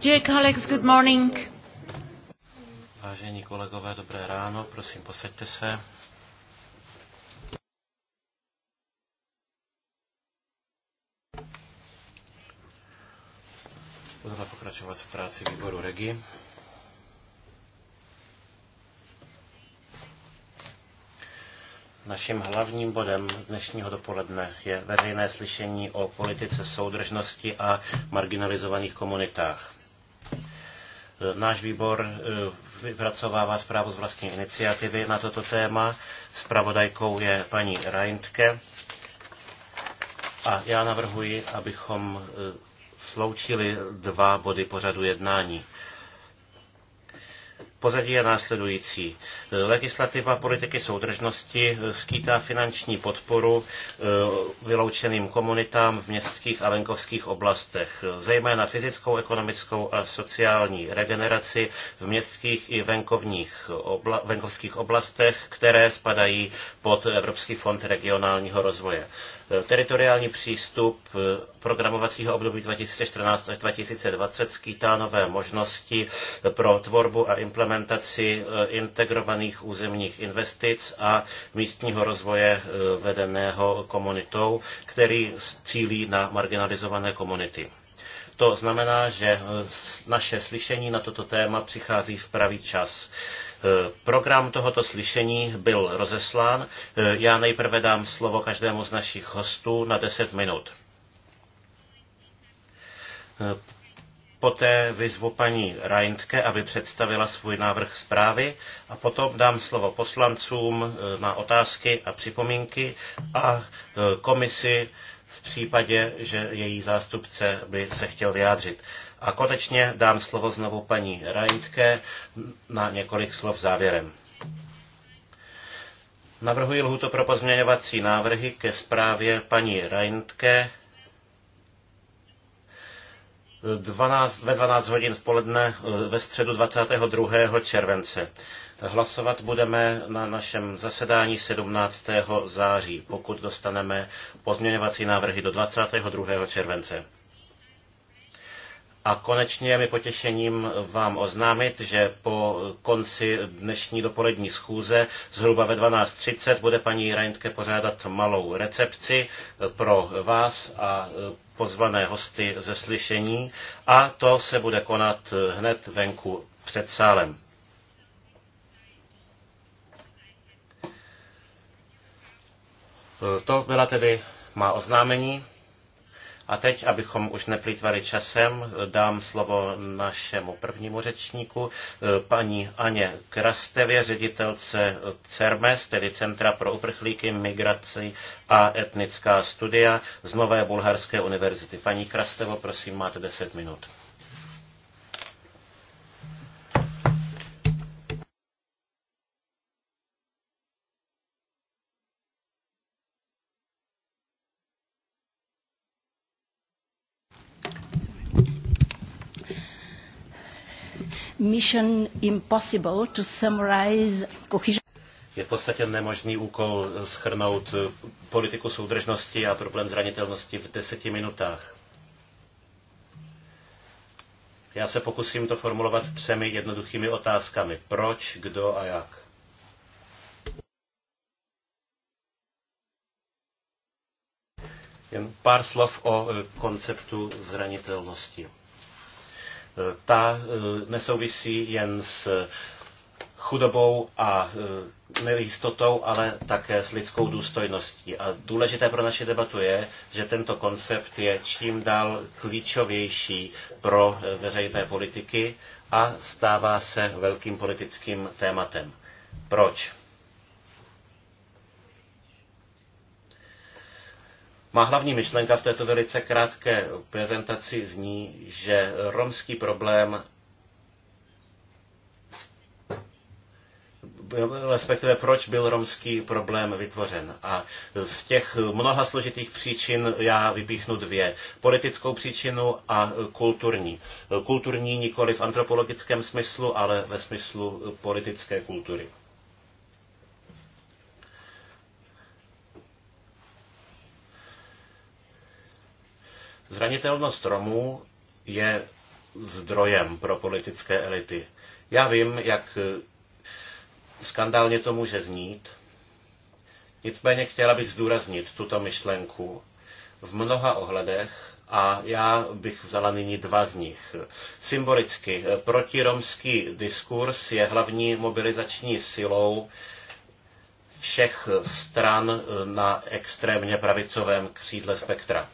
Dear colleagues, good morning. Vážení kolegové, dobré ráno, prosím, posaďte se. Budeme pokračovat v práci výboru REGI. Naším hlavním bodem dnešního dopoledne je veřejné slyšení o politice soudržnosti a marginalizovaných komunitách. Náš výbor e, vypracovává zprávu z vlastní iniciativy na toto téma. Spravodajkou je paní Reintke. A já navrhuji, abychom e, sloučili dva body pořadu jednání. Pozadí je následující. Legislativa politiky soudržnosti skýtá finanční podporu eh, vyloučeným komunitám v městských a venkovských oblastech, zejména fyzickou, ekonomickou a sociální regeneraci v městských i venkovních obla- venkovských oblastech, které spadají pod Evropský fond regionálního rozvoje. Teritoriální přístup eh, programovacího období 2014 až 2020 skýtá nové možnosti pro tvorbu a implementaci eh, integrovaných územních investic a místního rozvoje eh, vedeného komunitou, který cílí na marginalizované komunity. To znamená, že naše slyšení na toto téma přichází v pravý čas. Eh, program tohoto slyšení byl rozeslán. Eh, já nejprve dám slovo každému z našich hostů na 10 minut. Eh, poté vyzvu paní Reintke, aby představila svůj návrh zprávy a potom dám slovo poslancům na otázky a připomínky a komisi v případě, že její zástupce by se chtěl vyjádřit. A konečně dám slovo znovu paní Reintke na několik slov závěrem. Navrhuji lhuto pro pozměňovací návrhy ke zprávě paní Reintke 12, ve 12 hodin v poledne eh, ve středu 22. července. Hlasovat budeme na našem zasedání 17. září, pokud dostaneme pozměňovací návrhy do 22. července. A konečně je mi potěšením vám oznámit, že po konci dnešní dopolední schůze zhruba ve 12.30 bude paní Reintke pořádat malou recepci pro vás a pozvané hosty ze slyšení a to se bude konat hned venku před sálem. To byla tedy má oznámení. A teď, abychom už neplýtvali časem, dám slovo našemu prvnímu řečníku, eh, paní Aně Krastevě, ředitelce CERMES, tedy Centra pro uprchlíky, migraci a etnická studia z Nové Bulharské univerzity. Paní Krastevo, prosím, máte 10 minut. mission impossible to summarize cohesion je v podstatě nemožný úkol schrnout politiku soudržnosti a problém zranitelnosti v deseti minutách. Já se pokusím to formulovat třemi jednoduchými otázkami. Proč, kdo a jak? Jen pár slov o konceptu zranitelnosti. Ta eh, nesouvisí jen s chudobou a eh, nejistotou, ale také s lidskou důstojností. A důležité pro naši debatu je, že tento koncept je čím dál klíčovější pro eh, veřejné politiky a stává se velkým politickým tématem. Proč? Má hlavní myšlenka v této velice krátké prezentaci zní, že romský problém respektive proč byl romský problém vytvořen. A z těch mnoha složitých příčin já vypíchnu dvě. Politickou příčinu a kulturní. Kulturní nikoli v antropologickém smyslu, ale ve smyslu politické kultury. Zranitelnost Romů je zdrojem pro politické elity. Já vím, jak eh, skandálně to může znít, nicméně chtěla bych zdůraznit tuto myšlenku v mnoha ohledech a já bych vzala nyní dva z nich. Symbolicky, eh, protiromský diskurs je hlavní mobilizační silou všech stran eh, na extrémně pravicovém křídle spektra.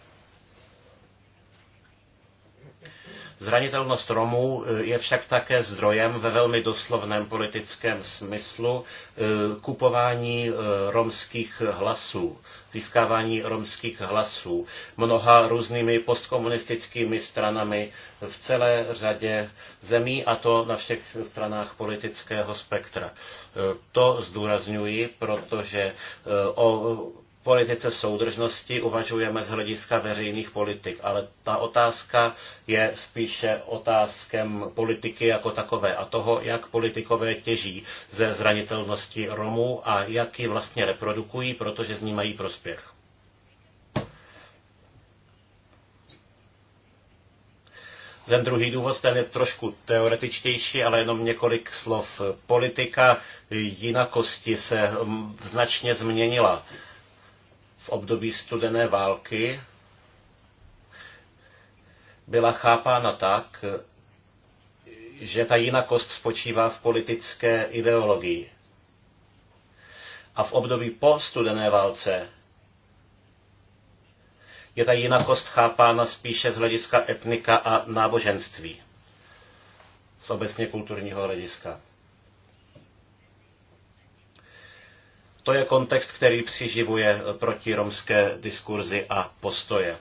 Zranitelnost Romů eh, je však také zdrojem ve velmi doslovném politickém smyslu eh, kupování eh, romských hlasů, získávání romských hlasů mnoha různými postkomunistickými stranami v celé řadě zemí a to na všech stranách politického spektra. To zdůrazňuji, protože o politice soudržnosti uvažujeme z hlediska veřejných politik, ale ta otázka je spíše otázkem politiky jako takové a toho, jak politikové těží ze zranitelnosti Romů a jak ji vlastně reprodukují, protože z ní mají prospěch. Ten druhý důvod, ten je trošku teoretičtější, ale jenom několik slov. Politika jinakosti se mm, značně změnila v období studené války byla chápána tak, že ta jinakost spočívá v politické ideologii. A v období po studené válce je ta jinakost chápána spíše z hlediska etnika a náboženství, z obecně kulturního hlediska. To je kontext, který přiživuje eh, protiromské diskurzy a postoje.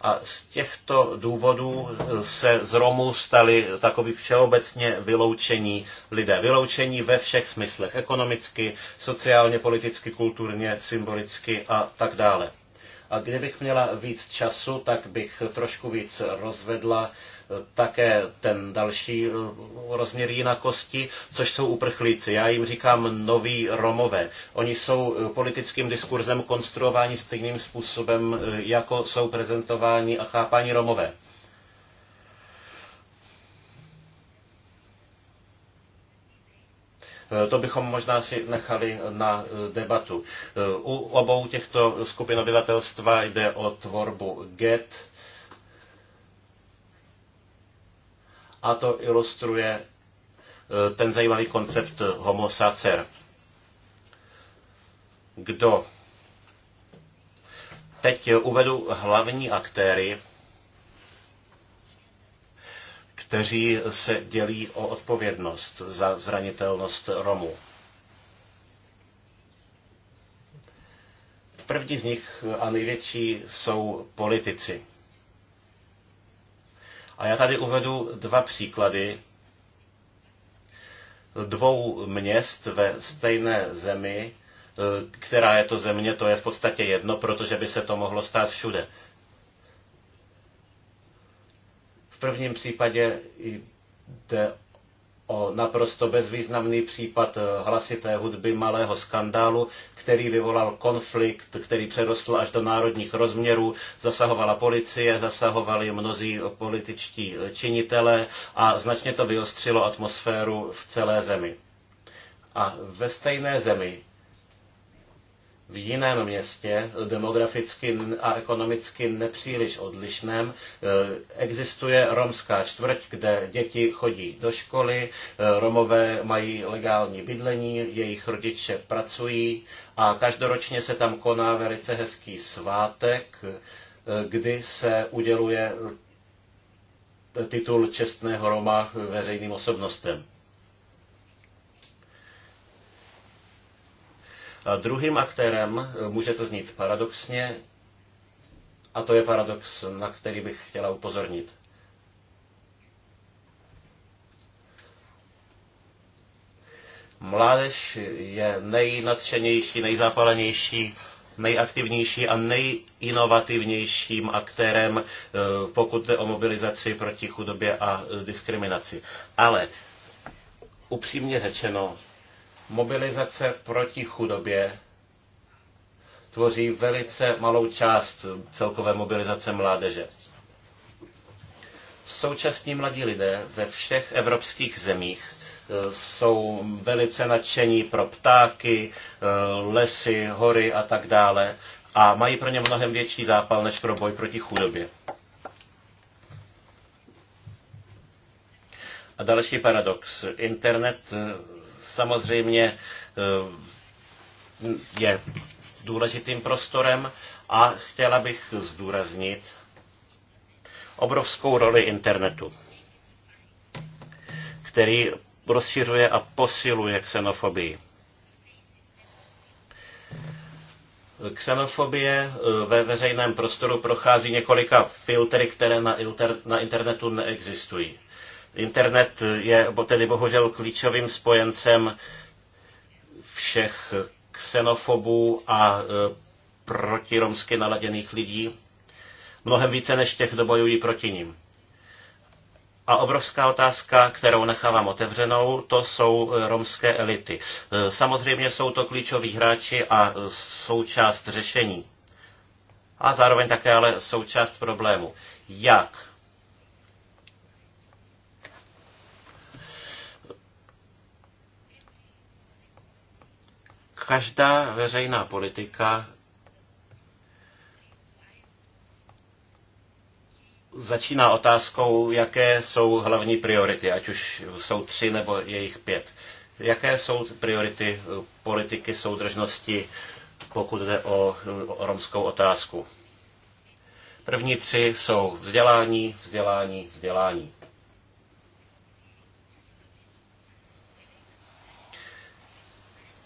A z těchto důvodů eh, se z Romů stali takový všeobecně vyloučení lidé. Vyloučení ve všech smyslech. Ekonomicky, sociálně, politicky, kulturně, symbolicky a tak dále. A kdybych měla víc času, tak bych trošku víc rozvedla také ten další rozměr jinakosti, což jsou uprchlíci. Já jim říkám noví Romové. Oni jsou eh, politickým diskurzem konstruováni stejným způsobem, eh, jako jsou prezentováni a chápáni Romové. Eh, to bychom možná si nechali na debatu. U obou těchto skupin obyvatelstva jde o tvorbu get a to ilustruje e, ten zajímavý koncept homo sacer. Kdo? Teď uvedu hlavní aktéry, kteří se dělí o odpovědnost za zranitelnost Romů. První z nich a největší jsou politici. A já tady uvedu dva příklady dvou měst ve stejné zemi, e, která je to země, to je v podstatě jedno, protože by se to mohlo stát všude. V prvním případě jde o naprosto bezvýznamný případ eh, hlasité hudby malého skandálu, který vyvolal konflikt, který přerostl až do národních rozměrů. Zasahovala policie, zasahovali mnozí političtí eh, činitelé a značně to vyostřilo atmosféru v celé zemi. A ve stejné zemi v jiném městě, demograficky a ekonomicky nepříliš odlišném, eh, existuje romská čtvrť, kde děti chodí do školy, eh, Romové mají legální bydlení, jejich rodiče pracují a každoročně se tam koná velice hezký svátek, eh, kdy se uděluje titul čestného Roma veřejným osobnostem. Druhým aktérem, eh, může to znít paradoxně, a to je paradox, na který bych chtěla upozornit. Mládež je nejnadšenější, nejzápalenější, nejaktivnější a nejinovativnějším aktérem, eh, pokud jde o mobilizaci proti chudobě a eh, diskriminaci. Ale upřímně řečeno, Mobilizace proti chudobě tvoří velice malou část celkové mobilizace mládeže. Současní mladí lidé ve všech evropských zemích eh, jsou velice nadšení pro ptáky, eh, lesy, hory a tak dále a mají pro ně mnohem větší zápal než pro boj proti chudobě. A další paradox. Internet eh, samozřejmě eh, je důležitým prostorem a chtěla bych zdůraznit obrovskou roli internetu, který rozšiřuje a posiluje xenofobii. Xenofobie eh, ve veřejném prostoru prochází několika filtry, které na, internetu neexistují. Internet je tedy bohužel klíčovým spojencem všech xenofobů a e, protiromsky naladěných lidí, mnohem více než těch, kdo bojují proti ním. A obrovská otázka, kterou nechávám otevřenou, to jsou e, romské elity. E, samozřejmě jsou to klíčoví hráči a součást řešení. A zároveň také ale součást problému. Jak Každá veřejná politika začíná otázkou, jaké jsou hlavní priority, ať už jsou tři nebo jejich pět. Jaké jsou priority politiky soudržnosti, pokud jde o, romskou otázku? První tři jsou vzdělání, vzdělání, vzdělání.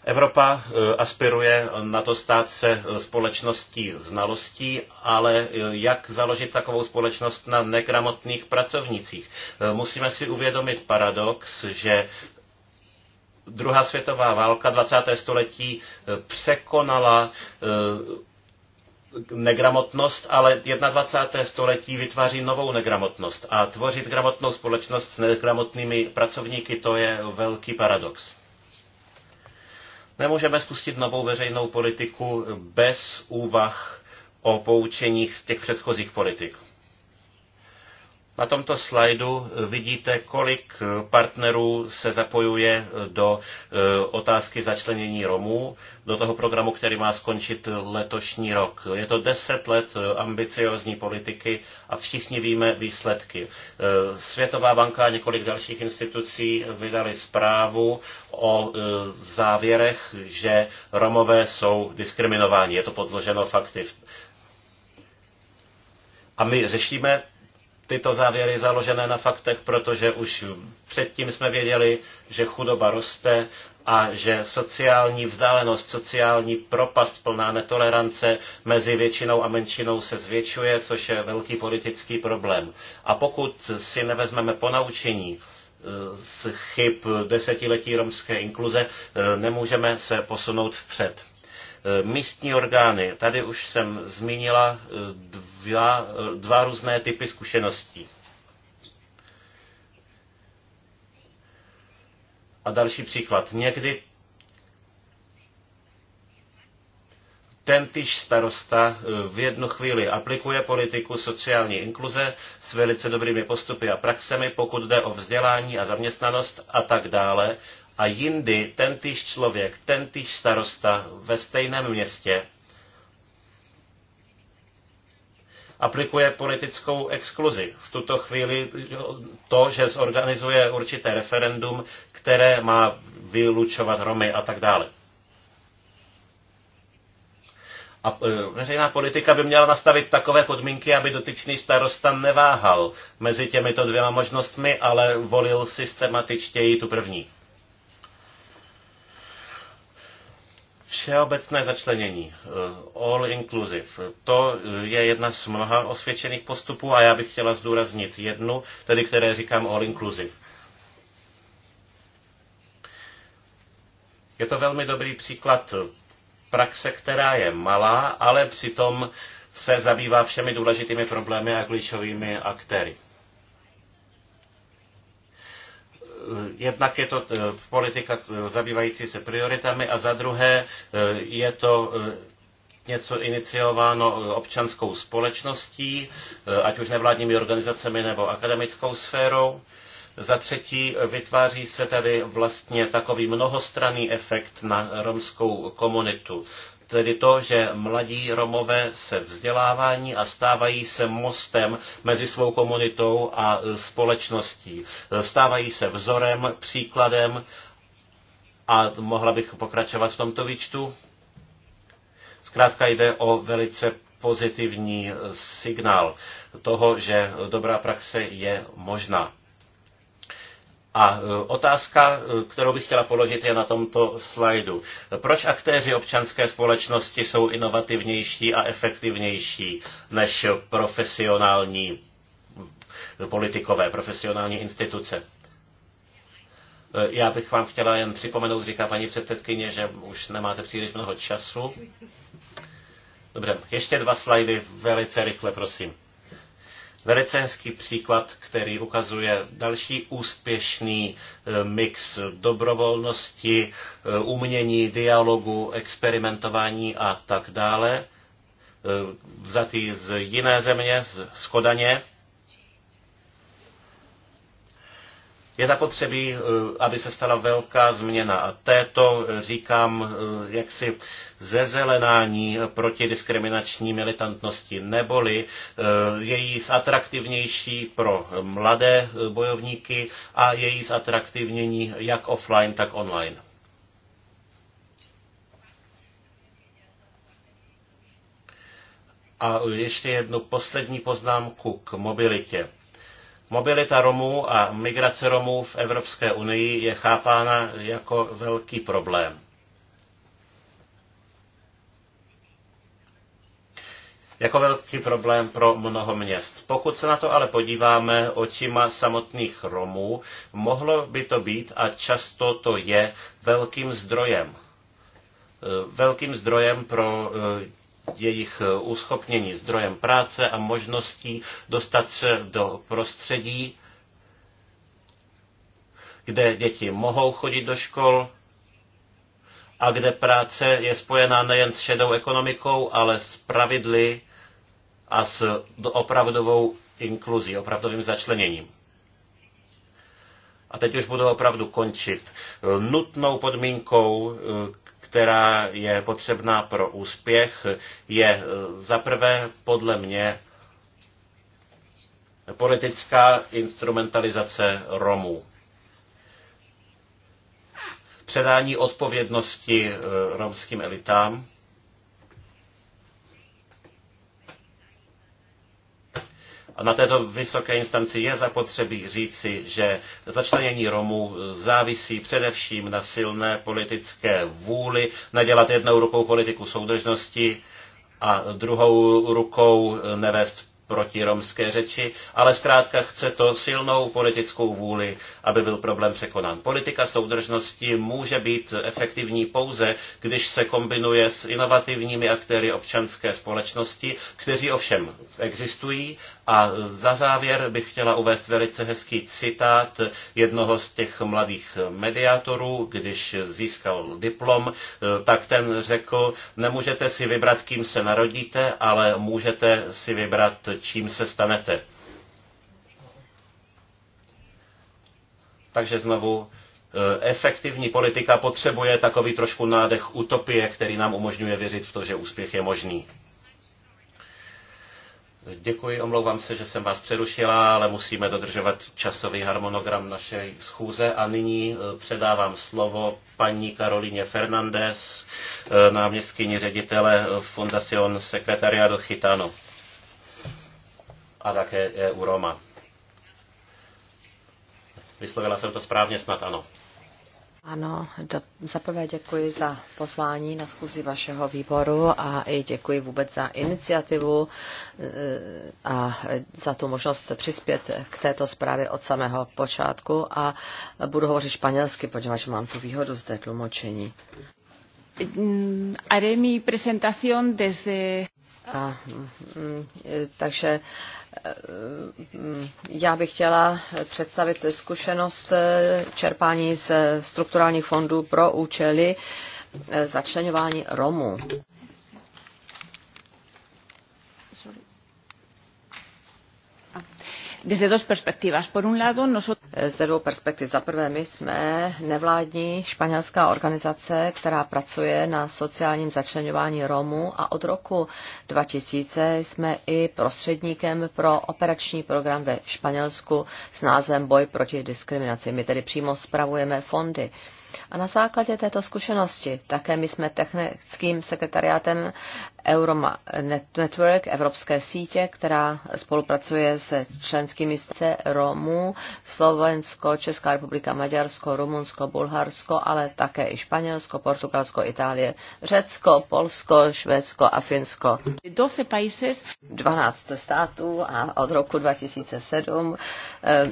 Evropa eh, aspiruje na to stát se eh, společností znalostí, ale eh, jak založit takovou společnost na negramotných pracovnicích? Musíme si uvědomit paradox, že druhá světová válka 20. století překonala negramotnost, ale 21. století vytváří novou negramotnost. A tvořit gramotnou společnost s negramotnými pracovníky, to je velký paradox. Nemůžeme spustit novou veřejnou politiku bez úvah o poučeních z těch předchozích politik. Na tomto slajdu eh, vidíte, kolik eh, partnerů se zapojuje eh, do otázky začlenění Romů, do toho programu, který má skončit letošní rok. Je to deset let ambiciozní politiky a všichni víme výsledky. Světová banka a několik dalších institucí vydali zprávu o závěrech, že Romové jsou diskriminováni. Je to podloženo fakty. A my řešíme tyto závěry založené na faktech, protože už předtím jsme věděli, že chudoba roste a že sociální vzdálenost, sociální propast plná netolerance mezi většinou a menšinou se zvětšuje, což je velký politický problém. A pokud si nevezmeme ponaučení eh, z chyb desetiletí romské inkluze, eh, nemůžeme se posunout vpřed. Eh, místní orgány. Tady už jsem zmínila eh, dva, eh, dva různé typy zkušeností. A další příklad. Někdy ten tyž starosta v jednu chvíli aplikuje politiku sociální inkluze s velice dobrými postupy a praxemi, pokud jde o vzdělání a zaměstnanost a tak dále, a jindy tentýž člověk, tentýž starosta ve stejném městě aplikuje politickou exkluzi. V tuto chvíli to, že zorganizuje určité referendum, které má vylučovat Romy a tak dále. A e, veřejná politika by měla nastavit takové podmínky, aby dotyčný starosta neváhal mezi těmito dvěma možnostmi, ale volil systematičtěji tu první. Všeobecné začlenění, eh, all inclusive, to je jedna z mnoha osvědčených postupů a já bych chtěla zdůraznit jednu, tedy které říkám all inclusive. Je to velmi dobrý příklad praxe, která je malá, ale přitom se zabývá všemi důležitými problémy a klíčovými aktéry. Eh, jednak je to eh, politika eh, zabývající se prioritami a za druhé je to něco iniciováno občanskou společností, ať už nevládními organizacemi nebo akademickou sférou. Za třetí, vytváří se tady vlastně takový mnohostranný efekt na romskou komunitu. Tedy to, že mladí Romové se vzdělávání a stávají se mostem mezi svou komunitou a e, společností. E, stávají se vzorem, příkladem a mohla bych pokračovat v tomto výčtu. Zkrátka jde o velice pozitivní e, signál toho, že dobrá praxe je možná. A e, otázka, e, kterou bych chtěla položit, je na tomto slajdu. Proč aktéři občanské společnosti jsou inovativnější a efektivnější než profesionální e, politikové, profesionální instituce? Já bych vám chtěla jen připomenout, říká paní předsedkyně, že už nemáte příliš mnoho času. Dobře, ještě dva slajdy, velice rychle, prosím velice hezký příklad, který ukazuje další úspěšný e, mix dobrovolnosti, e, umění, dialogu, experimentování a tak dále, e, vzatý z jiné země, z Kodaně, Je zapotřebí, eh, aby se stala velká změna a této eh, říkám eh, jaksi zezelenání proti diskriminační militantnosti, neboli její zatraktivnější pro mladé bojovníky a její zatraktivnění jak offline, tak online. A ještě jednu poslední poznámku k mobilitě. Mobilita Romů a migrace Romů v Evropské unii je chápána jako velký problém. jako velký problém pro mnoho měst. Pokud se na to ale podíváme očima samotných Romů, mohlo by to být a často to je velkým zdrojem. E, velkým zdrojem pro e, jejich eh, uschopnění zdrojem práce a možností dostat se do prostředí, kde děti mohou chodit do škol a kde práce je spojená nejen s šedou ekonomikou, ale s pravidly a s opravdovou inkluzí, opravdovým začleněním. A teď už budu opravdu končit. Eh, nutnou podmínkou eh, která je potřebná pro úspěch, je eh, zaprvé podle mě politická instrumentalizace Romů. Předání odpovědnosti eh, romským elitám na této vysoké instanci je zapotřebí říci, že začlenění Romů závisí především na silné politické vůli nedělat jednou rukou politiku soudržnosti a druhou rukou nevést proti romské řeči, ale zkrátka chce to silnou politickou vůli, aby byl problém překonán. Politika soudržnosti může být efektivní pouze, když se kombinuje s inovativními aktéry občanské společnosti, kteří ovšem existují. A za závěr bych chtěla uvést velice hezký citát jednoho z těch mladých mediátorů, když získal diplom, tak ten řekl, nemůžete si vybrat, kým se narodíte, ale můžete si vybrat, čím se stanete. Takže znovu, eh, efektivní politika potřebuje takový trošku nádech utopie, který nám umožňuje věřit v to, že úspěch je možný. Děkuji, omlouvám se, že jsem vás přerušila, ale musíme dodržovat časový harmonogram naší schůze a nyní eh, předávám slovo paní Karolíně Fernández, eh, náměstkyni ředitele Fundación Secretariado Chitano a také EU Roma. Vyslovila jsem to správně, snad ano. Ano, do, zaprvé děkuji za pozvání na schůzi vašeho výboru a i děkuji vůbec za iniciativu eh, a za tu možnost přispět k této zprávě od samého počátku a budu hovořit španělsky, poněvadž mám tu výhodu zde tlumočení. Haré mi presentación desde... A, mm, mm, takže mm, já bych chtěla představit zkušenost eh, čerpání z strukturálních fondů pro účely eh, začlenování Romů. desde dos perspectivas. Por un lado, nosotros... Eh, ze dvou perspektiv. Za prvé, my jsme nevládní španělská organizace, která pracuje na sociálním začlenování Romů a od roku 2000 jsme i prostředníkem pro operační program ve Španělsku s názvem Boj proti diskriminaci. My tedy přímo spravujeme fondy. A na základě této zkušenosti také my jsme technickým sekretariátem Euroma Network, Evropské sítě, která spolupracuje se členskými státy Romů, Slovensko, Česká republika, Maďarsko, Rumunsko, Bulharsko, ale také i Španělsko, Portugalsko, Itálie, Řecko, Polsko, Švédsko a Finsko. 12 států a od roku 2007 eh,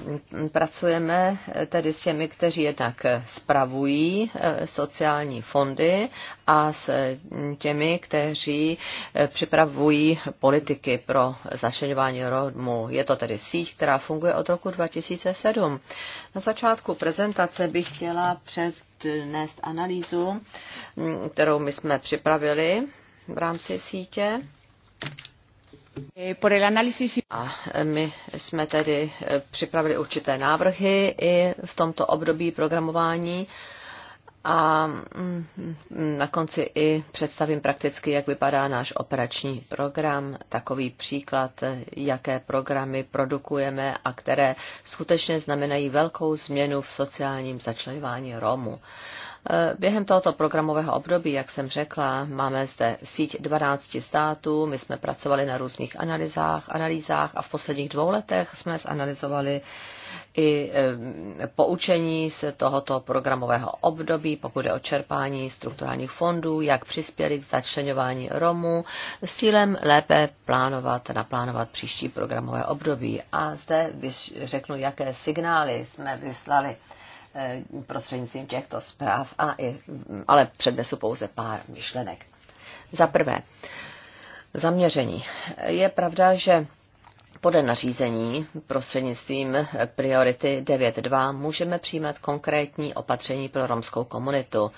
pracujeme tedy s těmi, kteří jednak spravují spojují eh, sociální fondy a s mm, těmi, kteří eh, připravují politiky pro začlenování Romů. Je to tedy síť, která funguje od roku 2007. Na začátku prezentace bych chtěla přednést analýzu, mm, kterou my jsme připravili v rámci sítě. Eh, a my jsme tedy připravili určité návrhy i v tomto období programování a mm, na konci i představím prakticky, jak vypadá náš operační program, takový příklad, jaké programy produkujeme a které skutečně znamenají velkou změnu v sociálním začlenování Romů. Eh, během tohoto programového období, jak jsem řekla, máme zde síť 12 států, my jsme pracovali na různých analýzách, analýzách a v posledních dvou letech jsme zanalizovali i eh, poučení z tohoto programového období, pokud je o čerpání strukturálních fondů, jak přispěli k začlenování Romů s cílem lépe plánovat, naplánovat příští programové období. A zde řeknu, jaké signály jsme vyslali Eh, prostřednictvím těchto zpráv, a i, ale přednesu pouze pár myšlenek. Za prvé, zaměření. Je pravda, že podle nařízení prostřednictvím priority 9.2 můžeme přijímat konkrétní opatření pro romskou komunitu.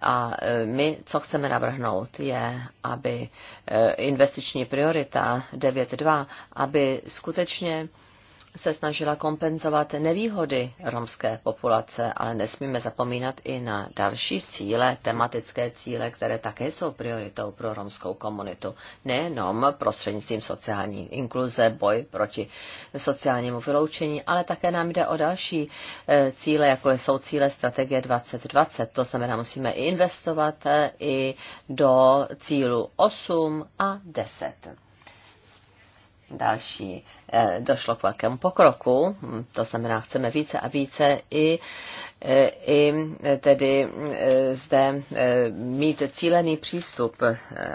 A eh, my, co chceme navrhnout, je, aby eh, investiční priorita 9.2, aby skutečně se snažila kompenzovat nevýhody romské populace, ale nesmíme zapomínat i na další cíle, tematické cíle, které také jsou prioritou pro romskou komunitu. Nejenom prostřednictvím sociální inkluze, boj proti sociálnímu vyloučení, ale také nám jde o další eh, cíle, jako jsou cíle strategie 2020. To znamená, musíme investovat eh, i do cílu 8 a 10 další. Eh, došlo k velkému pokroku, hm, to znamená, chceme více a více i, eh, i tedy eh, zde mít cílený přístup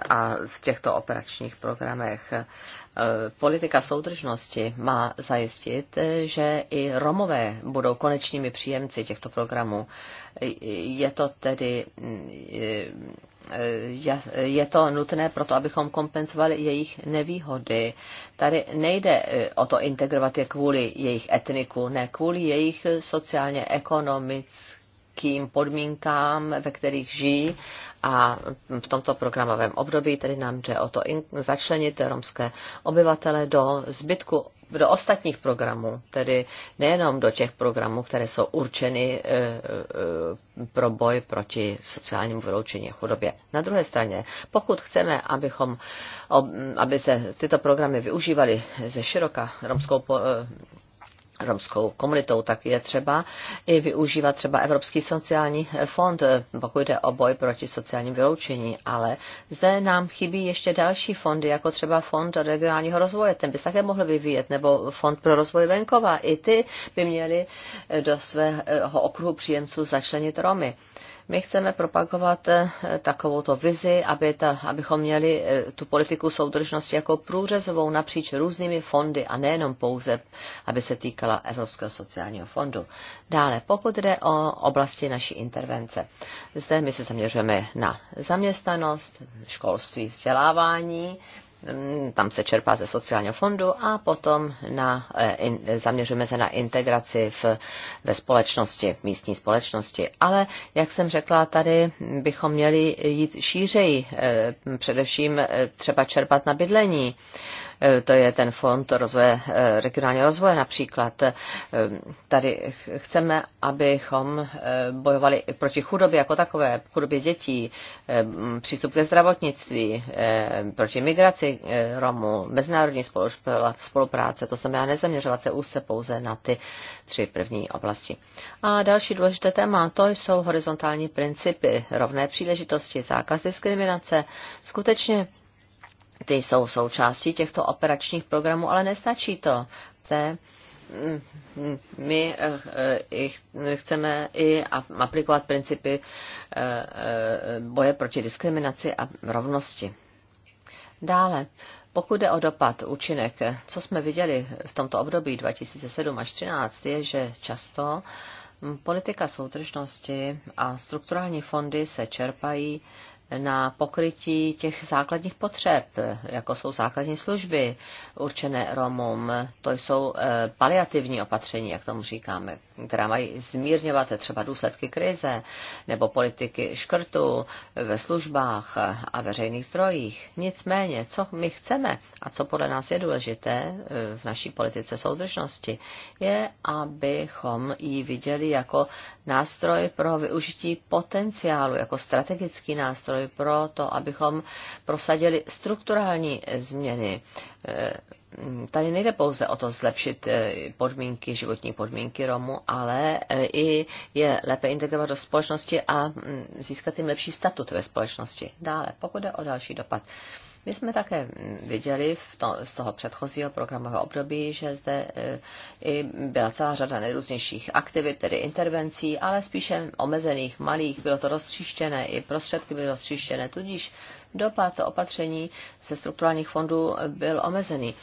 a v těchto operačních programech. Politika soudržnosti má zajistit, že i Romové budou konečnými příjemci těchto programů. Je to tedy hm, Eh, je to nutné proto, abychom kompenzovali jejich nevýhody. Tady nejde eh, o to integrovat je kvůli jejich etniku, ne kvůli jejich sociálně ekonomickým podmínkám, ve kterých žijí a v tomto programovém období tedy nám jde o to začlenit romské obyvatele do zbytku do ostatních programů, tedy nejenom do těch programů, které jsou určeny e, e, pro boj proti sociálnímu vyloučení a chudobě. Na druhé straně, pokud chceme, abychom, aby se tyto programy využívaly ze široka romskou e, romskou komunitou, tak je třeba i využívat třeba Evropský sociální fond, eh, pokud jde o boj proti sociálním vyloučení, ale zde nám chybí ještě další fondy, jako třeba Fond regionálního rozvoje, ten by se také mohl vyvíjet, nebo Fond pro rozvoj venkova, i ty by měly do svého okruhu příjemců začlenit Romy. My chceme propagovat eh, takovouto vizi, aby ta, abychom měli eh, tu politiku soudržnosti jako průřezovou napříč různými fondy a nejenom pouze, aby se týkala Evropského sociálního fondu. Dále, pokud jde o oblasti naší intervence, zde my se zaměřujeme na zaměstnanost, školství, vzdělávání, Mm, tam se čerpá ze sociálního fondu a potom na, eh, in, zaměřujeme se na integraci v, ve společnosti, místní společnosti. Ale, jak jsem řekla, tady bychom měli jít šířeji, eh, především eh, třeba čerpat na bydlení. Eh, to je ten fond rozvoje, eh, regionálního rozvoje například. Eh, tady chceme, abychom bojovali proti chudobě jako takové, chudobě dětí, přístup ke zdravotnictví, proti migraci Romů, mezinárodní spolupráce, to znamená nezaměřovat se úzce pouze na ty tři první oblasti. A další důležité téma, to jsou horizontální principy, rovné příležitosti, zákaz diskriminace. Skutečně ty jsou součástí těchto operačních programů, ale nestačí to. Té, mm, my eh, eh, chceme i aplikovat principy eh, boje proti diskriminaci a rovnosti. Dále, pokud jde o dopad účinek, co jsme viděli v tomto období 2007 až 2013, je, že často mm, politika soudržnosti a strukturální fondy se čerpají na pokrytí těch základních potřeb, jako jsou základní služby určené Romům. To jsou eh, paliativní opatření, jak tomu říkáme, která mají zmírňovat třeba důsledky krize nebo politiky škrtu ve službách a veřejných zdrojích. Nicméně, co my chceme a co podle nás je důležité eh, v naší politice soudržnosti, je, abychom ji viděli jako nástroj pro využití potenciálu, jako strategický nástroj nástroj pro to, abychom prosadili strukturální změny. Eh, tady nejde pouze o to zlepšit eh, podmínky, životní podmínky Romu, ale eh, i je lépe integrovat do společnosti a mm, získat jim lepší statut ve společnosti. Dále, pokud jde o další dopad. My jsme také viděli v to, z toho předchozího programového období, že zde eh, i byla celá řada nejrůznějších aktivit, tedy intervencí, ale spíše omezených, malých, bylo to roztříštěné, i prostředky byly roztříštěné, tudíž dopad opatření ze strukturálních fondů byl omezený.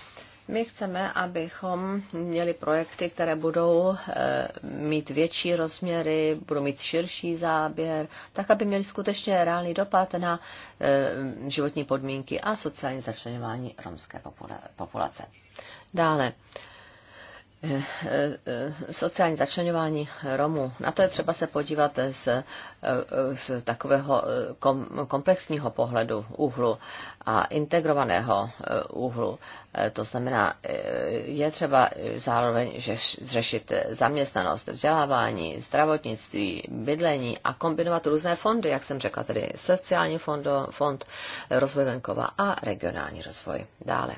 My chceme, abychom měli projekty, které budou eh, mít větší rozměry, budou mít širší záběr, tak aby měli skutečně reálný dopad na eh, životní podmínky a sociální začlenování romské populace. Dále, Eh, sociální začlenování Romů. Na to je třeba se podívat z, eh, z takového eh, kom, komplexního pohledu, úhlu a integrovaného úhlu. To znamená, je třeba zároveň že řešit zaměstnanost, vzdělávání, zdravotnictví, bydlení a kombinovat různé fondy, jak jsem řekla, tedy sociální fond, fond rozvoj venkova a regionální rozvoj. Dále.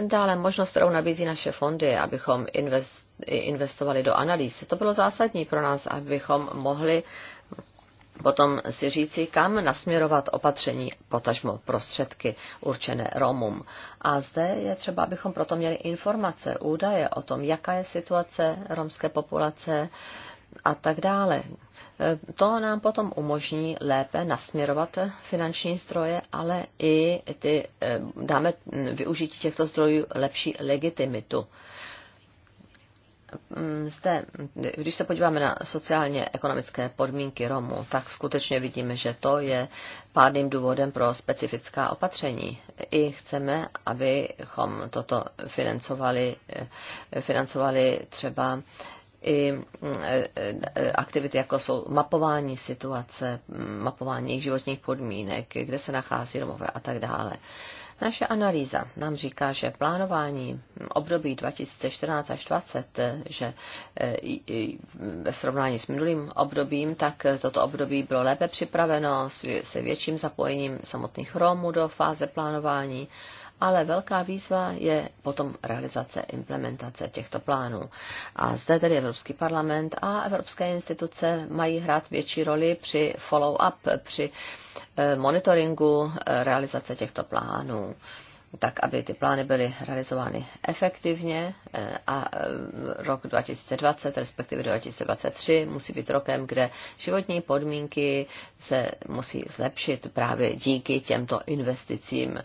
Dále možnost, kterou nabízí naše fondy, abychom investovali do analýz. To bylo zásadní pro nás, abychom mohli potom si říci, kam nasměrovat opatření, potažmo prostředky určené Romům. A zde je třeba, abychom proto měli informace, údaje o tom, jaká je situace romské populace, a tak dále. E, to nám potom umožní lépe nasměrovat finanční zdroje, ale i ty, e, dáme využití těchto zdrojů lepší legitimitu. E, zde, když se podíváme na sociálně ekonomické podmínky Romů, tak skutečně vidíme, že to je pádným důvodem pro specifická opatření. I chceme, abychom toto financovali, financovali třeba i eh, aktivity, jako jsou mapování situace, mapování jejich životních podmínek, kde se nachází domové a tak dále. Naše analýza nám říká, že plánování období 2014 až 2020, že eh, ve srovnání s minulým obdobím, tak toto období bylo lépe připraveno se větším zapojením samotných Romů do fáze plánování ale velká výzva je potom realizace, implementace těchto plánů. A zde tedy Evropský parlament a evropské instituce mají hrát větší roli při follow-up, při eh, monitoringu eh, realizace těchto plánů tak aby ty plány byly realizovány efektivně eh, a eh, rok 2020, respektive 2023, musí být rokem, kde životní podmínky se musí zlepšit právě díky těmto investicím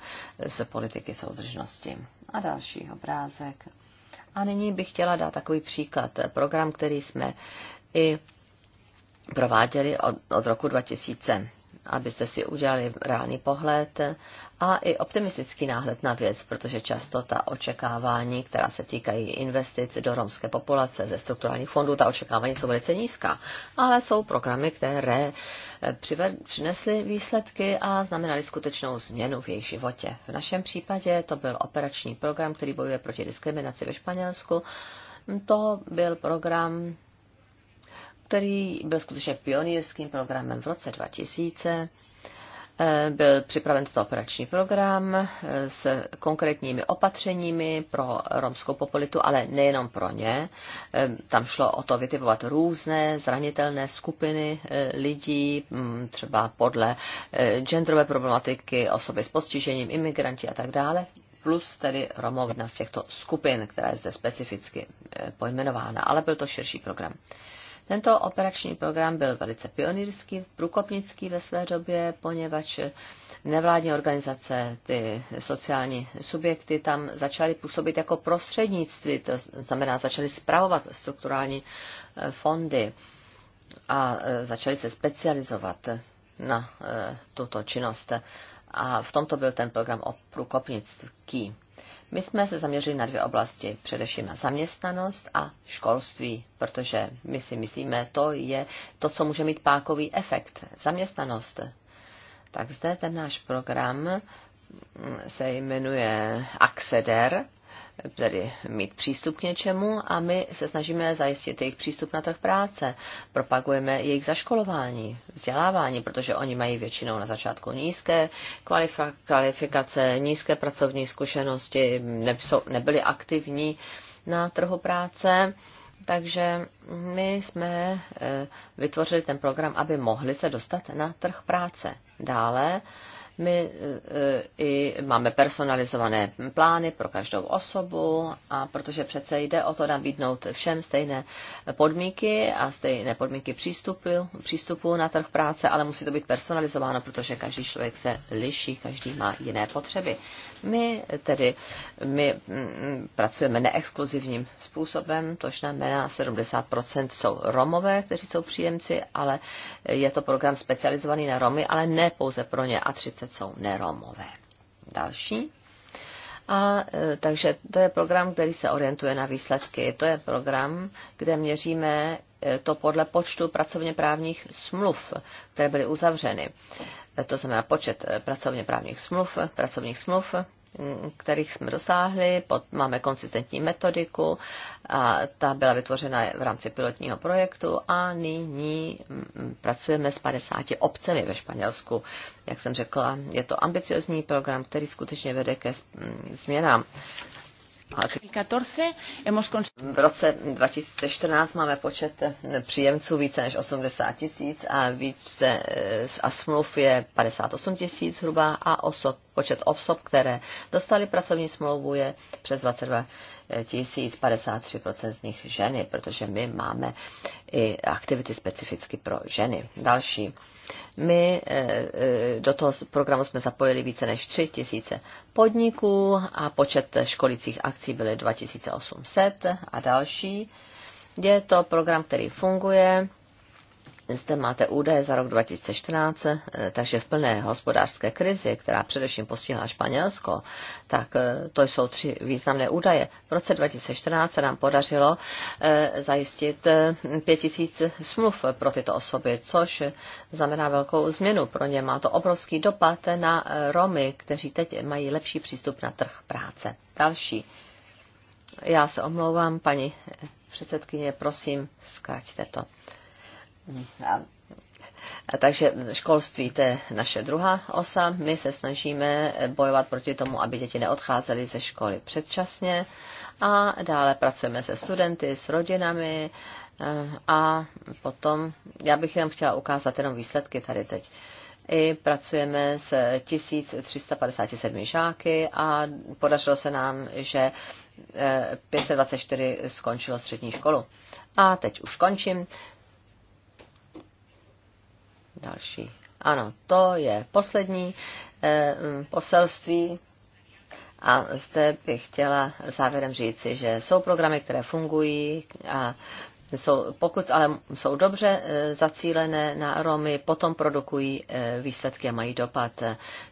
z politiky soudržnosti. A další obrázek. A nyní bych chtěla dát takový příklad. Program, který jsme i prováděli od, od roku 2000 abyste si udělali reálný pohled a i optimistický náhled na věc, protože často ta očekávání, která se týkají investic do romské populace ze strukturálních fondů, ta očekávání jsou velice nízká. Ale jsou programy, které eh, přinesly výsledky a znamenaly skutečnou změnu v jejich životě. V našem případě to byl operační program, který bojuje proti diskriminaci ve Španělsku. To byl program který byl skutečně pionýrským programem v roce 2000. Eh, byl připraven to operační program eh, s konkrétními opatřeními pro romskou populitu, ale nejenom pro ně. Eh, tam šlo o to vytipovat různé zranitelné skupiny lidí, mm, třeba podle genderové problematiky, osoby s postižením, imigranti a tak dále plus tedy Romov, jedna z těchto skupin, která je zde specificky pojmenována, ale byl to širší program. Tento operační program byl velice pionýrský, průkopnický ve své době, poněvadž nevládní organizace, ty sociální subjekty tam začaly působit jako prostřednictví, to znamená začaly zpravovat strukturální eh, fondy a eh, začaly se specializovat na eh, tuto činnost. A v tomto byl ten program průkopnictví. My jsme se zaměřili na dvě oblasti, především na zaměstnanost a školství, protože my si myslíme, to je to, co může mít pákový efekt, zaměstnanost. Tak zde ten náš program se jmenuje Axeder tedy mít přístup k něčemu a my se snažíme zajistit jejich přístup na trh práce. Propagujeme jejich zaškolování, vzdělávání, protože oni mají většinou na začátku nízké kvalifikace, nízké pracovní zkušenosti, nebyli aktivní na trhu práce. Takže my jsme eh, vytvořili ten program, aby mohli se dostat na trh práce. Dále my e, e, i máme personalizované plány pro každou osobu a protože přece jde o to nabídnout všem stejné podmínky a stejné podmínky přístupu, přístupu na trh práce, ale musí to být personalizováno, protože každý člověk se liší, každý má jiné potřeby. My tedy my mm, pracujeme neexkluzivním způsobem, to znamená 70% jsou Romové, kteří jsou příjemci, ale je to program specializovaný na Romy, ale ne pouze pro ně a 30 jsou neromové. Další. A e, takže to je program, který se orientuje na výsledky. To je program, kde měříme e, to podle počtu pracovně právních smluv, které byly uzavřeny to znamená počet eh, pracovně právních smluv, pracovních smluv, mm, kterých jsme dosáhli, pod, máme konsistentní metodiku, a ta byla vytvořena v rámci pilotního projektu a nyní mm, mm, pracujeme s 50 obcemi ve Španělsku. Jak jsem řekla, je to ambiciozní program, který skutečně vede ke změnám v roce 2014 máme počet příjemců více než 80 tisíc a, více, a smluv je 58 tisíc zhruba a osob, počet osob, které dostali pracovní smlouvu je přes 22 tisíc, 53% z nich ženy, protože my máme i aktivity specificky pro ženy. Další. My e, e, do toho programu jsme zapojili více než 3 tisíce podniků a počet školicích akcí byly 2800 a další. Je to program, který funguje zde máte údaje za rok 2014, eh, takže v plné hospodářské krizi, která především postihla Španělsko, tak eh, to jsou tři významné údaje. V roce 2014 se nám podařilo eh, zajistit 5000 smluv pro tyto osoby, což znamená velkou změnu pro ně. Má to obrovský dopad na Romy, kteří teď mají lepší přístup na trh práce. Další. Já se omlouvám, paní předsedkyně, prosím, zkraťte to. A, a takže školství, to je naše druhá osa. My se snažíme bojovat proti tomu, aby děti neodcházely ze školy předčasně. A dále pracujeme se studenty, s rodinami. A potom, já bych jenom chtěla ukázat jenom výsledky tady teď. I pracujeme s 1357 žáky a podařilo se nám, že 524 eh, skončilo střední školu. A teď už končím. Další. Ano, to je poslední eh, mm, poselství. A zde bych chtěla závěrem říci, že jsou programy, které fungují a jsou, pokud ale jsou dobře e, zacílené na Romy, potom produkují e, výsledky a mají dopad.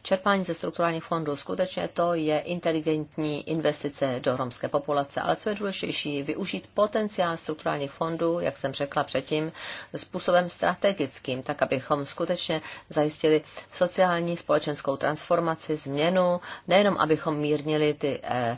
Čerpání ze strukturálních fondů skutečně to je inteligentní investice do romské populace, ale co je důležitější, využít potenciál strukturálních fondů, jak jsem řekla předtím, způsobem strategickým, tak abychom skutečně zajistili sociální společenskou transformaci, změnu, nejenom abychom mírnili ty eh,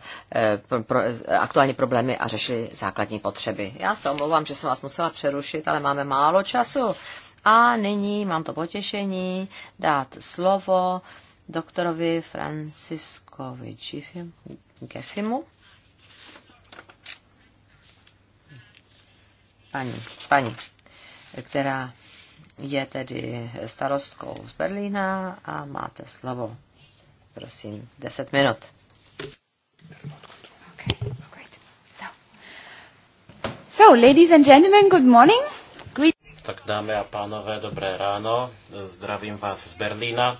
pro, aktuální problémy a řešili základní potřeby. Já se omlouvám, že že jsem vás musela přerušit, ale máme málo času. A nyní mám to potěšení dát slovo doktorovi Franciskovi Gefimu. Paní, paní, která je tedy starostkou z Berlína a máte slovo. Prosím, 10 minut. So, ladies and gentlemen, good morning. Tak dámy a pánové, dobré ráno. Zdravím vás z Berlína.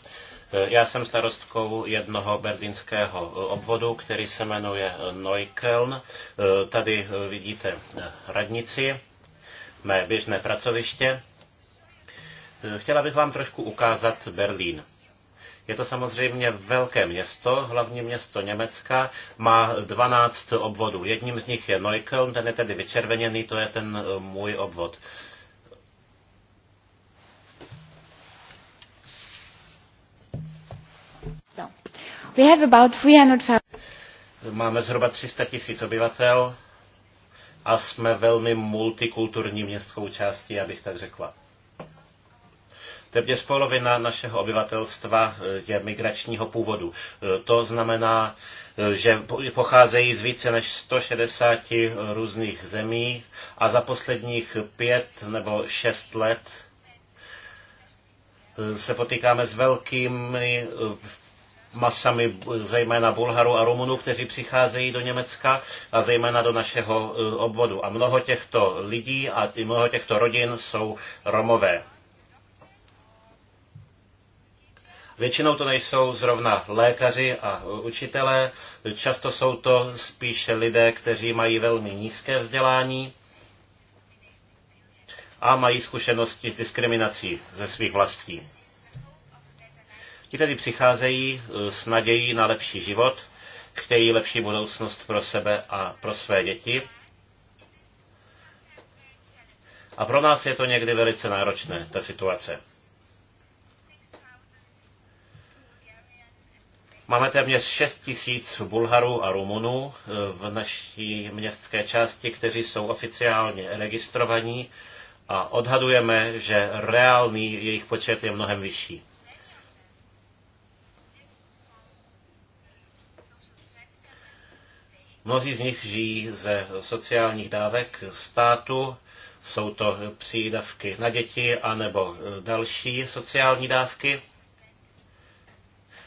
Já jsem starostkou jednoho berlínského obvodu, který se jmenuje Neukeln. Tady vidíte radnici, mé běžné pracoviště. Chtěla bych vám trošku ukázat Berlín. Je to samozřejmě velké město, hlavní město Německa, má 12 obvodů. Jedním z nich je Neukölln, ten je tedy vyčerveněný, to je ten eh, můj obvod. We have about 300... Máme zhruba 300 tisíc obyvatel a jsme velmi multikulturní městskou částí, abych tak řekla. Téměř polovina našeho obyvatelstva eh, je migračního původu. Eh, to znamená, eh, že pocházejí z více než 160 různých zemí a za posledních pět nebo šest let se potýkáme s velkými masami zejména Bulharů a Rumunů, kteří přicházejí do Německa a zejména do našeho obvodu. A mnoho těchto lidí a mnoho těchto rodin jsou Romové. Většinou to nejsou zrovna lékaři a učitelé, často jsou to spíše lidé, kteří mají velmi nízké vzdělání a mají zkušenosti s diskriminací ze svých vlastí. Ti tedy přicházejí s nadějí na lepší život, chtějí lepší budoucnost pro sebe a pro své děti. A pro nás je to někdy velice náročné, ta situace. Máme téměř 6 tisíc Bulharů a Rumunů eh, v naší městské části, kteří jsou oficiálně registrovaní a odhadujeme, že reálný jejich počet je mnohem vyšší. Mnozí z nich žijí ze sociálních dávek státu, jsou to přídavky na děti anebo eh, další sociální dávky.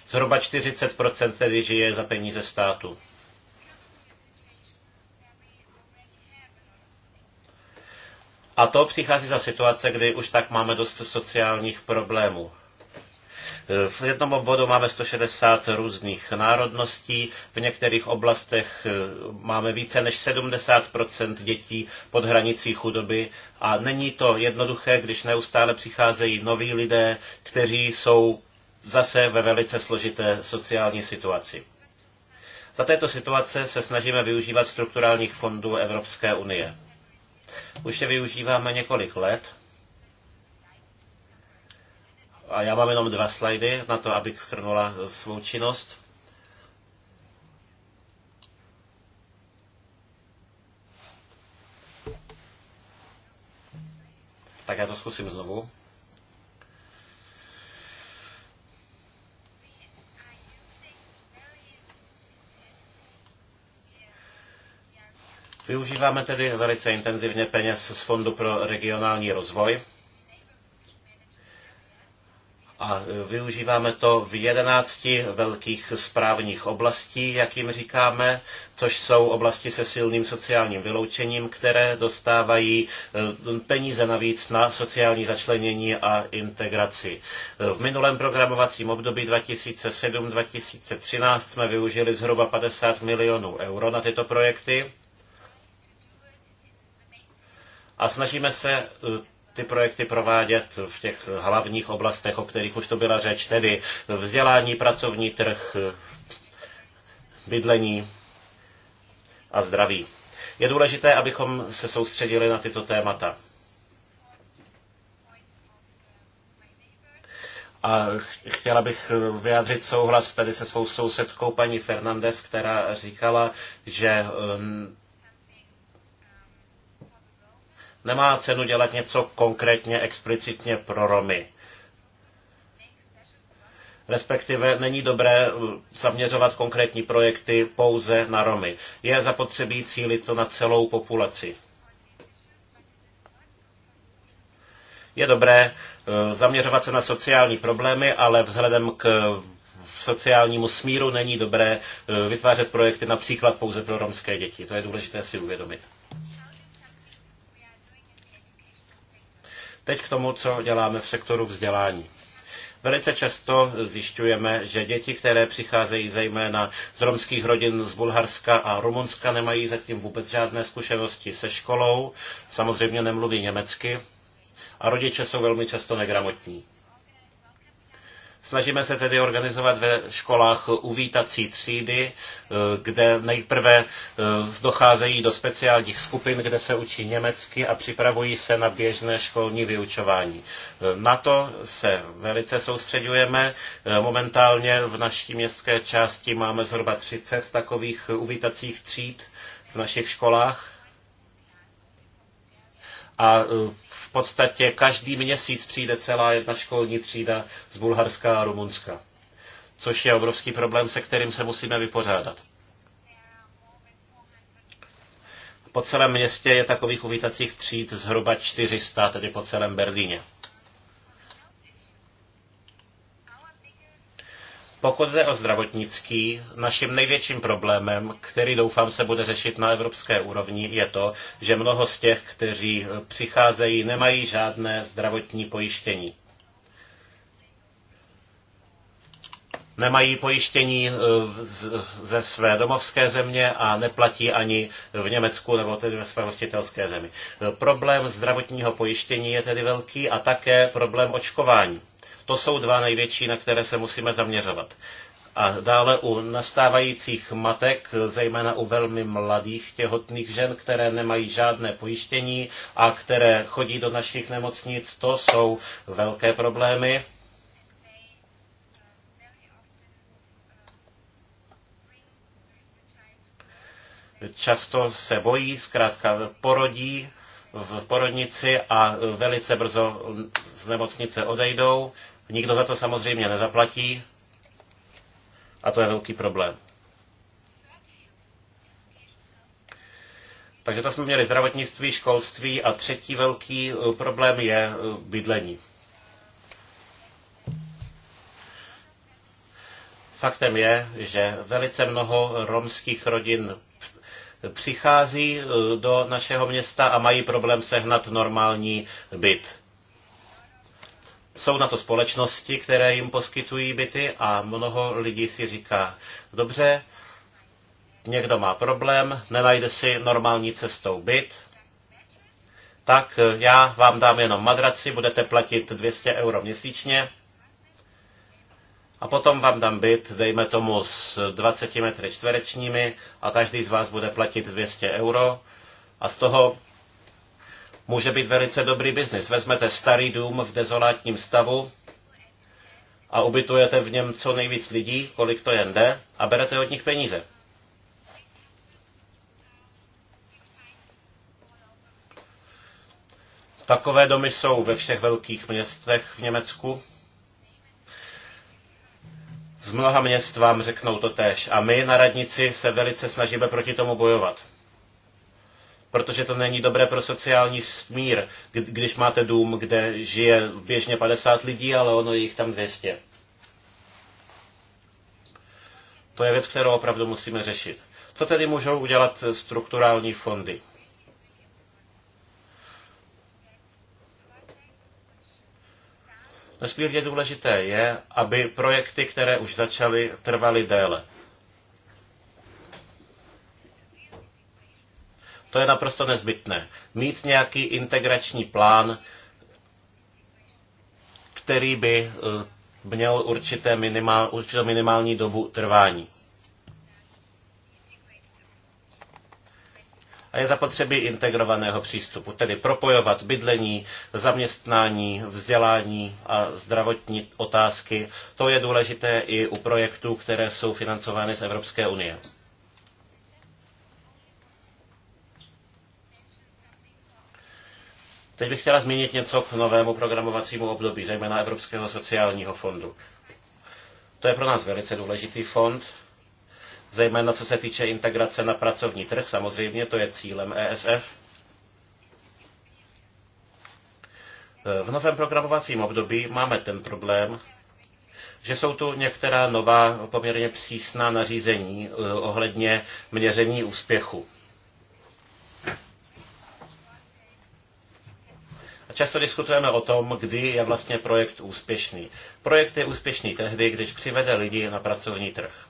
Zhruba 40% tedy žije za peníze státu. A to přichází za situace, kdy už tak máme dost sociálních problémů. V jednom obvodu máme 160 různých národností, v některých oblastech eh, máme více než 70 dětí pod hranicí chudoby a není to jednoduché, když neustále přicházejí noví lidé, kteří jsou zase ve velice složité sociální situaci. Za této situace se snažíme využívat strukturálních fondů Evropské unie. Už je využíváme několik let. A já mám jenom dva slajdy na to, abych schrnula svou činnost. Tak já to zkusím znovu. Využíváme tedy velice intenzivně peněz z Fondu pro regionální rozvoj a e, využíváme to v jedenácti velkých správních oblastí, jak jim říkáme, což jsou oblasti se silným sociálním vyloučením, které dostávají e, peníze navíc na sociální začlenění a integraci. E, v minulém programovacím období 2007-2013 jsme využili zhruba 50 milionů euro na tyto projekty a snažíme se eh, ty projekty provádět v těch hlavních oblastech, o kterých už to byla řeč, tedy vzdělání, pracovní trh, eh, bydlení a zdraví. Je důležité, abychom se soustředili na tyto témata. A chtěla bych eh, vyjádřit souhlas tady se svou sousedkou paní Fernandez, která říkala, že Nemá cenu dělat něco konkrétně, explicitně pro Romy. Respektive není dobré uh, zaměřovat konkrétní projekty pouze na Romy. Je zapotřebí cílit to na celou populaci. Je dobré uh, zaměřovat se na sociální problémy, ale vzhledem k uh, sociálnímu smíru není dobré vytvářet projekty například pouze pro romské děti. To je důležité si uvědomit. Teď k tomu, co děláme v sektoru vzdělání. Velice často zjišťujeme, že děti, které přicházejí zejména z romských rodin z Bulharska a Rumunska, nemají zatím vůbec žádné zkušenosti se školou, samozřejmě nemluví německy a rodiče jsou velmi často negramotní. Snažíme se tedy organizovat ve školách uvítací třídy, eh, kde nejprve eh, docházejí do speciálních skupin, kde se učí německy a připravují se na běžné školní vyučování. Eh, na to se velice soustředujeme. Momentálně v naší městské části máme zhruba 30 takových uvítacích tříd v našich školách. A podstatě každý měsíc přijde celá jedna školní třída z Bulharska a Rumunska, což je obrovský problém, se kterým se musíme vypořádat. Po celém městě je takových uvítacích tříd zhruba 400, tedy po celém Berlíně. Pokud jde o zdravotnický, naším největším problémem, který doufám se bude řešit na evropské úrovni, je to, že mnoho z těch, kteří eh, přicházejí, nemají žádné zdravotní pojištění. nemají pojištění eh, ze své domovské země a neplatí ani v Německu nebo tedy ve své hostitelské zemi. Eh, problém zdravotního pojištění je tedy velký a také problém očkování. To jsou dva největší, na které se musíme zaměřovat. A dále u nastávajících matek, zejména u velmi mladých těhotných žen, které nemají žádné pojištění a které chodí do našich nemocnic, to jsou velké problémy. Často se bojí, zkrátka porodí v porodnici a velice brzo z nemocnice odejdou Nikdo za to samozřejmě nezaplatí a to je velký problém. Takže to jsme měli zdravotnictví, školství a třetí velký eh, problém je eh, bydlení. Faktem je, že velice mnoho romských rodin přichází eh, do našeho města a mají problém sehnat normální byt jsou na to společnosti, které jim poskytují byty a mnoho lidí si říká, dobře, někdo má problém, nenajde si normální cestou byt, tak já vám dám jenom madraci, budete platit 200 euro měsíčně a potom vám dám byt, dejme tomu s 20 metry čtverečními a každý z vás bude platit 200 euro a z toho může být velice dobrý biznis. Vezmete starý dům v dezolátním stavu a ubytujete v něm co nejvíc lidí, kolik to jen jde, a berete od nich peníze. Takové domy jsou ve všech velkých městech v Německu. Z mnoha měst vám řeknou to tež. A my na radnici se velice snažíme proti tomu bojovat protože to není dobré pro sociální smír, když máte dům, kde žije běžně 50 lidí, ale ono je jich tam 200. To je věc, kterou opravdu musíme řešit. Co tedy můžou udělat strukturální fondy? Nesmírně důležité je, aby projekty, které už začaly, trvaly déle. To je naprosto nezbytné. Mít nějaký integrační plán, který by eh, měl určité minimál, určitou minimální dobu trvání. a je zapotřebí integrovaného přístupu, tedy propojovat bydlení, zaměstnání, vzdělání a zdravotní otázky. To je důležité i u projektů, které jsou financovány z Evropské unie. Teď bych chtěla zmínit něco k novému programovacímu období, zejména Evropského sociálního fondu. To je pro nás velice důležitý fond, zejména co se týče integrace na pracovní trh, samozřejmě to je cílem ESF. V novém programovacím období máme ten problém, že jsou tu některá nová poměrně přísná nařízení eh, ohledně měření úspěchu. Často diskutujeme o tom, kdy je vlastně projekt úspěšný. Projekt je úspěšný tehdy, když přivede lidi na pracovní trh.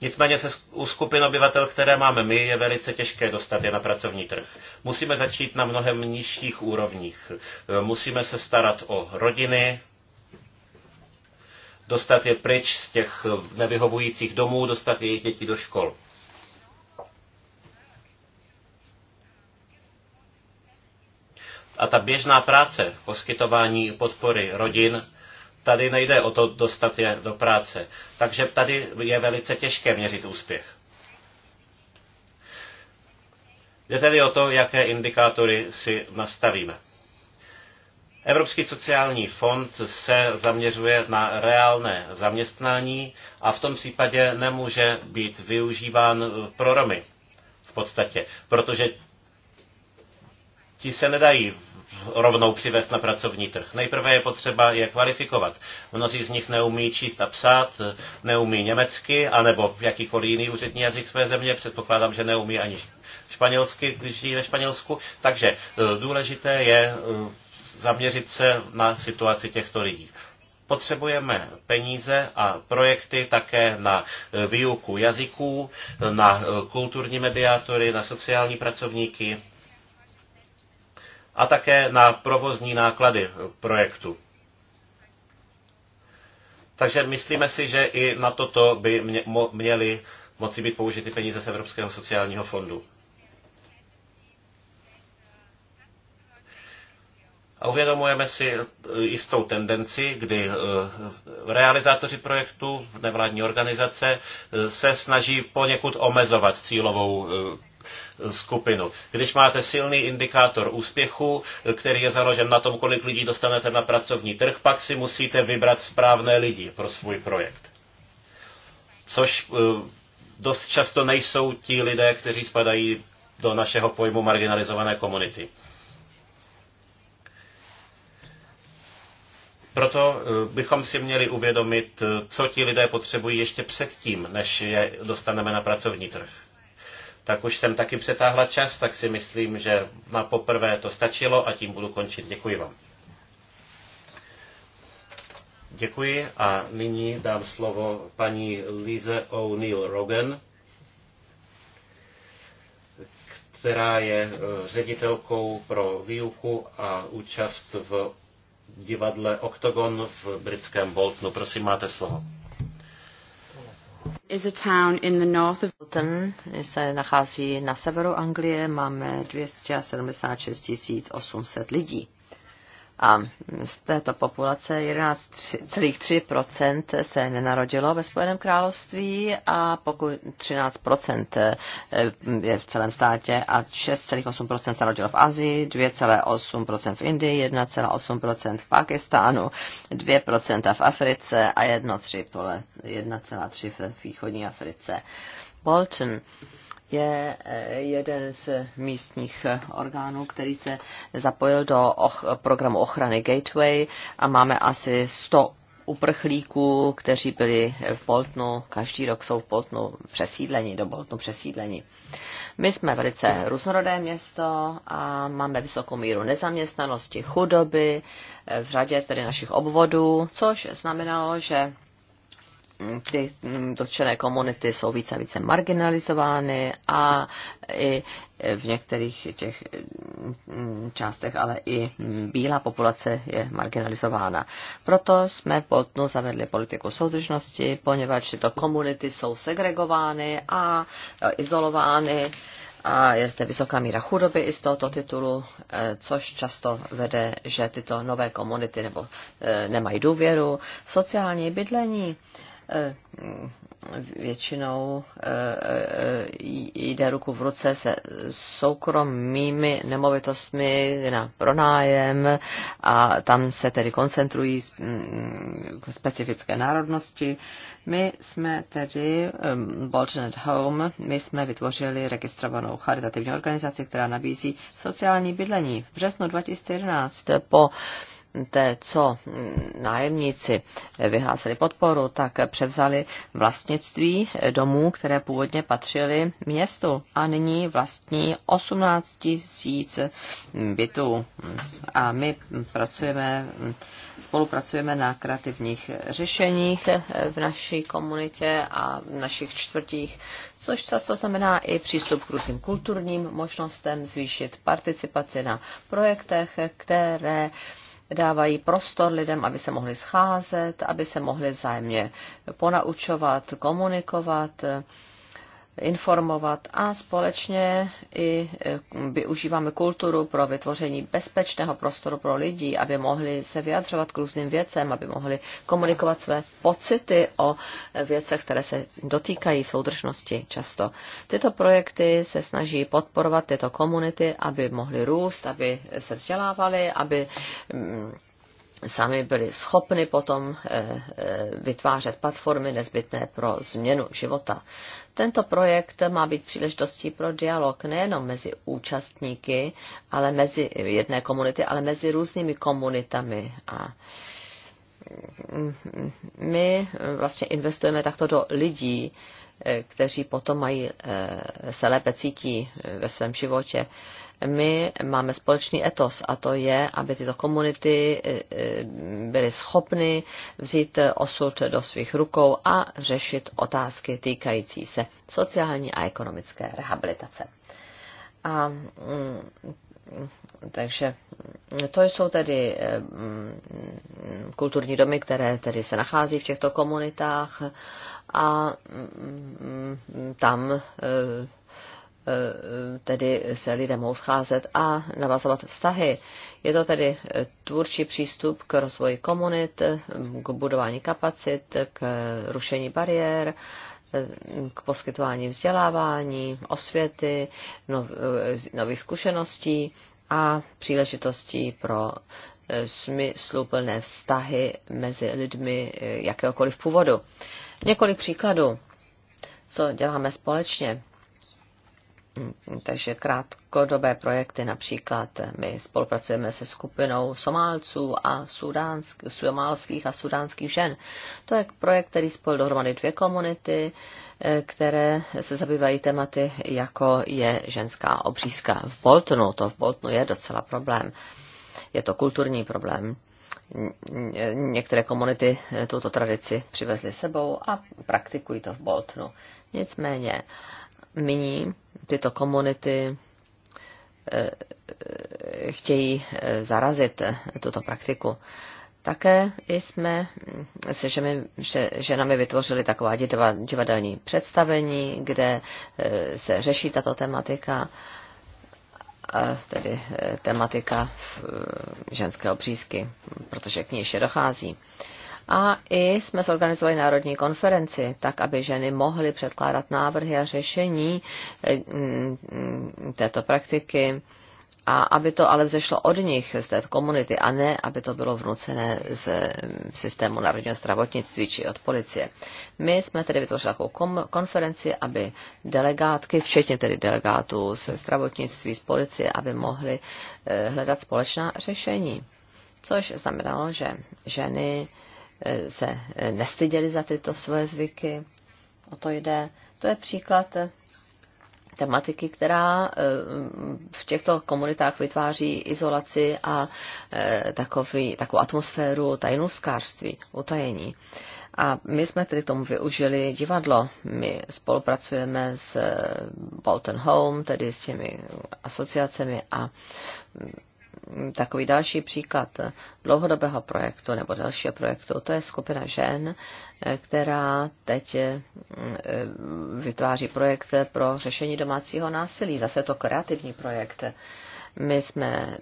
Nicméně se u skupin obyvatel, které máme my, je velice těžké dostat je na pracovní trh. Musíme začít na mnohem nižších úrovních. Musíme se starat o rodiny, dostat je pryč z těch nevyhovujících domů, dostat jejich děti do škol. A ta běžná práce, poskytování podpory rodin, tady nejde o to dostat je do práce. Takže tady je velice těžké měřit úspěch. Jde tedy o to, jaké indikátory si nastavíme. Evropský sociální fond se zaměřuje na reálné zaměstnání a v tom případě nemůže být využíván pro Romy v podstatě, protože ti se nedají rovnou přivést na pracovní trh. Nejprve je potřeba je kvalifikovat. Mnozí z nich neumí číst a psát, neumí německy, anebo jakýkoliv jiný úřední jazyk své země, předpokládám, že neumí ani španělsky, když žijí ve Španělsku. Takže e, důležité je e, zaměřit se na situaci těchto lidí potřebujeme peníze a projekty také na e, výuku jazyků, na kulturní mediátory, na sociální pracovníky a také na provozní náklady projektu. Takže myslíme si, že i na toto by měly moci být použity peníze z Evropského sociálního fondu. A uvědomujeme si jistou tendenci, kdy eh, realizátoři projektu, nevládní organizace, eh, se snaží poněkud omezovat cílovou eh, skupinu. Když máte silný indikátor úspěchu, který je založen na tom, kolik lidí dostanete na pracovní trh, pak si musíte vybrat správné lidi pro svůj projekt. Což eh, dost často nejsou ti lidé, kteří spadají do našeho pojmu marginalizované komunity. Proto eh, bychom si měli uvědomit, eh, co ti lidé potřebují ještě předtím, než je dostaneme na pracovní trh tak už jsem taky přetáhla čas, tak si myslím, že na poprvé to stačilo a tím budu končit. Děkuji vám. Děkuji a nyní dám slovo paní Lize O'Neill Rogan, která je eh, ředitelkou pro výuku a účast v divadle Octagon v britském Boltonu. Prosím, máte slovo is se nachází na severu Anglie, máme 276 800 lidí a z této populace 11,3% se nenarodilo ve Spojeném království a pokud 13% eh, je v celém státě a 6,8% se narodilo v Azii, 2,8% v Indii, 1,8% v Pakistánu, 2% v Africe a 1,3% v východní Africe. Bolton je eh, jeden z místních eh, orgánů, který se zapojil do och, programu ochrany Gateway a máme asi 100 uprchlíků, kteří byli v Boltnu, každý rok jsou v Boltnu přesídleni, do Boltnu přesídleni. My jsme velice různorodé město a máme vysokou míru nezaměstnanosti, chudoby eh, v řadě tedy našich obvodů, což znamenalo, že ty dotčené komunity jsou více a více marginalizovány a i v některých těch mm, částech, ale i bílá populace je marginalizována. Proto jsme v Boltnu zavedli politiku soudržnosti, poněvadž tyto komunity jsou segregovány a izolovány a je zde vysoká míra chudoby i z tohoto titulu, eh, což často vede, že tyto nové komunity nebo eh, nemají důvěru, sociální bydlení, Eh, většinou eh, eh, jde ruku v ruce se soukromými nemovitostmi na pronájem a tam se tedy koncentrují mm, specifické národnosti. My jsme tedy Bolton at Home, my jsme vytvořili registrovanou charitativní organizaci, která nabízí sociální bydlení. V březnu 2011 po té, co hm, nájemníci vyhlásili podporu, tak převzali vlastnictví domů, které původně patřily městu a nyní vlastní 18 tisíc bytů. A my pracujeme, spolupracujeme na kreativních řešeních v naší komunitě a v našich čtvrtích, což často znamená i přístup k různým kulturním možnostem, zvýšit participaci na projektech, které dávají prostor lidem, aby se mohli scházet, aby se mohli vzájemně ponaučovat, komunikovat informovat a společně i e, využíváme kulturu pro vytvoření bezpečného prostoru pro lidi, aby mohli se vyjadřovat k různým věcem, aby mohli komunikovat své pocity o e, věcech, které se dotýkají soudržnosti často. Tyto projekty se snaží podporovat tyto komunity, aby mohly růst, aby se vzdělávali, aby mm, sami byli schopni potom eh, eh, vytvářet platformy nezbytné pro změnu života. Tento projekt má být příležitostí pro dialog nejenom mezi účastníky, ale mezi jedné komunity, ale mezi různými komunitami. A mm, my vlastně investujeme takto do lidí, eh, kteří potom mají, se lépe cítí ve svém životě my máme společný etos a to je, aby tyto komunity e, e, byly schopny vzít osud do svých rukou a řešit otázky týkající se sociální a ekonomické rehabilitace. A mm, takže to jsou tedy e, mm, kulturní domy, které tedy se nachází v těchto komunitách a mm, tam tedy se lidé mohou scházet a navazovat vztahy. Je to tedy tvůrčí přístup k rozvoji komunit, k budování kapacit, k rušení bariér, k poskytování vzdělávání, osvěty, nov, nových zkušeností a příležitostí pro smysluplné vztahy mezi lidmi jakéhokoliv původu. Několik příkladů, co děláme společně takže krátkodobé projekty, například my spolupracujeme se skupinou Somálců a sudánsk, somálských a sudánských žen. To je projekt, který spojil dohromady dvě komunity, eh, které se zabývají tématy, jako je ženská obřízka v Boltonu. To v Boltonu je docela problém. Je to kulturní problém některé komunity eh, tuto tradici přivezly sebou a praktikují to v Boltnu. Nicméně nyní tyto komunity eh, eh, chtějí eh, zarazit tuto praktiku. Také jsme mm, se ženami, ženami vytvořili taková divadelní představení, kde se řeší tato tematika, tedy tematika ženského přísky, protože k ní ještě dochází. A i jsme zorganizovali národní konferenci, tak aby ženy mohly předkládat návrhy a řešení eh, mm, této praktiky a aby to ale vzešlo od nich, z té komunity, a ne, aby to bylo vnucené z mm, systému národního zdravotnictví či od policie. My jsme tedy vytvořili takovou konferenci, aby delegátky, včetně tedy delegátů z zdravotnictví, z policie, aby mohly eh, hledat společná řešení. Což znamenalo, že ženy se nestyděli za tyto svoje zvyky. O to jde. To je příklad tematiky, která eh, v těchto komunitách vytváří izolaci a eh, takový, takovou atmosféru tajnůskářství, utajení. A my jsme tedy k tomu využili divadlo. My spolupracujeme s eh, Bolton Home, tedy s těmi asociacemi a takový další příklad dlouhodobého projektu nebo dalšího projektu, to je skupina žen, která teď eh, vytváří projekt pro řešení domácího násilí. Zase to kreativní projekt. My jsme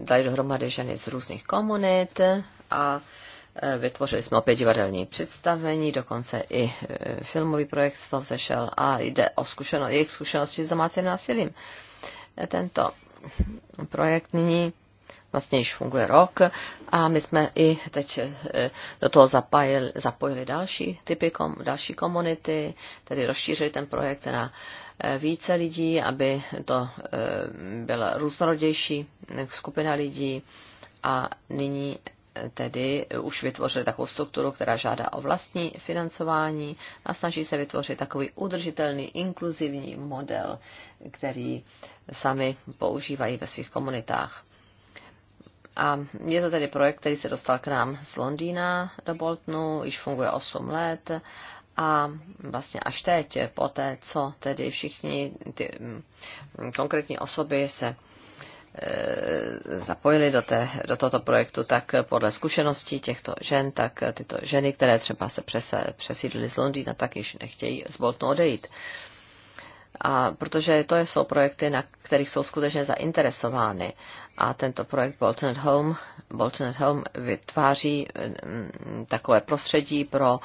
dali dohromady ženy z různých komunit a eh, vytvořili jsme opět divadelní představení, dokonce i eh, filmový projekt z toho vzešel a jde o zkušenost, jejich zkušenosti s domácím násilím. Tento projekt nyní vlastně již funguje rok a my jsme i teď eh, do toho zapojili, zapojili další typy, kom, další komunity, tedy rozšířili ten projekt na eh, více lidí, aby to eh, byla různorodější skupina lidí a nyní tedy už vytvořili takovou strukturu, která žádá o vlastní financování a snaží se vytvořit takový udržitelný, inkluzivní model, který sami používají ve svých komunitách. A je to tedy projekt, který se dostal k nám z Londýna do Boltnu, již funguje 8 let a vlastně až teď, po té, co tedy všichni ty mm, konkrétní osoby se Eh, zapojili do, té, do tohoto projektu, tak podle zkušeností těchto žen, tak tyto ženy, které třeba se přesídlily z Londýna, tak již nechtějí z Boltonu odejít. A protože to jsou projekty, na kterých jsou skutečně zainteresovány. A tento projekt Bolton at Home, Bolton at Home vytváří mm, takové prostředí pro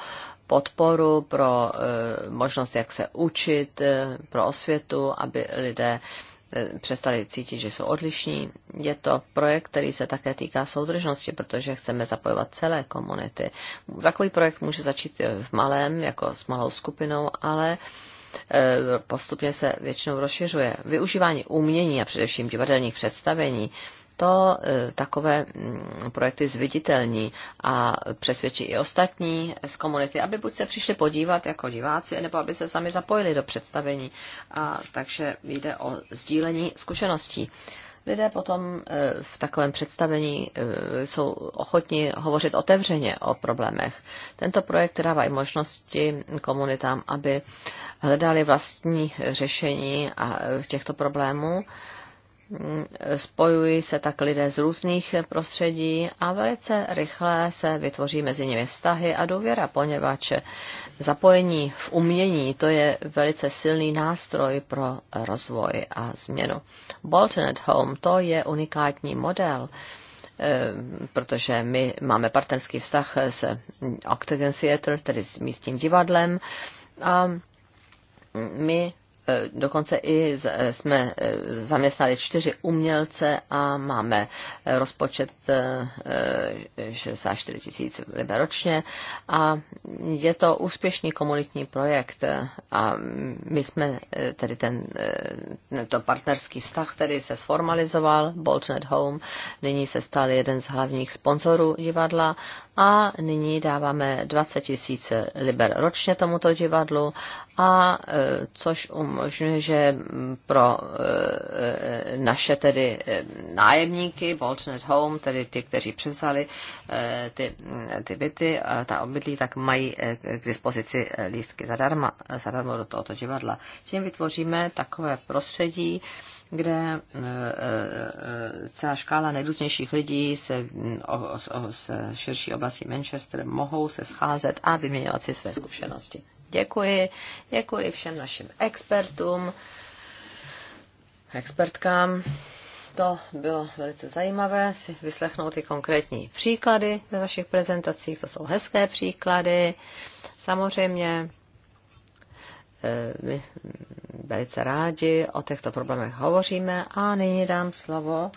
podporu, pro eh, možnost, jak se učit, eh, pro osvětu, aby lidé E, přestali cítit, že jsou odlišní. Je to projekt, který se také týká soudržnosti, protože chceme zapojovat celé komunity. Takový projekt může začít e, v malém, jako s malou skupinou, ale e, postupně se většinou rozšiřuje. Využívání umění a především divadelních představení to e, takové mm, projekty zviditelní a přesvědčí i ostatní z komunity, aby buď se přišli podívat jako diváci, nebo aby se sami zapojili do představení. A takže jde o sdílení zkušeností lidé potom e, v takovém představení e, jsou ochotni hovořit otevřeně o problémech. Tento projekt dává i možnosti komunitám, aby hledali vlastní řešení a těchto problémů Mm, spojují se tak lidé z různých prostředí a velice rychle se vytvoří mezi nimi vztahy a důvěra, poněvadž zapojení v umění to je velice silný nástroj pro rozvoj a změnu. Bolton at Home to je unikátní model eh, protože my máme partnerský vztah s Octagon Theatre, tedy s místním divadlem a my Eh, dokonce i eh, jsme eh, zaměstnali čtyři umělce a máme rozpočet 64 tisíc liber ročně a je to úspěšný komunitní projekt a my jsme tedy ten, to partnerský vztah který se sformalizoval, Bolton at Home, nyní se stal jeden z hlavních sponzorů divadla a nyní dáváme 20 tisíc liber ročně tomuto divadlu a což um umožňuje, že pro eh, naše tedy eh, nájemníky, Bolton at Home, tedy ty, kteří převzali eh, ty, ty byty, ta obydlí, tak mají k dispozici lístky zadarma, zadarmo do tohoto divadla. Tím vytvoříme takové prostředí, kde celá škála nejrůznějších lidí se, o, o, se širší oblasti Manchester mohou se scházet a vyměňovat si své zkušenosti. Děkuji. Děkuji všem našim expertům, expertkám. To bylo velice zajímavé si vyslechnout ty konkrétní příklady ve vašich prezentacích. To jsou hezké příklady. Samozřejmě eh, my velice rádi o těchto problémech hovoříme a nyní dám slovo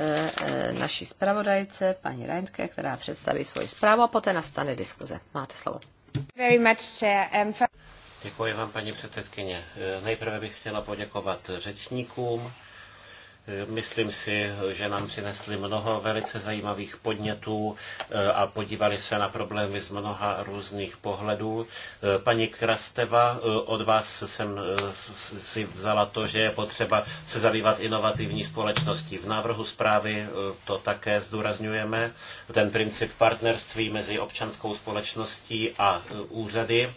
eh, eh, naší zpravodajce, paní Reintke, která představí svoji zprávu a poté nastane diskuze. Máte slovo. Um, Děkuji vám, paní předsedkyně. Eh, nejprve bych chtěla poděkovat řečníkům Myslím si, že nám přinesli mnoho velice zajímavých podnětů eh, a podívali se na problémy z mnoha různých pohledů. Eh, paní Krasteva, eh, od vás jsem si vzala to, že je potřeba se zabývat inovativní společností. V návrhu zprávy to také zdůrazňujeme, ten princip partnerství mezi občanskou společností a úřady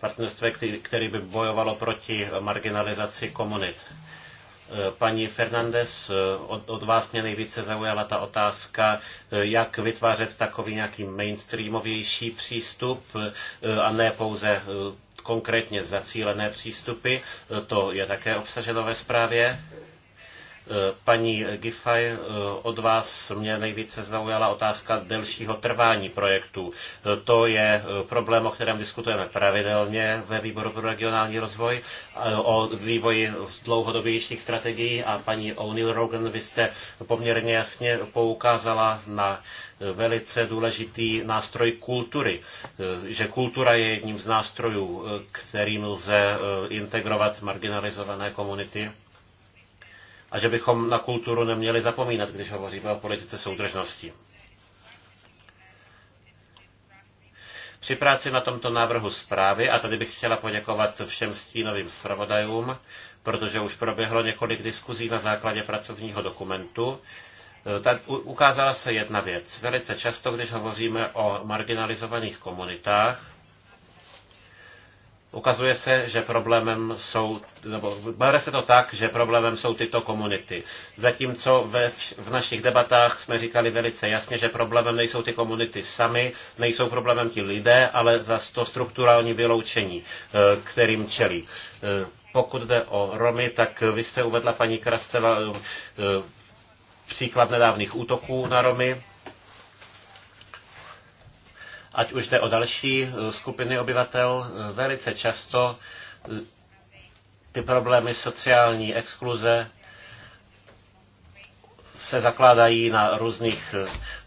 partnerství, které by bojovalo proti marginalizaci komunit. Eh, paní Fernandez, eh, od, od vás mě nejvíce zaujala ta otázka, eh, jak vytvářet takový nějaký mainstreamovější přístup a ne pouze konkrétně zacílené přístupy. To je také obsaženo ve zprávě. Eh, paní Giffey, eh, od vás mě nejvíce zaujala otázka delšího trvání projektů. Eh, to je problém, o kterém diskutujeme pravidelně ve výboru pro regionální rozvoj, o vývoji dlouhodobějších strategií a paní O'Neill Rogan, vy jste poměrně jasně poukázala na velice důležitý nástroj kultury, že kultura je jedním z nástrojů, kterým lze integrovat marginalizované komunity a že bychom na kulturu neměli zapomínat, když hovoříme o politice soudržnosti. Při práci na tomto návrhu zprávy, a tady bych chtěla poděkovat všem stínovým zpravodajům, protože už proběhlo několik diskuzí na základě pracovního dokumentu, eh, tak ukázala se jedna věc. Velice často, když hovoříme o marginalizovaných komunitách, Ukazuje se, že problémem jsou, nebo bere se to tak, že problémem jsou tyto komunity. Zatímco ve, v našich debatách jsme říkali velice jasně, že problémem nejsou ty komunity sami, nejsou problémem ti lidé, ale zase to strukturální vyloučení, eh, kterým čelí. Eh, pokud jde o Romy, tak vy jste uvedla paní Krastela eh, příklad nedávných útoků na Romy ať už jde o další eh, skupiny obyvatel, eh, velice často eh, ty problémy sociální exkluze se zakládají na různých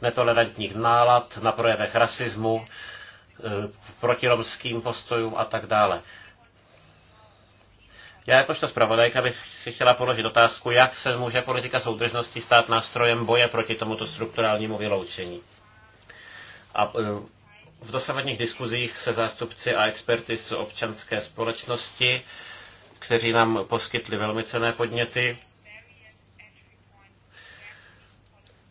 netolerantních nálad, na projevech rasismu, protiromským postojům a tak dále. Já jakožto zpravodajka bych si chtěla položit otázku, jak se může politika soudržnosti stát nástrojem boje proti tomuto strukturálnímu vyloučení. A v dosavadních diskuzích se zástupci a experty z občanské společnosti, kteří nám poskytli velmi cené podněty,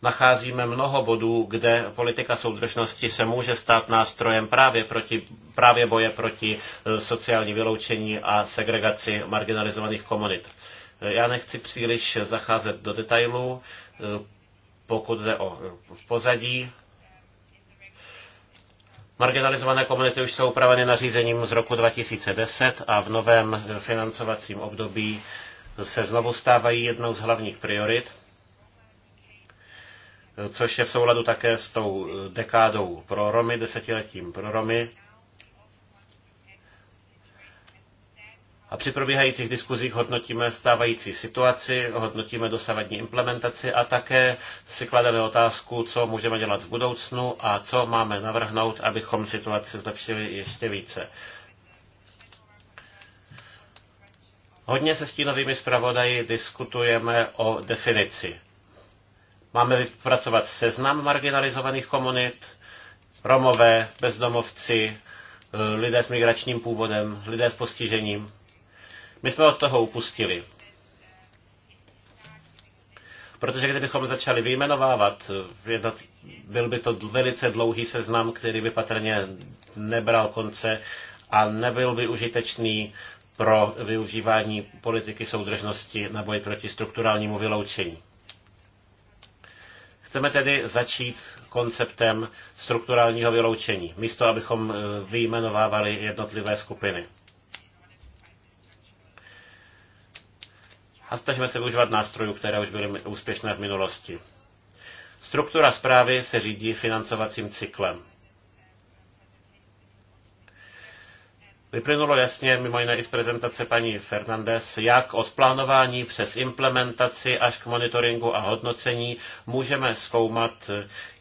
nacházíme mnoho bodů, kde politika soudržnosti se může stát nástrojem právě, proti, právě boje proti eh, sociální vyloučení a segregaci marginalizovaných komunit. Eh, já nechci příliš zacházet do detailů, eh, pokud jde o pozadí Marginalizované komunity už jsou upraveny nařízením z roku 2010 a v novém eh, financovacím období se znovu stávají jednou z hlavních priorit, eh, což je v souladu také s tou eh, dekádou pro Romy, desetiletím pro Romy A při probíhajících diskuzích hodnotíme stávající situaci, hodnotíme dosavadní implementaci a také si klademe otázku, co můžeme dělat v budoucnu a co máme navrhnout, abychom situaci zlepšili ještě více. Hodně se stínovými zpravodaji diskutujeme o definici. Máme vypracovat seznam marginalizovaných komunit, Romové, bezdomovci, eh, lidé s migračním původem, lidé s postižením. My jsme od toho upustili. Protože kdybychom začali vyjmenovávat, eh, byl by to velice dlouhý seznam, který by patrně nebral konce a nebyl by užitečný pro využívání politiky soudržnosti na boj proti strukturálnímu vyloučení. Chceme tedy začít konceptem strukturálního vyloučení, místo abychom eh, vyjmenovávali jednotlivé skupiny. a snažíme se využívat nástrojů, které už byly úspěšné v minulosti. Struktura zprávy se řídí financovacím cyklem. Vyplynulo jasně mimo jiné i z prezentace paní Fernandez, jak od plánování přes implementaci až k monitoringu a hodnocení můžeme zkoumat,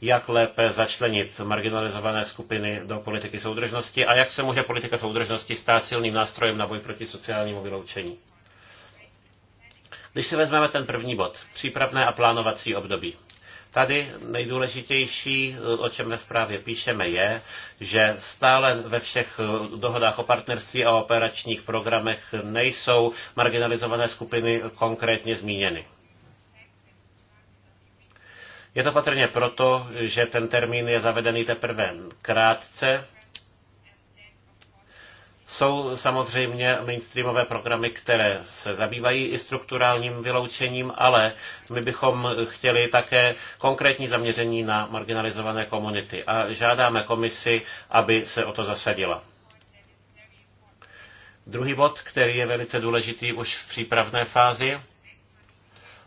jak lépe začlenit marginalizované skupiny do politiky soudržnosti a jak se může politika soudržnosti stát silným nástrojem na boj proti sociálnímu vyloučení. Když si vezmeme ten první bod, přípravné a plánovací období. Tady nejdůležitější, o čem ve zprávě píšeme, je, že stále ve všech eh, dohodách o partnerství a operačních programech nejsou marginalizované skupiny konkrétně zmíněny. Je to patrně proto, že ten termín je zavedený teprve krátce jsou samozřejmě mainstreamové programy, které se zabývají i strukturálním vyloučením, ale my bychom chtěli také konkrétní zaměření na marginalizované komunity a žádáme komisi, aby se o to zasadila. Druhý bod, který je velice důležitý už v přípravné fázi,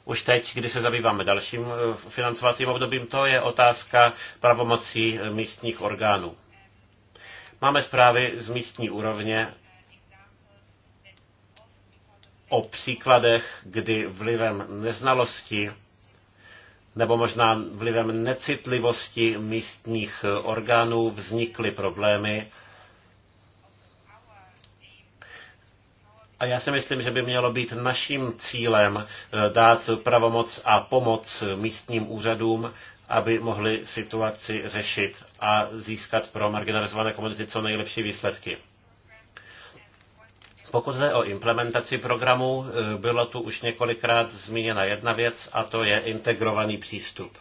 už teď, kdy se zabýváme dalším eh, financovacím obdobím, to je otázka pravomocí místních orgánů. Máme zprávy z místní úrovně o příkladech, kdy vlivem neznalosti nebo možná vlivem necitlivosti místních orgánů vznikly problémy. A já si myslím, že by mělo být naším cílem eh, dát pravomoc a pomoc místním úřadům aby mohli situaci řešit a získat pro marginalizované komunity co nejlepší výsledky. Pokud jde o implementaci programu, eh, bylo tu už několikrát zmíněna jedna věc a to je integrovaný přístup.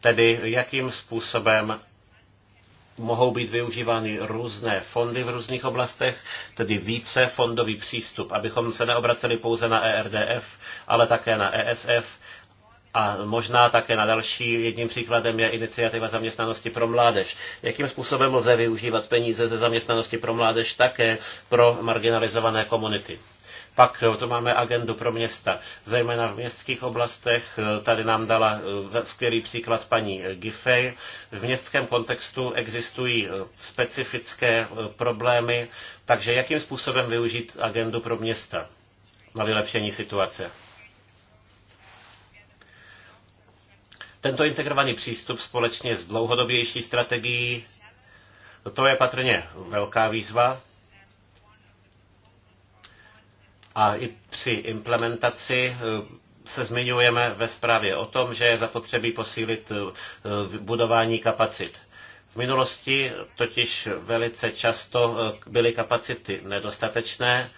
Tedy jakým způsobem mohou být využívány různé fondy v různých oblastech, tedy více fondový přístup, abychom se neobraceli pouze na ERDF, ale také na ESF a možná také na další. Jedním příkladem je iniciativa zaměstnanosti pro mládež. Jakým způsobem lze využívat peníze ze zaměstnanosti pro mládež také pro marginalizované komunity? Pak eh, to máme agendu pro města, zejména v městských oblastech. Eh, tady nám dala eh, skvělý příklad paní Giffey. V městském kontextu existují specifické problémy, takže jakým způsobem využít agendu pro města na vylepšení situace? Tento integrovaný přístup společně s dlouhodobější strategií, to je patrně velká výzva, A i při implementaci eh, se zmiňujeme ve zprávě o tom, že je zapotřebí posílit eh, budování kapacit. V minulosti totiž velice často eh, byly kapacity nedostatečné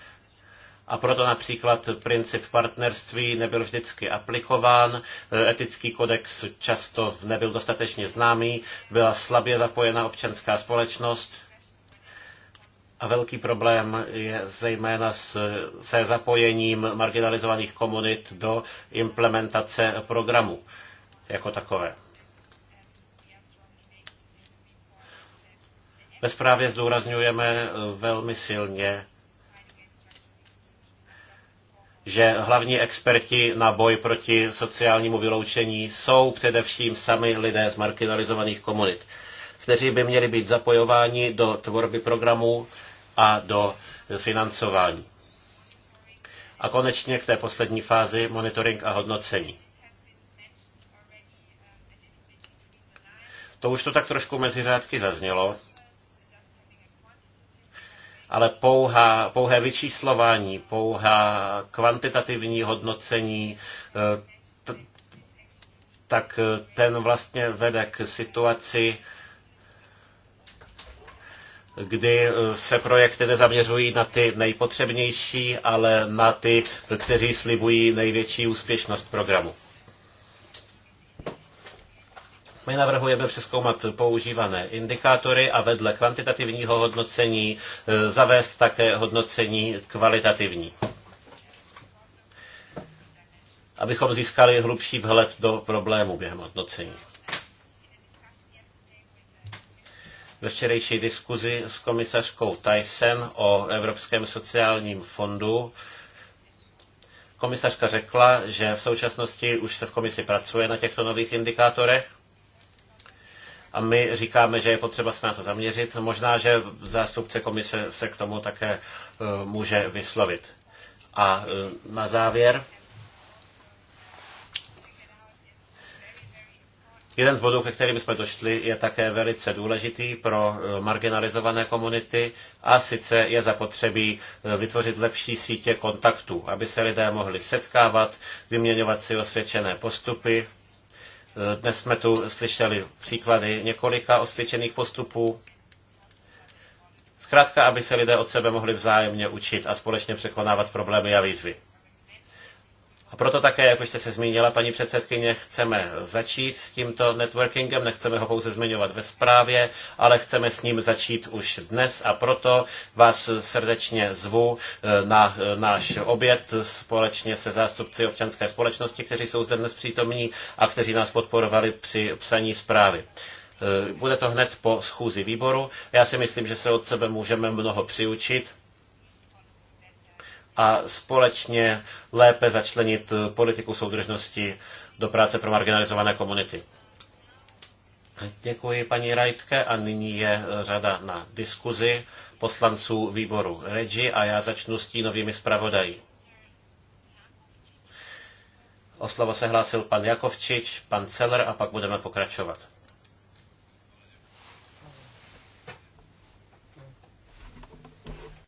a proto například princip partnerství nebyl vždycky aplikován, etický kodex často nebyl dostatečně známý, byla slabě zapojena občanská společnost a velký problém je zejména s, se zapojením marginalizovaných komunit do implementace programu jako takové. Ve zprávě zdůrazňujeme velmi silně, že hlavní experti na boj proti sociálnímu vyloučení jsou především sami lidé z marginalizovaných komunit, kteří by měli být zapojováni do tvorby programů a do financování. A konečně k té poslední fázi monitoring a hodnocení. To už to tak trošku mezi řádky zaznělo, ale pouhá, pouhé vyčíslování, pouhá kvantitativní hodnocení, eh, tak eh, ten vlastně vede k situaci, kdy eh, se projekty nezaměřují na ty nejpotřebnější, ale na ty, kteří slibují největší úspěšnost programu. My navrhujeme přeskoumat používané indikátory a vedle kvantitativního hodnocení eh, zavést také hodnocení kvalitativní abychom získali hlubší vhled do problému během hodnocení. ve včerejší diskuzi s komisařkou Tyson o Evropském sociálním fondu. Komisařka řekla, že v současnosti už se v komisi pracuje na těchto nových indikátorech a my říkáme, že je potřeba se na to zaměřit. Možná, že zástupce komise se k tomu také eh, může vyslovit. A eh, na závěr Jeden z bodů, ke kterým jsme došli, je také velice důležitý pro eh, marginalizované komunity a sice je zapotřebí eh, vytvořit lepší sítě kontaktů, aby se lidé mohli setkávat, vyměňovat si osvědčené postupy. Eh, dnes jsme tu slyšeli příklady několika osvědčených postupů. Zkrátka, aby se lidé od sebe mohli vzájemně učit a společně překonávat problémy a výzvy. A proto také, jak už jste se zmínila, paní předsedkyně, chceme začít s tímto networkingem, nechceme ho pouze zmiňovat ve zprávě, ale chceme s ním začít už dnes a proto vás srdečně zvu eh, na eh, náš oběd společně se zástupci občanské společnosti, kteří jsou zde dnes přítomní a kteří nás podporovali při psaní zprávy. Eh, bude to hned po schůzi výboru. Já si myslím, že se od sebe můžeme mnoho přiučit a společně lépe začlenit politiku soudržnosti do práce pro marginalizované komunity. Děkuji paní Rajtke a nyní je řada na diskuzi poslanců výboru Regi a já začnu s novými zpravodají. O slovo se hlásil pan Jakovčič, pan Celer a pak budeme pokračovat.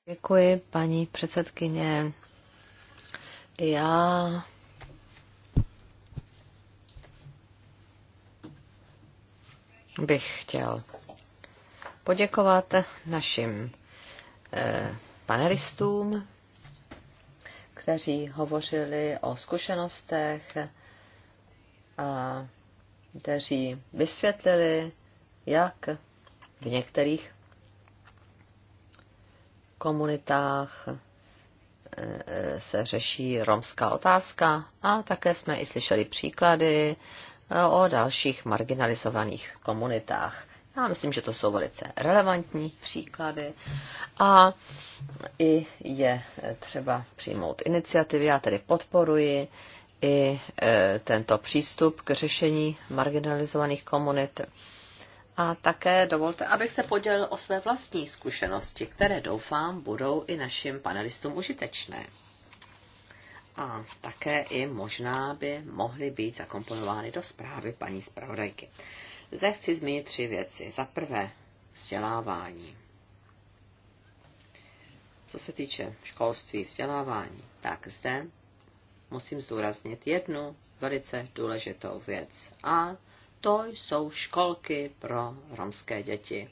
Děkuji, paní předsedkyně. Já bych chtěl poděkovat našim eh, panelistům, kteří hovořili o zkušenostech a kteří vysvětlili, jak v některých komunitách e, e, se řeší romská otázka a také jsme i slyšeli příklady e, o dalších marginalizovaných komunitách. Já myslím, že to jsou velice relevantní příklady a i je třeba přijmout iniciativy. Já tedy podporuji i tento přístup k řešení marginalizovaných komunit a také dovolte, abych se podělil o své vlastní zkušenosti, které doufám budou i našim panelistům užitečné. A také i možná by mohly být zakomponovány do zprávy paní zpravodajky. Zde chci zmínit tři věci. Za prvé, vzdělávání. Co se týče školství, vzdělávání, tak zde musím zdůraznit jednu velice důležitou věc. A to jsou školky pro romské děti.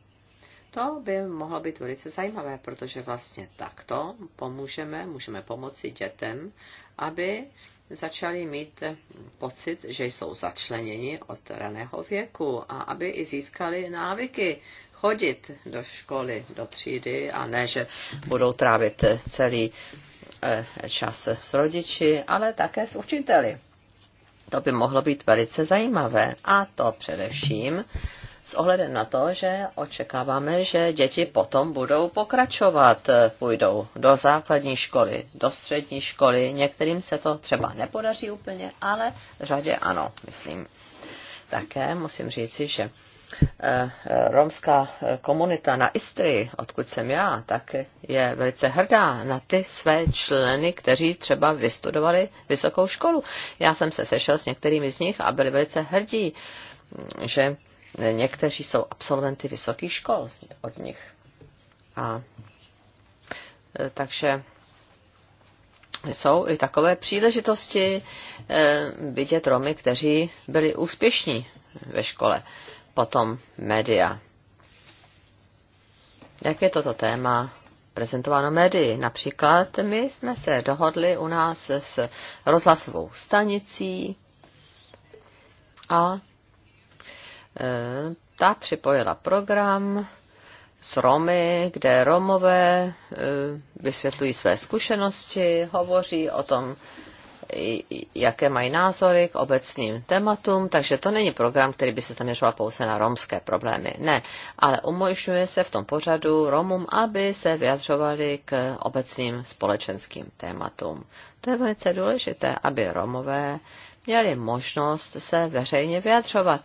To by mohlo být velice zajímavé, protože vlastně takto pomůžeme, můžeme pomoci dětem, aby začali mít pocit, že jsou začleněni od raného věku a aby i získali návyky chodit do školy, do třídy a ne, že budou trávit celý eh, čas s rodiči, ale také s učiteli. To by mohlo být velice zajímavé. A to především s ohledem na to, že očekáváme, že děti potom budou pokračovat, půjdou do základní školy, do střední školy, některým se to třeba nepodaří úplně, ale řadě ano, myslím. Také musím říci, že Eh, eh, romská eh, komunita na Istrii, odkud jsem já, tak je velice hrdá na ty své členy, kteří třeba vystudovali vysokou školu. Já jsem se sešel s některými z nich a byli velice hrdí, hm, že někteří jsou absolventy vysokých škol od nich. A takže jsou i takové příležitosti vidět Romy, kteří byli úspěšní ve škole. Potom média. Jak je toto téma prezentováno médii? Například my jsme se dohodli u nás s rozhlasovou stanicí a e, ta připojila program s Romy, kde Romové e, vysvětlují své zkušenosti, hovoří o tom, jaké mají názory k obecným tématům, takže to není program, který by se zaměřoval pouze na romské problémy. Ne, ale umožňuje se v tom pořadu Romům, aby se vyjadřovali k obecným společenským tématům. To je velice důležité, aby Romové měli možnost se veřejně vyjadřovat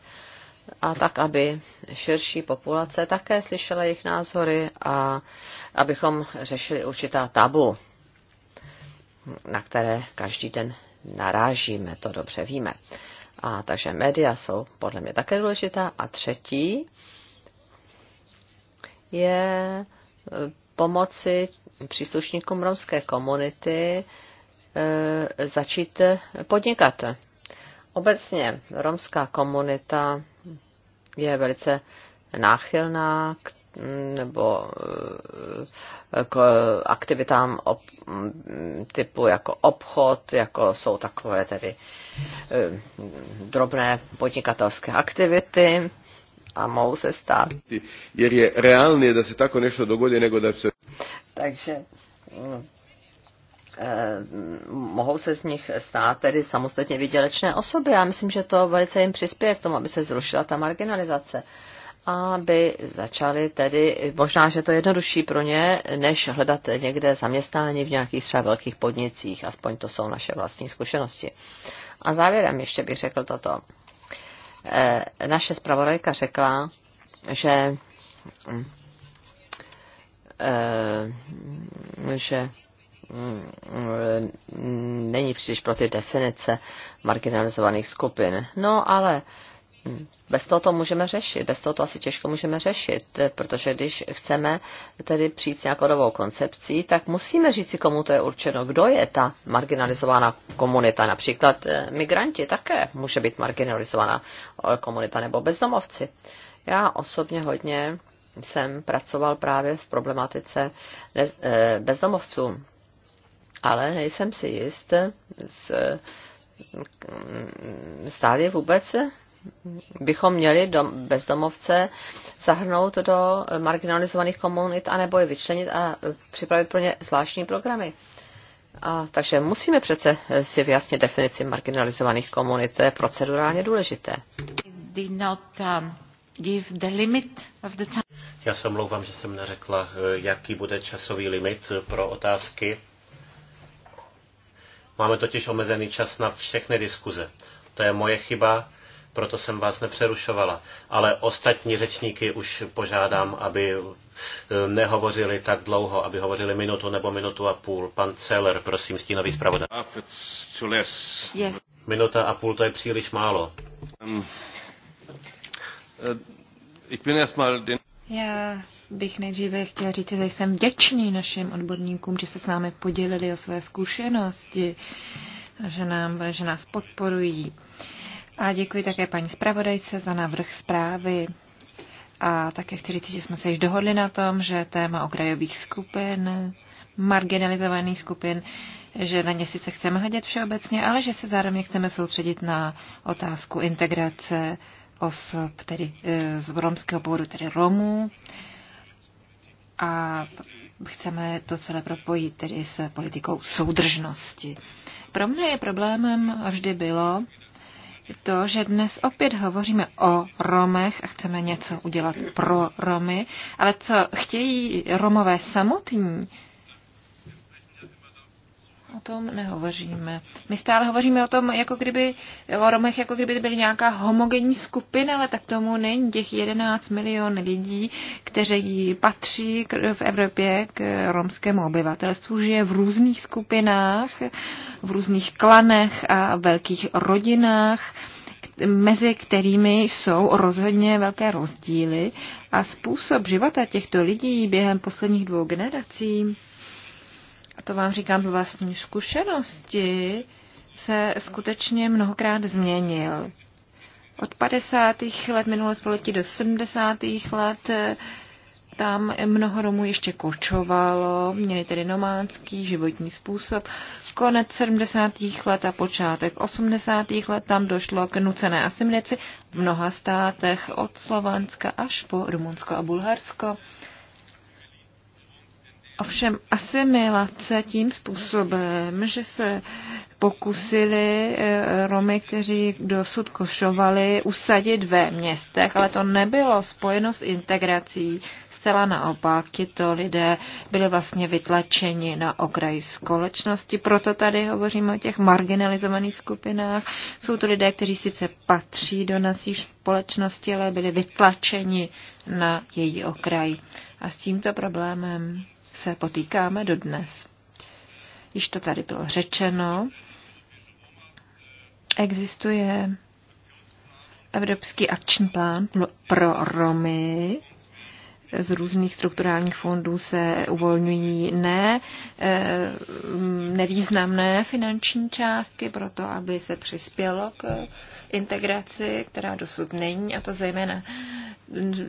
a tak, aby širší populace také slyšela jejich názory a abychom řešili určitá tabu na které každý den narážíme, to dobře víme. A takže média jsou podle mě také důležitá. A třetí je eh, pomoci příslušníkům romské komunity eh, začít podnikat. Obecně romská komunita je velice náchylná k nebo eh, k aktivitám ob, typu jako obchod, jako jsou takové tedy eh, drobné podnikatelské aktivity a mohou se stát. Jer je reálně, že se tako něco dogodí, nebo da se... Takže eh, mohou se z nich stát tedy samostatně vydělečné osoby. Já myslím, že to velice jim přispěje k tomu, aby se zrušila ta marginalizace aby začali tedy, možná, že to je jednodušší pro ně, než hledat někde zaměstnání v nějakých třeba velkých podnicích, aspoň to jsou naše vlastní zkušenosti. A závěrem ještě bych řekl toto. Eh, naše zpravodajka řekla, že mm, eh, že mm, mm, není příliš pro ty definice marginalizovaných skupin. No ale bez toho to můžeme řešit, bez toho to asi těžko můžeme řešit, eh, protože když chceme tedy přijít s nějakou novou koncepcí, tak musíme říct si, komu to je určeno, kdo je ta marginalizovaná komunita, například eh, migranti také může být marginalizovaná eh, komunita nebo bezdomovci. Já osobně hodně jsem pracoval právě v problematice bezdomovců, ale nejsem si jist, mm, stále vůbec bychom měli bezdomovce zahrnout do marginalizovaných komunit anebo je vyčlenit a připravit pro ně zvláštní programy. A, takže musíme přece eh, si vyjasnit definici marginalizovaných komunit, to je procedurálně důležité. Um, Já se omlouvám, že jsem neřekla, eh, jaký bude časový limit eh, pro otázky. Máme totiž omezený čas na všechny diskuze. To je moje chyba proto jsem vás nepřerušovala. Ale ostatní řečníky už požádám, aby e, nehovořili tak dlouho, aby hovořili minutu nebo minutu a půl. Pan Celer, prosím, stínový zpravodaj. Yes. Minuta a půl to je příliš málo. Um, uh, Já bych nejdříve chtěla říct, že jsem vděčný našim odborníkům, že se s námi podělili o své zkušenosti, že, nám, že nás podporují. Uh, a děkuji také paní zpravodajce za návrh zprávy. A také chci říct, že jsme se již dohodli na tom, že téma okrajových skupin, marginalizovaných skupin, že na ně sice chceme hledět všeobecně, ale že se zároveň chceme soustředit na otázku integrace osob, tedy e, z romského původu, tedy Romů. A chceme to celé propojit tedy s politikou soudržnosti. Pro mě je problémem vždy bylo, to, že dnes opět hovoříme o Romech a chceme něco udělat pro Romy, ale co chtějí Romové samotní, O tom nehovoříme. My stále hovoříme o tom, jako kdyby, o Romech, jako kdyby byly nějaká homogenní skupina, ale tak tomu není. Těch 11 milion lidí, kteří patří k, v Evropě k romskému obyvatelstvu, žije v různých skupinách, v různých klanech a velkých rodinách mezi kterými jsou rozhodně velké rozdíly a způsob života těchto lidí během posledních dvou generací to vám říkám z vlastní zkušenosti, se skutečně mnohokrát změnil. Od 50. let minulého století do 70. let eh, tam mnoho Romů ještě kočovalo, měli tedy nomádský životní způsob. Konec 70. let a počátek 80. let tam došlo k nucené asimilaci v mnoha státech od Slovenska až po Rumunsko a Bulharsko. Ovšem asimilace tím způsobem, že se pokusili eh, Romy, kteří dosud košovali, usadit ve městech, ale to nebylo spojeno s integrací. Zcela naopak, tito lidé byli vlastně vytlačeni na okraji společnosti, proto tady hovoříme o těch marginalizovaných skupinách. Jsou to lidé, kteří sice patří do naší společnosti, ale byli vytlačeni na její okraj. A s tímto problémem se potýkáme dodnes. Již to tady bylo řečeno, existuje Evropský akční plán pro Romy, z různých strukturálních fondů se uvolňují ne eh, nevýznamné finanční částky pro to, aby se přispělo k eh, integraci, která dosud není, a to zejména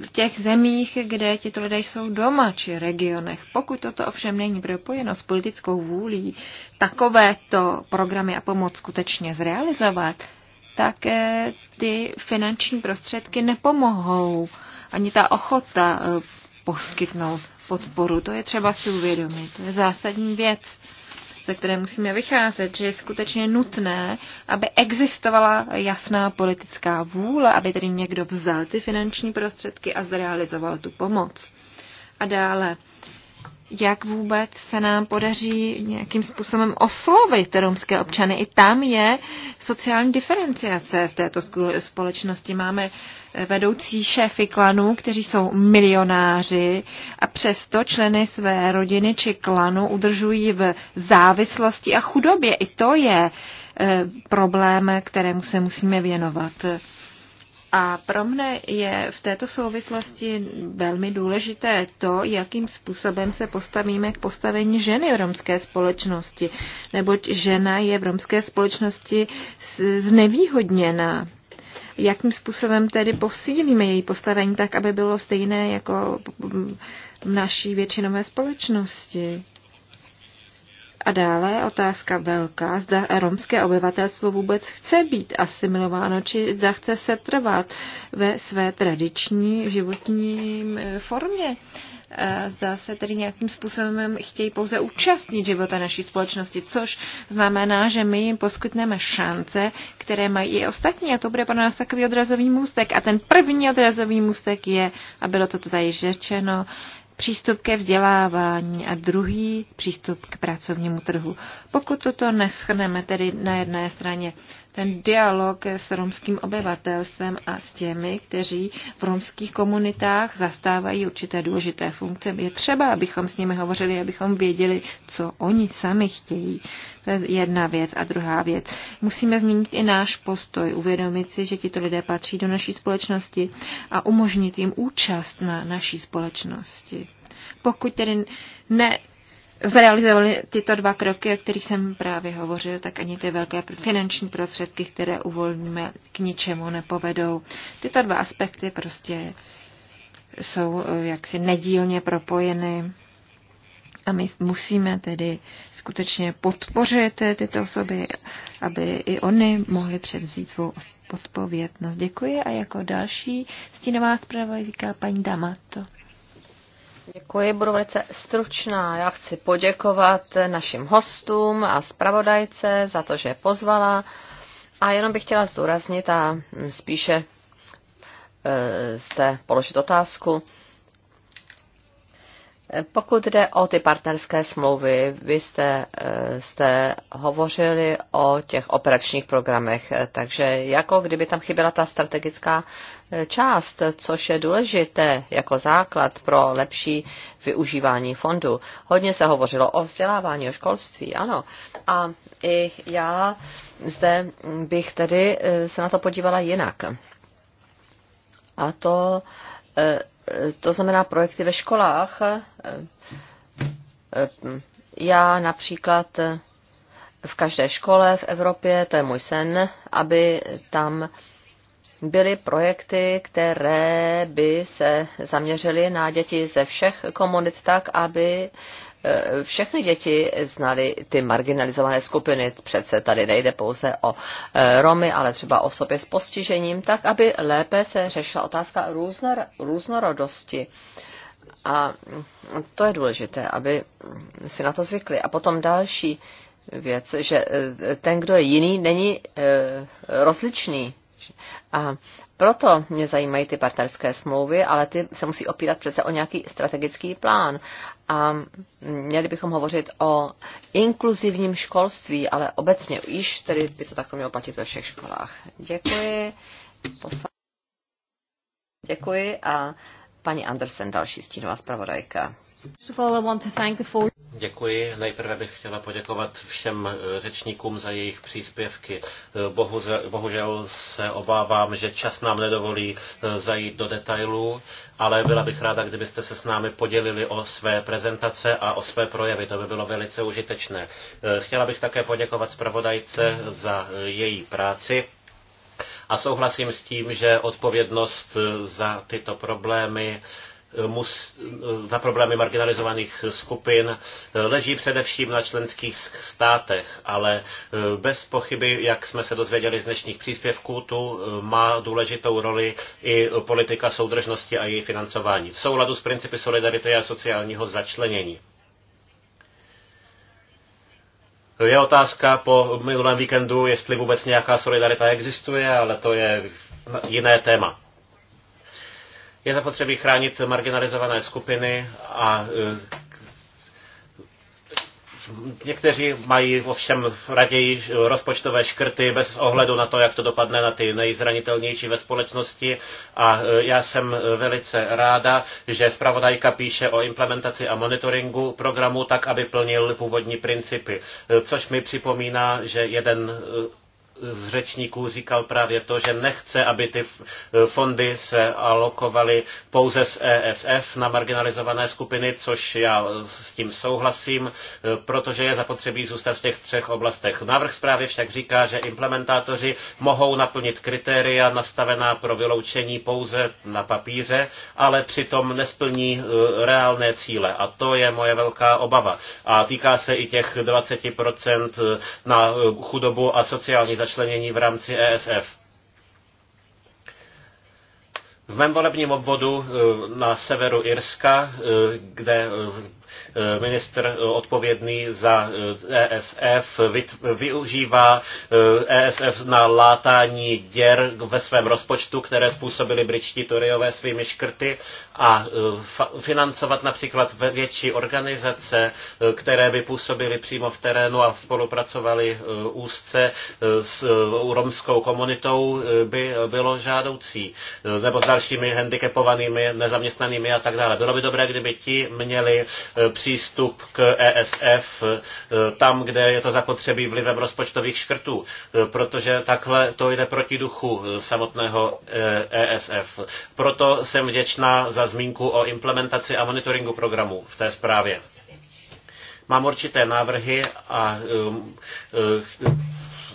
v těch zemích, kde tito lidé jsou doma, či regionech. Pokud toto ovšem není propojeno s politickou vůlí takovéto programy a pomoc skutečně zrealizovat, tak eh, ty finanční prostředky nepomohou ani ta ochota e, poskytnout podporu. To je třeba si uvědomit. To je zásadní věc, ze které musíme vycházet, že je skutečně nutné, aby existovala jasná politická vůle, aby tedy někdo vzal ty finanční prostředky a zrealizoval tu pomoc. A dále jak vůbec se nám podaří nějakým způsobem oslovit romské občany. I tam je sociální diferenciace v této společnosti. Máme vedoucí šéfy klanů, kteří jsou milionáři a přesto členy své rodiny či klanu udržují v závislosti a chudobě. I to je eh, problém, kterému se musíme věnovat. A pro mne je v této souvislosti velmi důležité to, jakým způsobem se postavíme k postavení ženy v romské společnosti, neboť žena je v romské společnosti znevýhodněná. Jakým způsobem tedy posílíme její postavení tak, aby bylo stejné jako v naší většinové společnosti? A dále otázka velká, zda romské obyvatelstvo vůbec chce být asimilováno, či zda chce se trvat ve své tradiční životní eh, formě. Eh, zda se tedy nějakým způsobem chtějí pouze účastnit života naší společnosti, což znamená, že my jim poskytneme šance, které mají i ostatní a to bude pro nás takový odrazový můstek. A ten první odrazový můstek je, a bylo to tady řečeno, přístup ke vzdělávání a druhý přístup k pracovnímu trhu. Pokud toto neschneme tedy na jedné straně ten dialog s romským obyvatelstvem a s těmi, kteří v romských komunitách zastávají určité důležité funkce. Je třeba, abychom s nimi hovořili, abychom věděli, co oni sami chtějí. To je jedna věc. A druhá věc. Musíme změnit i náš postoj, uvědomit si, že tito lidé patří do naší společnosti a umožnit jim účast na naší společnosti. Pokud tedy ne, zrealizovali tyto dva kroky, o kterých jsem právě hovořil, tak ani ty velké finanční prostředky, které uvolníme, k ničemu nepovedou. Tyto dva aspekty prostě jsou eh, jaksi nedílně propojeny a my musíme tedy skutečně podpořit eh, tyto osoby, aby i oni mohli převzít svou odpovědnost. Děkuji a jako další stínová říká paní Damato. Děkuji, budu velice stručná. Já chci poděkovat našim hostům a zpravodajce za to, že je pozvala. A jenom bych chtěla zdůraznit a spíše jste eh, položit otázku, pokud jde o ty partnerské smlouvy, vy jste, eh, jste hovořili o těch operačních programech, eh, takže jako kdyby tam chyběla ta strategická eh, část, což je důležité jako základ pro lepší využívání fondu. Hodně se hovořilo o vzdělávání, o školství, ano. A i já zde bych tedy se na to podívala jinak. A to to znamená projekty ve školách. Já například v každé škole v Evropě, to je můj sen, aby tam byly projekty, které by se zaměřily na děti ze všech komunit tak, aby všechny děti znali ty marginalizované skupiny. Přece tady nejde pouze o e, Romy, ale třeba osoby s postižením, tak aby lépe se řešila otázka různor, různorodosti. A to je důležité, aby si na to zvykli. A potom další věc, že e, ten, kdo je jiný, není e, rozličný a proto mě zajímají ty partnerské smlouvy, ale ty se musí opírat přece o nějaký strategický plán. A měli bychom hovořit o inkluzivním školství, ale obecně již tedy by to takto mělo platit ve všech školách. Děkuji. Posla... Děkuji a paní Andersen, další stínová zpravodajka. Děkuji. Nejprve bych chtěla poděkovat všem eh, řečníkům za jejich příspěvky. Eh, bohužel se obávám, že čas nám nedovolí eh, zajít do detailů, ale byla bych ráda, kdybyste se s námi podělili o své prezentace a o své projevy. To by bylo velice užitečné. Chtěla bych také poděkovat zpravodajce za její práci. A souhlasím s tím, že odpovědnost za tyto problémy mus, za problémy marginalizovaných skupin leží především na členských státech, ale eh, bez pochyby, jak jsme se dozvěděli z dnešních příspěvků, tu eh, má důležitou roli i politika soudržnosti a její financování v souladu s principy solidarity a sociálního začlenění. Je otázka po minulém víkendu, jestli vůbec nějaká solidarita existuje, ale to je jiné téma. Je zapotřebí chránit marginalizované skupiny a e, Někteří mají ovšem raději rozpočtové škrty bez ohledu na to, jak to dopadne na ty nejzranitelnější ve společnosti. A e, já jsem velice ráda, že zpravodajka píše o implementaci a monitoringu programu tak, aby plnil původní principy. E, což mi připomíná, že jeden z řečníků říkal právě to, že nechce, aby ty fondy se alokovaly pouze z ESF na marginalizované skupiny, což já s tím souhlasím, protože je zapotřebí zůstat v těch třech oblastech. Návrh zprávy však říká, že implementátoři mohou naplnit kritéria nastavená pro vyloučení pouze na papíře, ale přitom nesplní eh, reálné cíle. A to je moje velká obava. A týká se i těch 20% eh, na eh, chudobu a sociální zač- začlenění v rámci ESF. V mém volebním obvodu eh, na severu Irska, eh, kde eh, Eh, ministr eh, odpovědný za ESF eh, e využívá ESF e na látání děr ve svém rozpočtu, které způsobili britští Toryové svými škrty a financovat například větší organizace, které by působily přímo v terénu a spolupracovaly úzce s romskou komunitou, by bylo žádoucí. Nebo s dalšími handicapovanými, nezaměstnanými a tak dále. Bylo by dobré, kdyby ti měli přístup k ESF eh, tam, kde je to zapotřebí vlivem rozpočtových škrtů, eh, protože takhle to jde proti duchu eh, samotného ESF. E Proto jsem vděčná za zmínku o implementaci a monitoringu programu v té zprávě. Mám určité návrhy a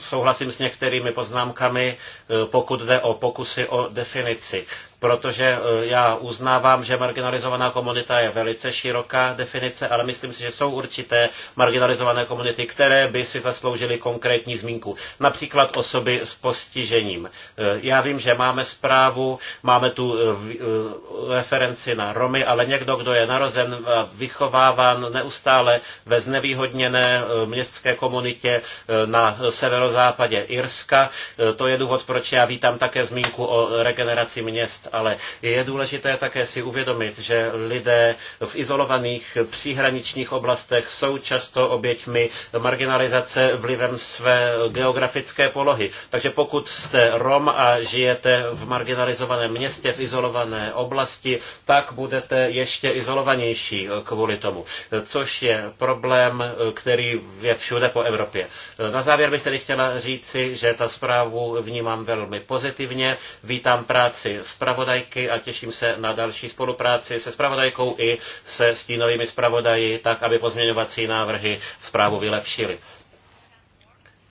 souhlasím s některými poznámkami, pokud jde o pokusy o definici protože eh, já uznávám, že marginalizovaná komunita je velice široká definice, ale myslím si, že jsou určité marginalizované komunity, které by si zasloužily konkrétní zmínku. Například osoby s postižením. Eh, já vím, že máme zprávu, máme tu eh, referenci na Romy, ale někdo, kdo je narozen a vychováván neustále ve znevýhodněné městské komunitě na severozápadě Irska, to je důvod, proč já vítám také zmínku o regeneraci měst ale je důležité také si uvědomit, že lidé v izolovaných příhraničních oblastech jsou často oběťmi marginalizace vlivem své geografické polohy. Takže pokud jste Rom a žijete v marginalizovaném městě, v izolované oblasti, tak budete ještě izolovanější kvůli tomu, což je problém, který je všude po Evropě. Na závěr bych tedy chtěla říci, že ta zprávu vnímám velmi pozitivně. Vítám práci zpravodajů zpravodajky a těším se na další spolupráci se zpravodajkou i se stínovými zpravodaji, tak aby pozměňovací návrhy zprávu vylepšily.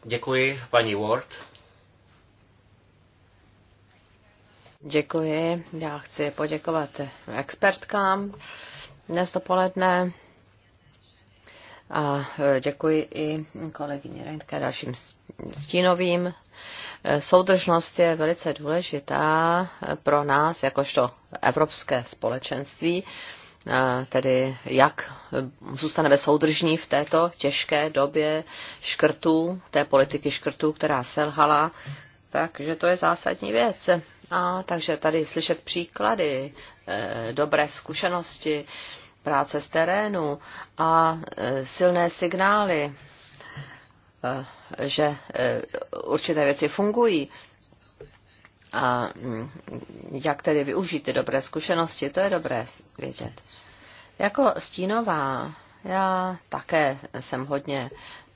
Děkuji, paní Ward. Děkuji. Já chci poděkovat expertkám dnes dopoledne. A e, děkuji i kolegyni Reintke dalším stínovým Eh, soudržnost je velice důležitá eh, pro nás, jakožto evropské společenství, eh, tedy jak zůstaneme soudržní v této těžké době škrtů, té politiky škrtů, která selhala, takže to je zásadní věc. A takže tady slyšet příklady, dobré zkušenosti, práce z terénu a silné signály Eh, že eh, určité věci fungují a mm, jak tedy využít ty dobré zkušenosti, to je dobré vědět. Jako stínová, já také jsem hodně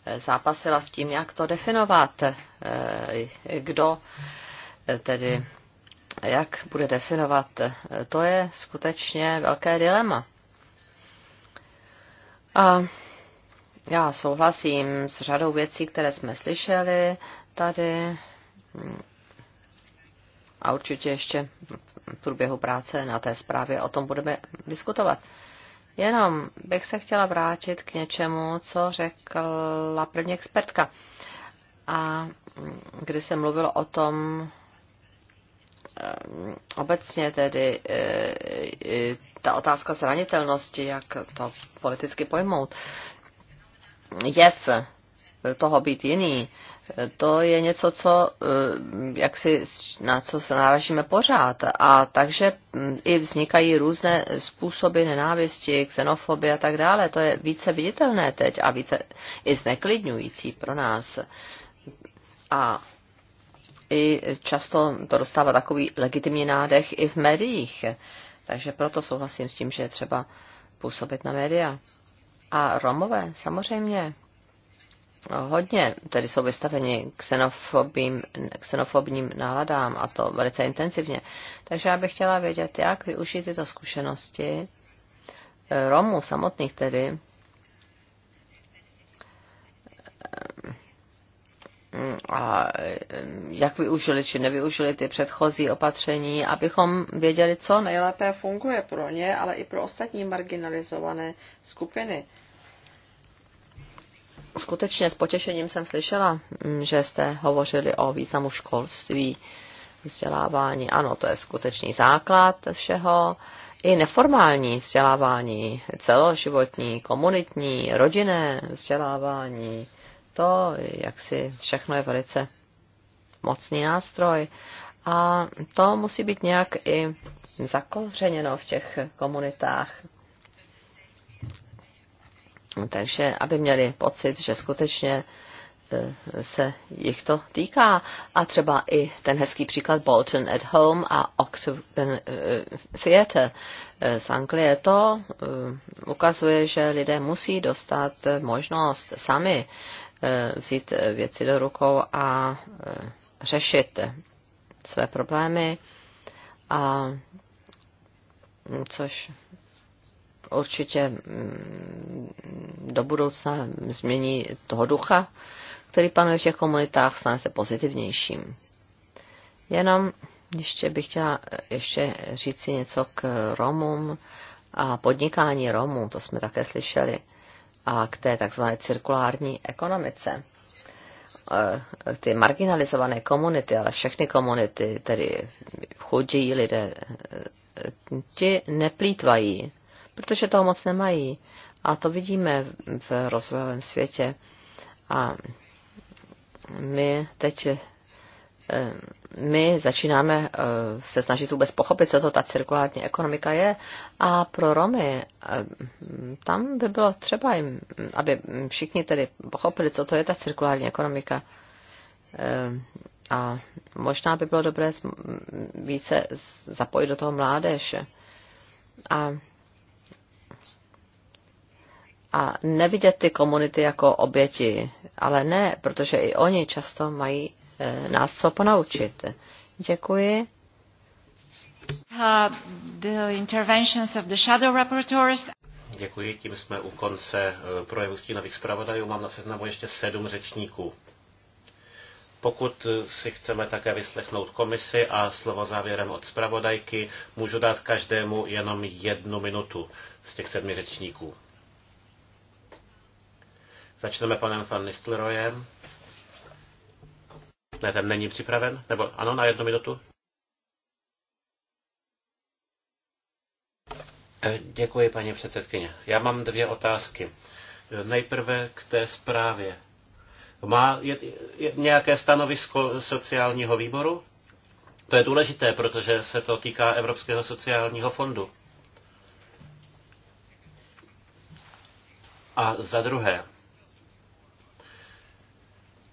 eh, zápasila s tím, jak to definovat, kdo tedy jak bude definovat, to je skutečně velké dilema. A já souhlasím s řadou věcí, které jsme slyšeli tady a určitě ještě v průběhu práce na té zprávě o tom budeme diskutovat. Jenom bych se chtěla vrátit k něčemu, co řekla první expertka. A kdy se mluvilo o tom, eh, obecně tedy eh, eh, ta otázka zranitelnosti, jak to politicky pojmout, jev toho být jiný, to je něco, co, eh, jak si, na co se náražíme pořád. A takže hm, i vznikají různé způsoby nenávisti, xenofobie a tak dále. To je více viditelné teď a více i zneklidňující pro nás. A i často to dostává takový legitimní nádech i v médiích. Takže proto souhlasím s tím, že je třeba působit na média. A Romové, samozřejmě, hodně tedy jsou vystaveni xenofobním, xenofobním náladám a to velice intenzivně. Takže já bych chtěla vědět, jak využít tyto zkušenosti eh, Romů samotných tedy, eh, a eh, jak využili či nevyužili ty předchozí opatření, abychom věděli, co nejlépe funguje pro ně, ale i pro ostatní marginalizované skupiny skutečně s potěšením jsem slyšela, mm, že jste hovořili o významu školství, vzdělávání. Ano, to je skutečný základ všeho. I neformální vzdělávání, celoživotní, komunitní, rodinné vzdělávání, to jak si všechno je velice mocný nástroj. A to musí být nějak i zakořeněno v těch komunitách takže aby měli pocit, že skutečně e, se jich to týká. A třeba i ten hezký příklad Bolton at Home a Octagon e, e, Theatre z Anglie, to ukazuje, že lidé musí dostat možnost sami vzít věci do rukou a řešit své problémy, a což určitě mm, do budoucna změní toho ducha, který panuje v těch komunitách, stane se pozitivnějším. Jenom ještě bych chtěla ještě říct si něco k Romům a podnikání Romů, to jsme také slyšeli, a k té takzvané cirkulární ekonomice eh, ty marginalizované komunity, ale všechny komunity, tedy chudí lidé, eh, ti neplýtvají protože toho moc nemají. A to vidíme v rozvojovém světě. A my teď eh, my začínáme eh, se snažit vůbec pochopit, co to ta cirkulární ekonomika je. A pro Romy eh, tam by bylo třeba jim, aby všichni tedy pochopili, co to je ta cirkulární ekonomika. A možná by bylo dobré více zapojit do toho mládeže A a nevidět ty komunity jako oběti. Ale ne, protože i oni často mají eh, nás co ponaučit. Děkuji. Uh, the interventions of the shadow rapporteurs. Děkuji, tím jsme u konce eh, projevu stínových zpravodajů. Mám na seznamu ještě sedm řečníků. Pokud eh, si chceme také vyslechnout komisi a slovo závěrem od zpravodajky, můžu dát každému jenom jednu minutu z těch sedmi řečníků. Začneme panem van Nistelrojem. Ne, ten není připraven? Nebo ano, na jednu minutu? Eh, děkuji, paní předsedkyně. Já mám dvě otázky. Eh, nejprve k té zprávě. Má je, je nějaké stanovisko sociálního výboru? To je důležité, protože se to týká Evropského sociálního fondu. A za druhé,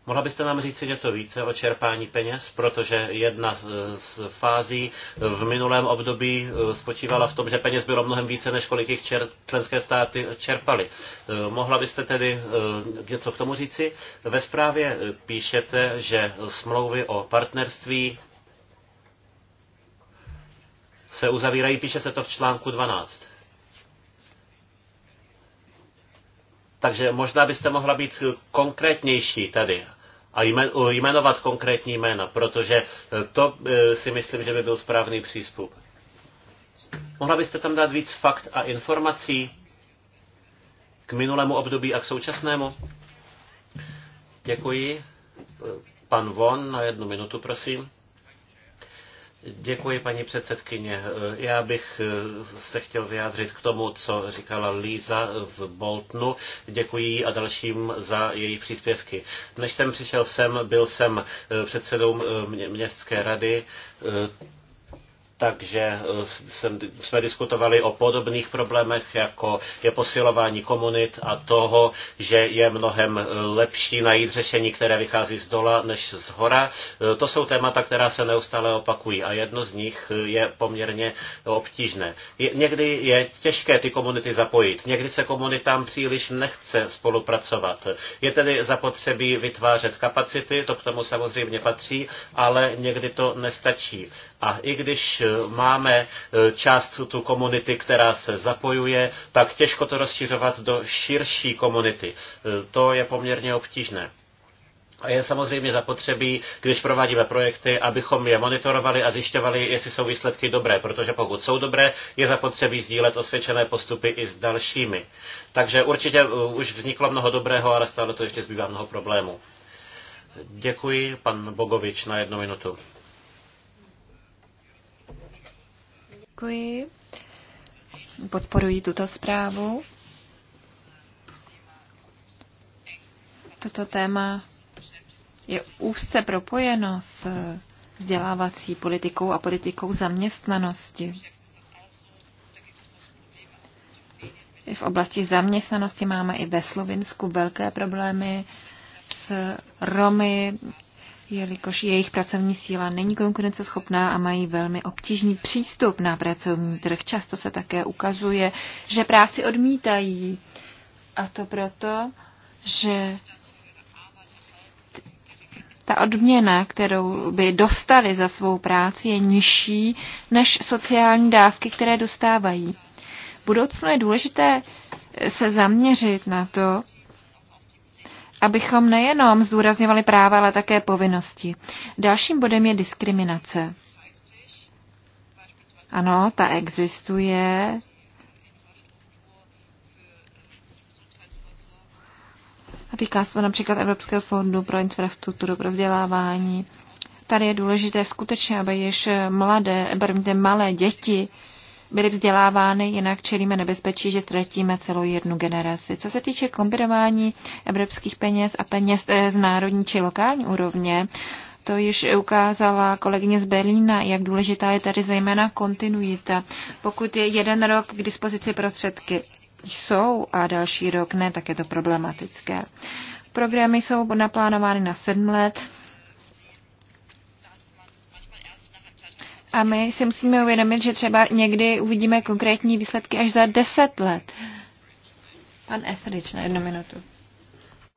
Mohla byste nám říct něco více o čerpání peněz, protože jedna z, z fází v minulém období eh, spočívala v tom, že peněz bylo mnohem více, než kolik jich čer, členské státy čerpaly. Eh, mohla byste tedy eh, něco k tomu říci? Ve zprávě píšete, že smlouvy o partnerství se uzavírají, píše se to v článku 12. Takže možná byste mohla být konkrétnější tady a jmenovat konkrétní jména, protože e, to e, si myslím, že by byl správný přístup. Mohla byste tam dát víc fakt a informací k minulému období a k současnému? Děkuji. E, pan Von na jednu minutu, prosím. Děkuji, paní předsedkyně. Já bych eh, se chtěl vyjádřit k tomu, co říkala Líza v Boltnu. Děkuji jí a dalším za její příspěvky. Než jsem přišel sem, byl jsem eh, předsedou eh, městské rady takže eh, jsme diskutovali o podobných problémech, jako je posilování komunit a toho, že je mnohem eh, lepší najít řešení, které vychází z dola než z hora. Eh, to jsou témata, která se neustále opakují a jedno z nich je poměrně obtížné. Někdy je těžké ty komunity zapojit, někdy se komunitám příliš nechce spolupracovat. Je tedy zapotřebí vytvářet kapacity, to k tomu samozřejmě patří, ale někdy to nestačí. A i když máme eh, část tu komunity, která se zapojuje, tak těžko to rozšiřovat do širší komunity. Eh, to je poměrně obtížné. A je samozřejmě zapotřebí, když provádíme projekty, abychom je monitorovali a zjišťovali, jestli jsou výsledky dobré, protože pokud jsou dobré, je zapotřebí sdílet osvědčené postupy i s dalšími. Takže určitě eh, už vzniklo mnoho dobrého, ale stále to ještě zbývá mnoho problémů. Děkuji, pan Bogovič, na jednu minutu. Děkuji. Podporuji tuto zprávu. Toto téma je úzce propojeno s eh, vzdělávací politikou a politikou zaměstnanosti. v oblasti zaměstnanosti máme i ve Slovinsku velké problémy s Romy, jelikož jejich pracovní síla není konkurenceschopná a mají velmi obtížný přístup na pracovní trh. Často se také ukazuje, že práci odmítají. A to proto, že ta odměna, kterou by dostali za svou práci, je nižší než sociální dávky, které dostávají. V budoucnu je důležité se zaměřit na to, abychom nejenom zdůrazňovali práva, ale také povinnosti. Dalším bodem je diskriminace. Ano, ta existuje. A týká se to například Evropského fondu pro infrastrukturu, pro vzdělávání. Tady je důležité skutečně, aby již mladé, barvníte malé děti byly vzdělávány, jinak čelíme nebezpečí, že tratíme celou jednu generaci. Co se týče kombinování evropských peněz a peněz eh, z národní či lokální úrovně, to již ukázala kolegyně z Berlína, jak důležitá je tady zejména kontinuita. Pokud je jeden rok k dispozici prostředky jsou a další rok ne, tak je to problematické. Programy jsou naplánovány na sedm let A my si musíme uvědomit, že třeba někdy uvidíme konkrétní výsledky až za deset let. Pan Estrič na jednu minutu.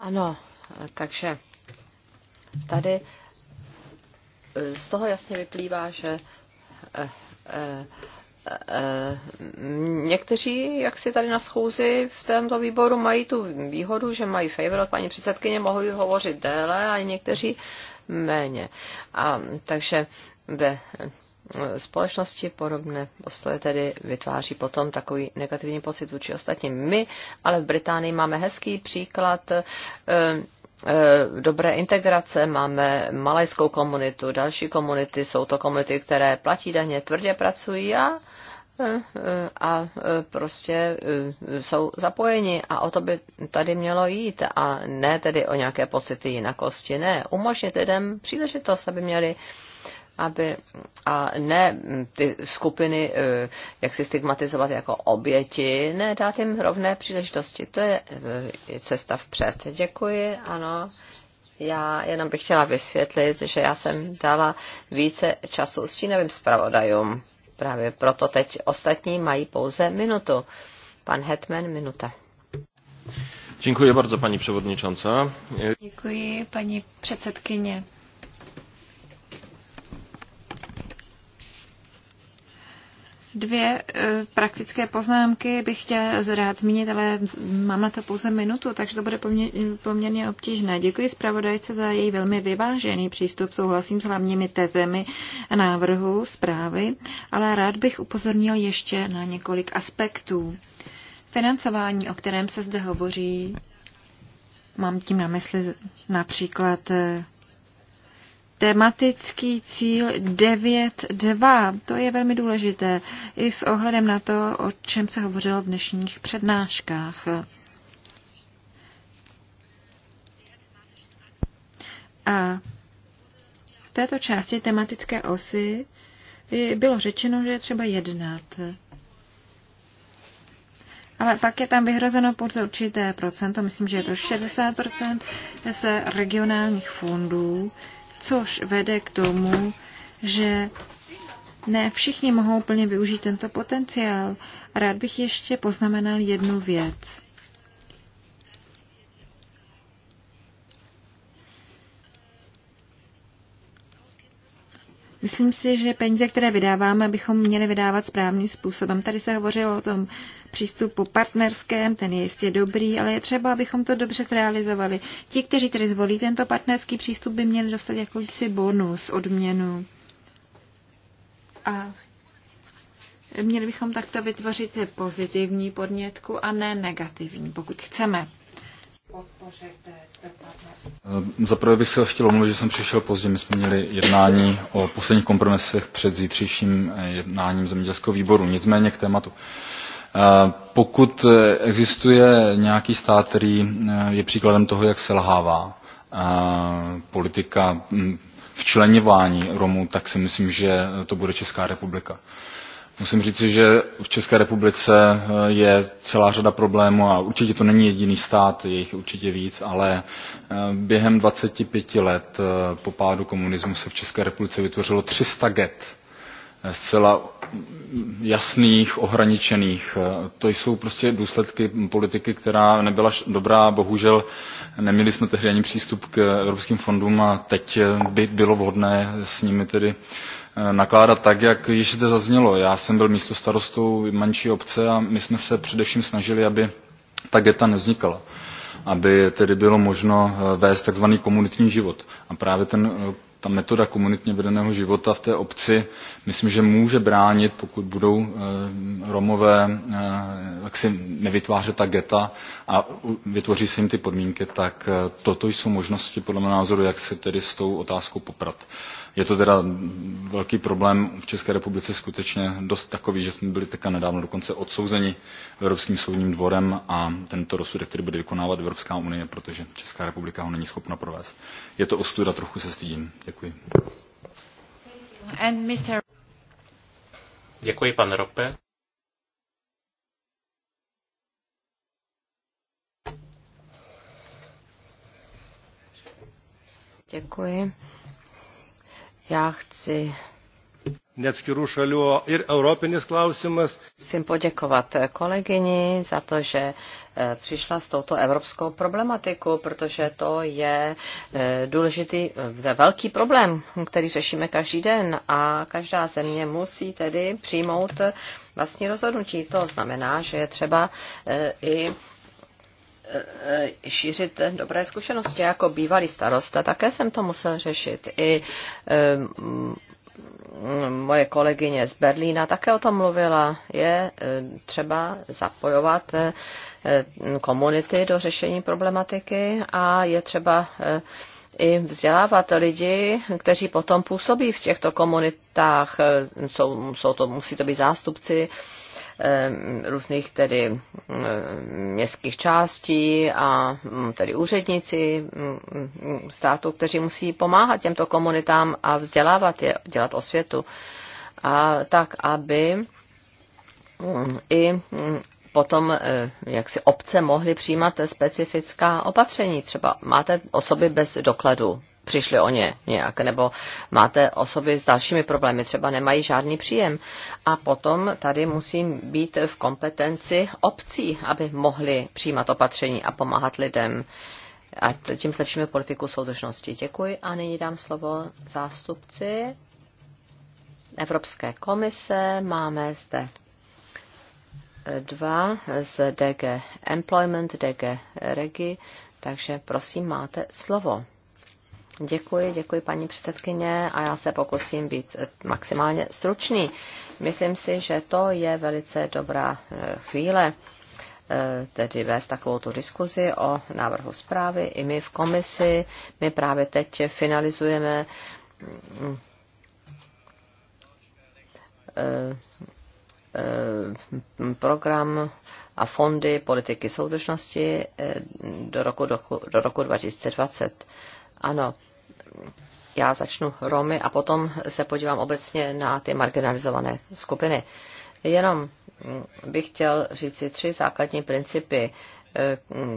Ano, takže tady eh, z toho jasně vyplývá, že eh, eh, Někteří, jak si tady na schůzi v tomto výboru, mají tu výhodu, že mají favor od paní předsedkyně, mohou hovořit déle a někteří méně. A, takže ve společnosti podobné postoje tedy vytváří potom takový negativní pocit vůči ostatním. My ale v Británii máme hezký příklad eh, eh, dobré integrace, máme malajskou komunitu, další komunity, jsou to komunity, které platí daně, tvrdě pracují a eh, a prostě jsou zapojeni a o to by tady mělo jít a ne tedy o nějaké pocity jinakosti, ne. Umožnit lidem příležitost, aby měli aby a ne ty skupiny eh, jak si stigmatizovat jako oběti, ne dát jim rovné příležitosti. To je eh, cesta vpřed. Děkuji, ano. Já jenom bych chtěla vysvětlit, že já jsem dala více času s čínovým zpravodajům. Právě proto teď ostatní mají pouze minutu. Pan Hetman, minuta. Děkuji bardzo, paní předsedkyně. Děkuji, paní předsedkyně. Dvě e, praktické poznámky bych chtěla rád zmínit, ale mám na to pouze minutu, takže to bude poměrně obtížné. Děkuji zpravodajce za její velmi vyvážený přístup. Souhlasím s hlavními tezemi návrhu zprávy, ale rád bych upozornil ještě na několik aspektů. Financování, o kterém se zde hovoří, mám tím na mysli například e, tematický cíl 9.2. To je velmi důležité i s ohledem na to, o čem se hovořilo v dnešních přednáškách. A v této části tematické osy bylo řečeno, že je třeba jednat. Ale pak je tam vyhrazeno pouze určité procento, myslím, že je to 60% z regionálních fondů, což vede k tomu, že ne všichni mohou plně využít tento potenciál. Rád bych ještě poznamenal jednu věc. Myslím si, že peníze, které vydáváme, bychom měli vydávat správným způsobem. Tady se hovořilo o tom přístupu partnerském, ten je jistě dobrý, ale je třeba, abychom to dobře zrealizovali. Ti, kteří tedy zvolí tento partnerský přístup, by měli dostat jakýsi bonus, odměnu. A měli bychom takto vytvořit pozitivní podnětku a ne negativní, pokud chceme Eh, eh, za prvé bych se chtěl omluvit, že jsem přišel pozdě. My jsme měli jednání o posledních kompromisech před zítřejším eh, jednáním zemědělského výboru. Nicméně k tématu. Pokud existuje nějaký stát, který je příkladem toho, jak selhává politika hm, včleněvání Romů, tak si myslím, že to bude Česká republika musím říci že v české republice eh, je celá řada problémů a určitě to není jediný stát je jich určitě víc ale eh, během 25 let eh, po pádu komunismu se v české republice vytvořilo 300 get, zcela jasných ohraničených. to jsou prostě důsledky politiky která nebyla dobrá bohužel neměli jsme tehdy ani přístup k evropským fondům a teď by bylo vhodné s nimi tedy Eh, nakládat tak jak již zde zaznělo. já jsem byl místostarostou menší obce a my jsme se především snažili aby ta geta nevznikala aby tedy bylo možno eh, vést takzvaný komunitní život a právě ten eh, ta metoda komunitně vedeného života v té obci myslím že může bránit pokud budou romové si nevytvářet ta geta a vytvoří se jim ty podmínky tak toto jsou možnosti podle mého názoru jak se tedy s tou otázkou poprat je to teda velký problém v české republice skutečně dost takový že jsme byli teď nedávno dokonce odsouzeni evropským soudním dvorem a tento rozsudek který bude vykonávat evropská unie protože česká republika ho není schopna provést. je to ostuda trochu se stydím. děkuji. Děkuji, pan Rope. Děkuji. Já chci Musím poděkovat kolegyni za to, že eh, přišla s touto evropskou problematikou, protože to je eh, důležitý, eh, velký problém, který řešíme každý den a každá země musí tedy přijmout vlastní rozhodnutí. To znamená, že je třeba i Eh, šířit dobré zkušenosti. Jako bývalý starosta také jsem to musel řešit. I eh, moje kolegyně z Berlína také o tom mluvila. Je eh, třeba zapojovat komunity do řešení problematiky a je třeba i vzdělávat lidi, kteří potom působí v těchto komunitách. Jsou, jsou to, musí to být zástupci různých tedy městských částí a mm, tedy úředníci mm, mm, státu, kteří musí pomáhat těmto komunitám a vzdělávat je, dělat osvětu. A tak, aby i potom eh, jak si obce mohly přijímat specifická opatření. Třeba máte osoby bez dokladu, přišli o ně nějak, nebo máte osoby s dalšími problémy, třeba nemají žádný příjem. A potom tady musím být v kompetenci obcí, aby mohli přijímat opatření a pomáhat lidem. A tím zlepšíme politiku soudržnosti. Děkuji a nyní dám slovo zástupci Evropské komise. Máme zde eh, dva z DG Employment, DG Regi, takže prosím, máte slovo. Děkuji, děkuji paní předsedkyně a já se pokusím být maximálně stručný. Myslím si, že to je velice dobrá eh, chvíle, eh, tedy vést takovou tu diskuzi o návrhu zprávy. I my v komisi, my právě teď finalizujeme mm, eh, program a fondy politiky soudržnosti do roku, do, do roku 2020 ano, já začnu Romy a potom se podívám obecně na ty marginalizované skupiny. Jenom bych chtěl si tři základní principy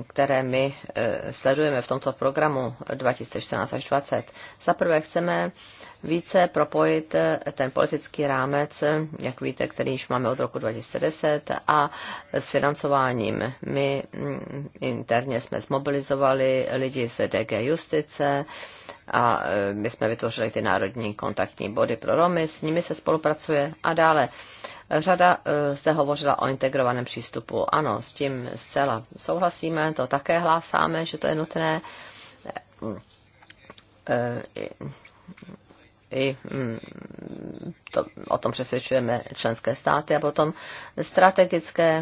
které my eh, sledujeme v tomto programu 2014 až 2020. Za prvé chceme více propojit eh, ten politický rámec, jak víte, který již máme od roku 2010, a s financováním. My mm, interně jsme zmobilizovali lidi z DG Justice a eh, my jsme vytvořili ty národní kontaktní body pro Romy, s nimi se spolupracuje a dále Řada eh, se hovořila o integrovaném přístupu. Ano, s tím zcela souhlasíme, to také hlásáme, že to je nutné. Eh, eh, I, mm, to, o tom přesvědčujeme členské státy a potom strategické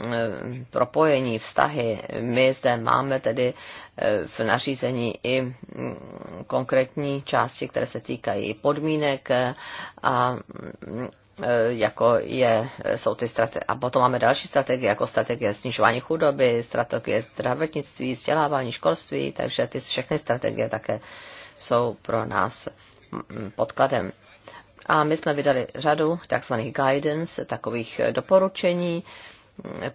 mm, propojení, vztahy. My zde máme tedy v nařízení i mm, konkrétní části, které se týkají podmínek a Eh, jako je, jsou ty strategie, a potom máme další strategie, jako strategie snižování chudoby, strategie zdravotnictví, vzdělávání, školství, takže ty všechny strategie také jsou pro nás mm, podkladem. A my jsme vydali řadu takzvaných guidance, takových doporučení,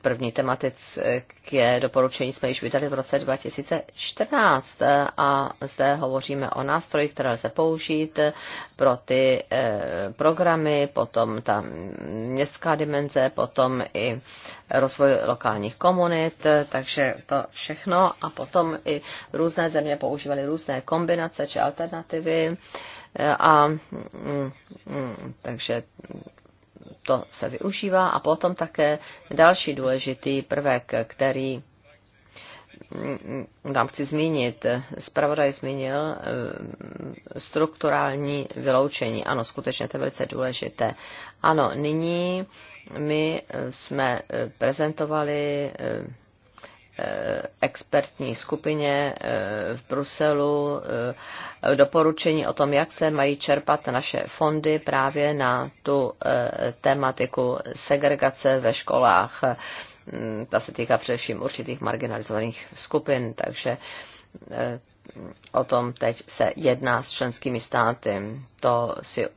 První tematické doporučení jsme již vydali v roce 2014 a zde hovoříme o nástrojích, které lze použít pro ty eh, programy, potom ta městská dimenze, potom i rozvoj lokálních komunit, takže to všechno a potom i různé země používaly různé kombinace či alternativy eh, a mm, mm, mm, takže to se využívá. A potom také další důležitý prvek, který dám mm, chci zmínit, spravodaj zmínil mm, strukturální vyloučení. Ano, skutečně to je velice důležité. Ano, nyní my jsme eh, prezentovali eh, Eh, expertní skupině eh, v Bruselu eh, doporučení o tom, jak se mají čerpat naše fondy právě na tu tematiku segregace ve školách. Mm, ta se týká především určitých marginalizovaných skupin, takže o tom teď se jedná s členskými státy. To, si,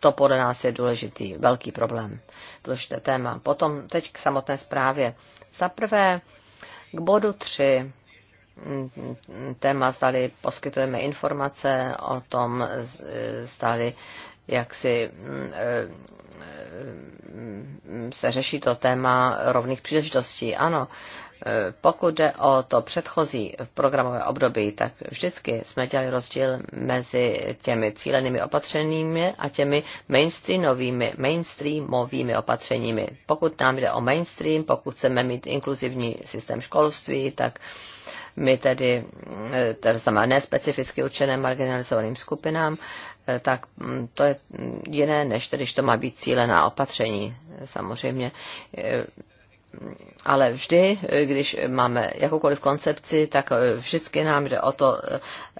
to podle nás je důležitý, velký problém, důležité téma. Potom teď k samotné zprávě. Za prvé, k bodu 3 téma, zdali poskytujeme informace o tom, zdali jak si mm, mm, mm, se řeší to téma rovných příležitostí. Ano, pokud jde o to předchozí programové období, tak vždycky jsme dělali rozdíl mezi těmi cílenými opatřeními a těmi mainstreamovými, mainstreamovými opatřeními. Pokud nám jde o mainstream, pokud chceme mít inkluzivní systém školství, tak my tedy, eh, to znamená nespecificky určené marginalizovaným skupinám, eh, tak mm, to je jiné, než tedy, když to má být cílená opatření. Samozřejmě eh, ale vždy, když máme jakoukoliv koncepci, tak eh, vždycky nám jde o to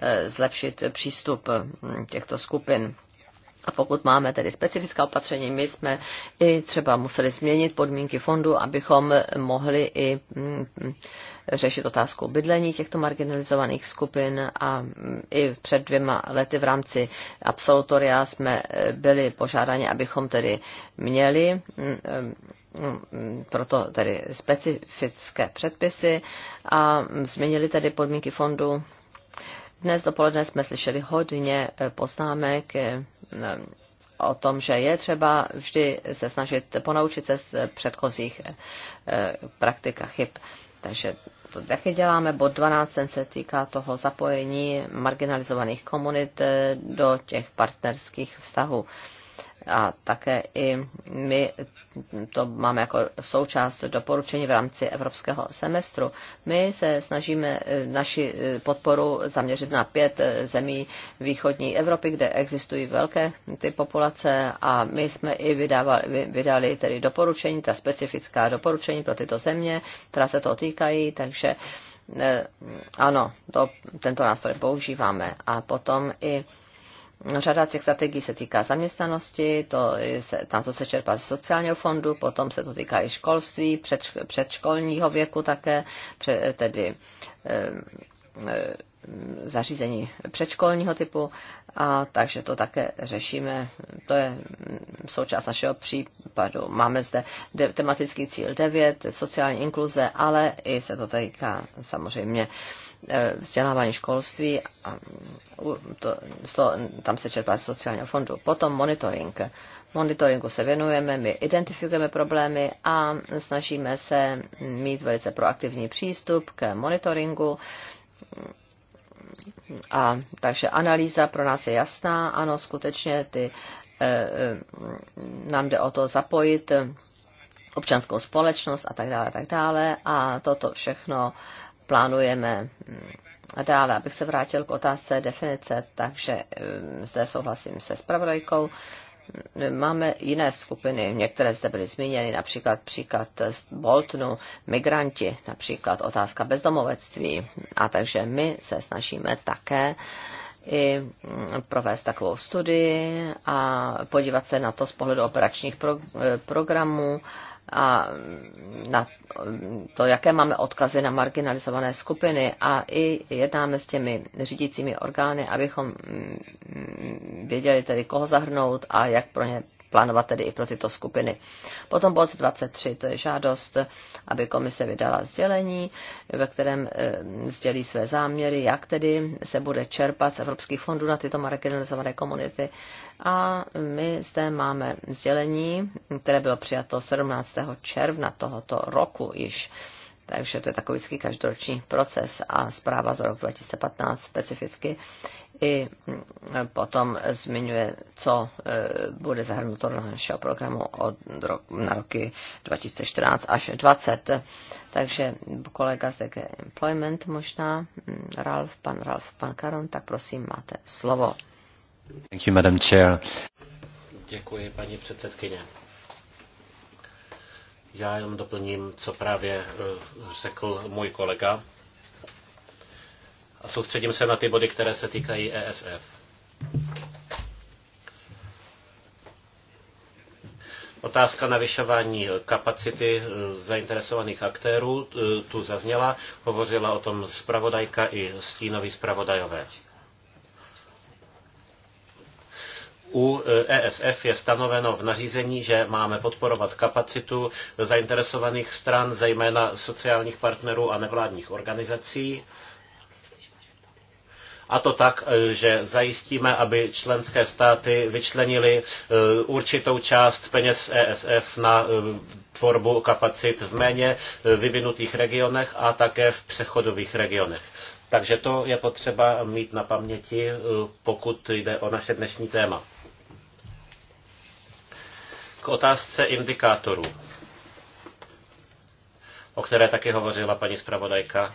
eh, zlepšit přístup hm, těchto skupin. A pokud máme tedy specifická opatření, my jsme i třeba museli změnit podmínky fondu, abychom mohli i hm, řešit otázku bydlení těchto marginalizovaných skupin a hm, i před dvěma lety v rámci absolutoria jsme eh, byli požádáni, abychom tedy měli Mm, proto tedy specifické předpisy a změnili tedy podmínky fondu. Dnes dopoledne jsme slyšeli hodně eh, poznámek eh, eh, o tom, že je třeba vždy se snažit ponaučit se z předchozích praktik a chyb. Takže to taky děláme. Bod 12 ten se týká toho zapojení marginalizovaných komunit do těch partnerských vztahů a také i my to máme jako součást doporučení v rámci evropského semestru. My se snažíme eh, naši eh, podporu zaměřit na pět eh, zemí východní Evropy, kde existují velké ty populace a my jsme i vydávali, vydali tedy doporučení, ta specifická doporučení pro tyto země, která se to týkají, takže ano, to, tento nástroj používáme. A potom i Řada těch strategií se týká zaměstnanosti, to se, tam to se čerpá ze sociálního fondu, potom se to týká i školství, předškolního věku také, tedy e, e, Mm, zařízení předškolního typu, a takže to také řešíme. To je mm, součást našeho případu. Máme zde de- tematický cíl 9, sociální inkluze, ale i se to týká samozřejmě e, vzdělávání školství a mm, to, to, tam se čerpá z sociálního fondu. Potom monitoring. Monitoringu se věnujeme, my identifikujeme problémy a snažíme se mít velice proaktivní přístup k monitoringu a takže analýza pro nás je jasná. Ano, skutečně ty, eh, eh, nám jde o to zapojit eh, občanskou společnost a tak dále, a tak dále. A toto všechno plánujeme mm, a dále, abych se vrátil k otázce definice, takže zde souhlasím se spravodajkou máme jiné skupiny, některé zde byly zmíněny, například příklad z Boltonu, migranti, například otázka bezdomovectví. A takže my se snažíme také i mm, provést takovou studii a podívat se na to z pohledu operačních pro, eh, programů a na to, jaké máme odkazy na marginalizované skupiny a i jednáme s těmi řídícími orgány, abychom mm, mm, věděli tedy, koho zahrnout a jak pro ně plánovat tedy i pro tyto skupiny. Potom bod 23, to je žádost, aby komise vydala sdělení, ve kterém eh, sdělí své záměry, jak tedy se bude čerpat z evropských fondů na tyto marginalizované komunity. A my zde máme sdělení, které bylo přijato 17. června tohoto roku již. Takže to je takový každoroční proces a zpráva za rok 2015 specificky i potom zmiňuje, co e, bude zahrnuto do našeho programu od roku, na roky 2014 až 2020. Takže kolega z DG Employment možná, mm, Ralf, pan Ralf, pan Karon, tak prosím, máte slovo. Thank you, Madam Chair. Děkuji, paní předsedkyně. Já jenom doplním, co právě e, řekl můj kolega a soustředím se na ty body, které se týkají ESF. Otázka navyšování kapacity eh, zainteresovaných aktérů eh, tu zazněla. Hovořila o tom zpravodajka i stínoví zpravodajové. U ESF eh, e je stanoveno v nařízení, že máme podporovat kapacitu zainteresovaných stran, zejména sociálních partnerů a nevládních organizací a to tak, eh, že zajistíme, aby členské státy vyčlenili eh, určitou část peněz ESF na eh, tvorbu kapacit v méně vyvinutých regionech a také v přechodových regionech. Takže to je potřeba mít na paměti, pokud jde o naše dnešní téma. K otázce indikátorů, o které taky hovořila paní zpravodajka.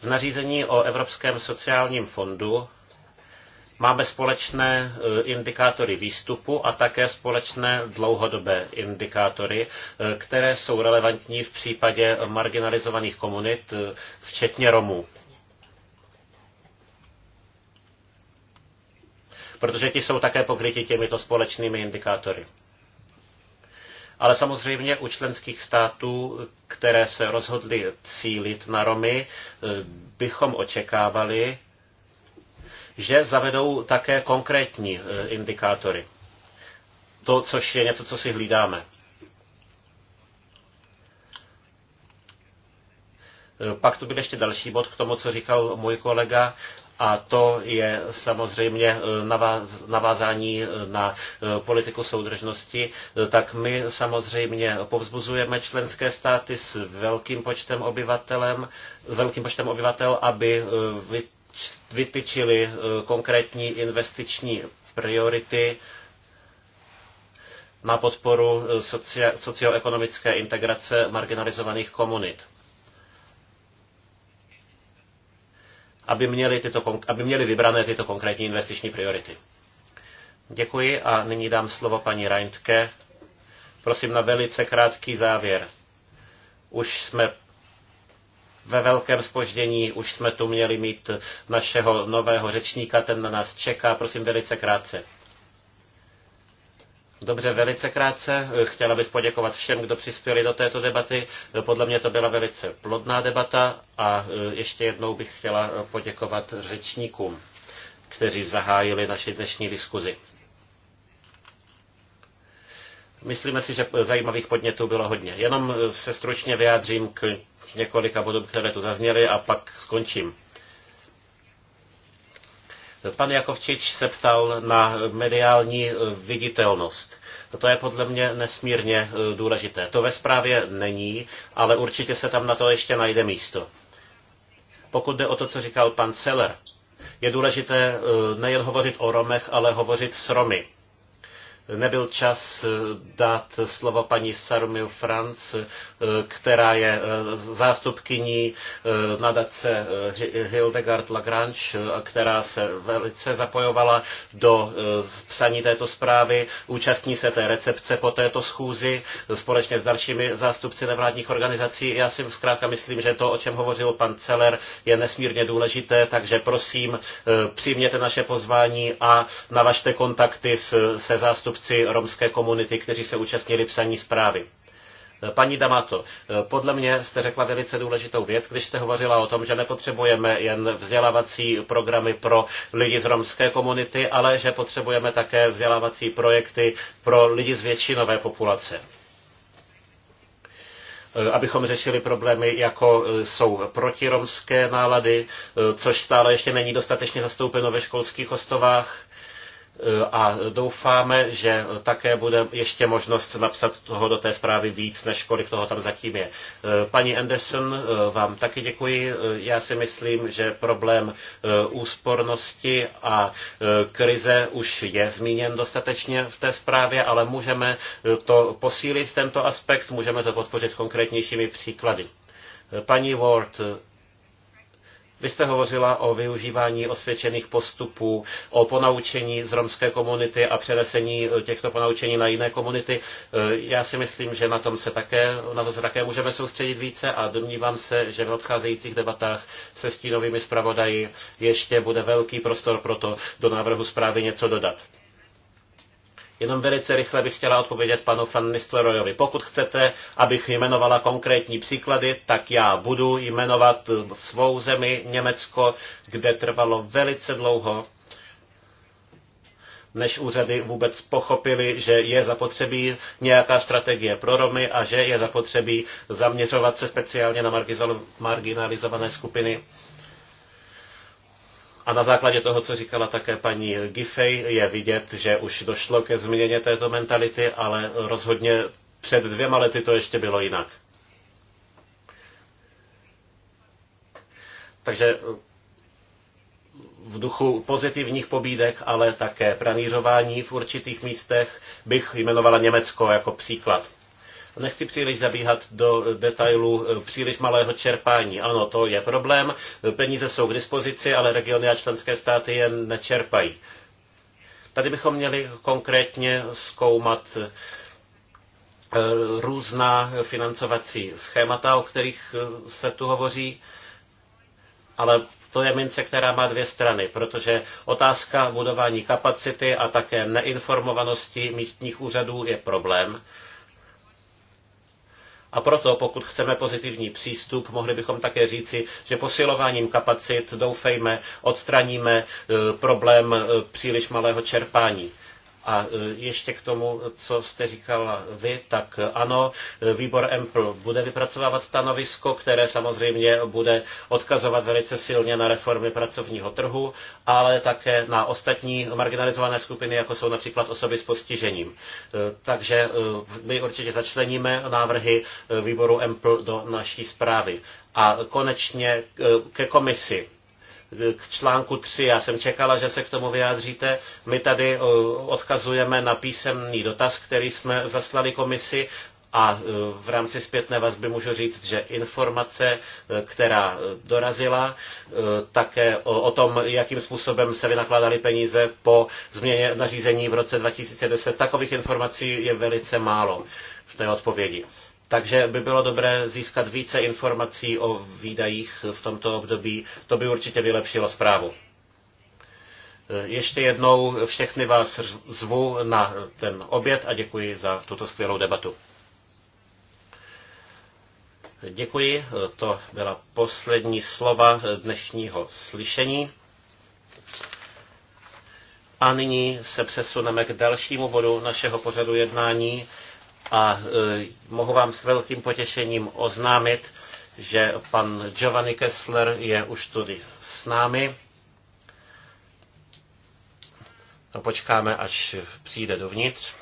V nařízení o Evropském sociálním fondu máme společné eh, indikátory výstupu a také společné dlouhodobé indikátory, eh, které jsou relevantní v případě marginalizovaných komunit, eh, včetně Romů. Protože ti jsou také pokryti těmito společnými indikátory ale samozřejmě u členských států, které se rozhodly cílit na Romy, eh, bychom očekávali, že zavedou také konkrétní eh, indikátory. To, což je něco, co si hlídáme. Eh, pak tu byl ještě další bod k tomu, co říkal můj kolega, a to je samozřejmě eh, navázání eh, na eh, politiku soudržnosti, tak my samozřejmě povzbuzujeme členské státy s velkým počtem obyvatelem, s velkým počtem obyvatel, aby vytyčili konkrétní investiční priority na podporu socioekonomické integrace marginalizovaných komunit. aby měli, tyto, aby měli vybrané tyto konkrétní investiční priority. Děkuji a nyní dám slovo paní Reintke. Prosím na velice krátký závěr. Už jsme ve velkém spoždění, už jsme tu měli mít našeho nového řečníka, ten na nás čeká, prosím velice krátce. Dobře, velice krátce. Chtěla bych poděkovat všem, kdo přispěli do této debaty. Podle mě to byla velice plodná debata a e, ještě jednou bych chtěla poděkovat řečníkům, kteří zahájili naši dnešní diskuzi. Myslíme si, že zajímavých podnětů bylo hodně. Jenom e, se stručně vyjádřím k několika bodům, které tu zazněly a pak skončím. Pan Jakovčič se ptal na mediální eh, viditelnost. To je podle mě nesmírně eh, důležité. To ve zprávě není, ale určitě se tam na to ještě najde místo. Pokud jde o to, co říkal pan Celer, je důležité eh, nejen hovořit o Romech, ale hovořit s Romy nebyl čas eh, dát slovo paní Sarumil Franc, eh, která je eh, zástupkyní nadace Hildegard Lagrange, která se velice zapojovala do psaní této zprávy, účastní se té recepce po této schůzi společně s dalšími zástupci nevládních organizací. Já si zkrátka myslím, že to, o čem hovořil pan Celer, je nesmírně důležité, takže prosím, přijměte naše pozvání a navažte kontakty se zástupci zástupci romské komunity, kteří se účastnili psaní zprávy. E, Paní Damato, e, podle mě jste řekla velice důležitou věc, když jste hovořila o tom, že nepotřebujeme jen vzdělávací programy pro lidi z romské komunity, ale že potřebujeme také vzdělávací projekty pro lidi z většinové populace e, abychom řešili problémy, jako jsou protiromské nálady, což stále ještě není dostatečně zastoupeno ve školských hostovách a doufáme, že také bude ještě možnost napsat toho do té zprávy víc, než kolik toho tam zatím je. E, paní Anderson, e, vám taky děkuji. E, já si myslím, že problém úspornosti a krize už je zmíněn dostatečně v té zprávě, ale můžeme to posílit, tento aspekt, můžeme to podpořit konkrétnějšími příklady. Paní Ward, vy jste hovořila o využívání osvědčených postupů, o ponaučení z romské komunity a přenesení eh, těchto ponaučení na jiné komunity. Eh, já si myslím, že na, tom se také, na to se také můžeme soustředit více a domnívám se, že v nadcházejících debatách se stínovými zpravodaji ještě bude velký prostor pro to do návrhu zprávy něco dodat. Jenom velice rychle bych chtěla odpovědět panu Van Nistelrooyovi. Pokud chcete, abych jmenovala konkrétní příklady, tak já budu jmenovat svou zemi Německo, kde trvalo velice dlouho, než úřady vůbec pochopili, že je zapotřebí nějaká strategie pro Romy a že je zapotřebí zaměřovat se speciálně na marginalizované skupiny a na základě toho, co říkala také paní Giffey, je vidět, že už došlo ke změně této mentality, ale rozhodně před dvěma lety to ještě bylo jinak. Takže eh, v duchu pozitivních pobídek, ale také pranířování v určitých místech bych jmenovala Německo jako příklad. Nechci příliš zabíhat do detailů eh, příliš malého čerpání. Ano, to je problém. Peníze jsou k dispozici, ale regiony a členské státy je nečerpají. Tady bychom měli konkrétně zkoumat eh, různá financovací schémata, o kterých eh, se tu hovoří, ale to je mince, která má dvě strany, protože otázka budování kapacity a také neinformovanosti místních úřadů je problém. A proto, pokud chceme pozitivní přístup, mohli bychom také říci, že posilováním kapacit, doufejme, odstraníme eh, problém eh, příliš malého čerpání. A e, ještě k tomu, co jste říkala vy, tak e, ano, e, výbor EMPL bude vypracovávat stanovisko, které samozřejmě bude odkazovat velice silně na reformy pracovního trhu, ale také na ostatní marginalizované skupiny, jako jsou například osoby s postižením. Takže my určitě začleníme návrhy výboru EMPL do naší zprávy. A konečně ke komisi k článku 3 já jsem čekala, že se k tomu vyjádříte. My tady eh, odkazujeme na písemný dotaz, který jsme zaslali komisi a eh, v rámci zpětné vazby můžu říct, že informace, eh, která dorazila, také o tom, jakým způsobem se vynakládaly peníze po změně nařízení v roce 2010, takových informací je velice málo v té odpovědi. Takže by bylo dobré získat více informací o výdajích v tomto období. To by určitě vylepšilo zprávu. E, ještě jednou všechny vás zvu na ten oběd a děkuji za tuto skvělou debatu. Děkuji, e, to byla poslední slova dnešního slyšení. A nyní se přesuneme k dalšímu bodu našeho pořadu jednání a e, mohu vám s velkým potěšením oznámit, že pan Giovanni Kessler je už tady s námi. No, počkáme, až přijde dovnitř.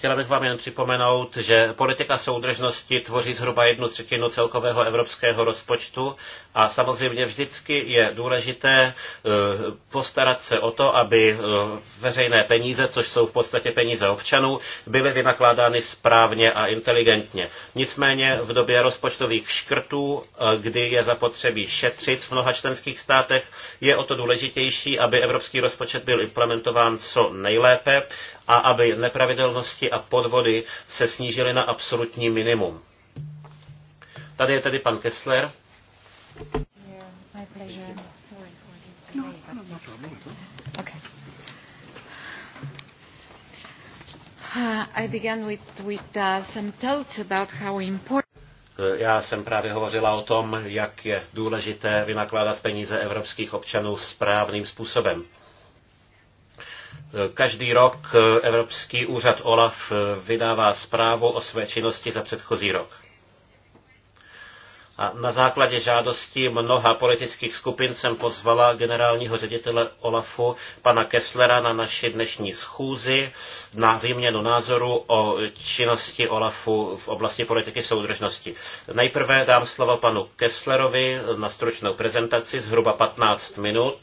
Chtěla bych vám jen připomenout, že politika soudržnosti tvoří zhruba jednu třetinu celkového evropského rozpočtu a samozřejmě vždycky je důležité eh, postarat se o to, aby eh, veřejné peníze, což jsou v podstatě peníze občanů, byly vynakládány správně a inteligentně. Nicméně v době rozpočtových škrtů, eh, kdy je zapotřebí šetřit v mnoha členských státech, je o to důležitější, aby evropský rozpočet byl implementován co nejlépe a aby nepravidelnosti a podvody se snížily na absolutní minimum. Tady je tedy pan Kessler. Uh, Já jsem právě hovořila o tom, jak je důležité vynakládat peníze evropských občanů správným způsobem. Každý rok eh, Evropský úřad OLAF eh, vydává zprávu o své činnosti za předchozí rok. A na základě žádosti mnoha politických skupin jsem pozvala generálního ředitele Olafu, pana Kesslera, na naši dnešní schůzi na výměnu názoru o činnosti Olafu v oblasti politiky soudržnosti. Nejprve dám slovo panu Kesslerovi na stručnou prezentaci zhruba 15 minut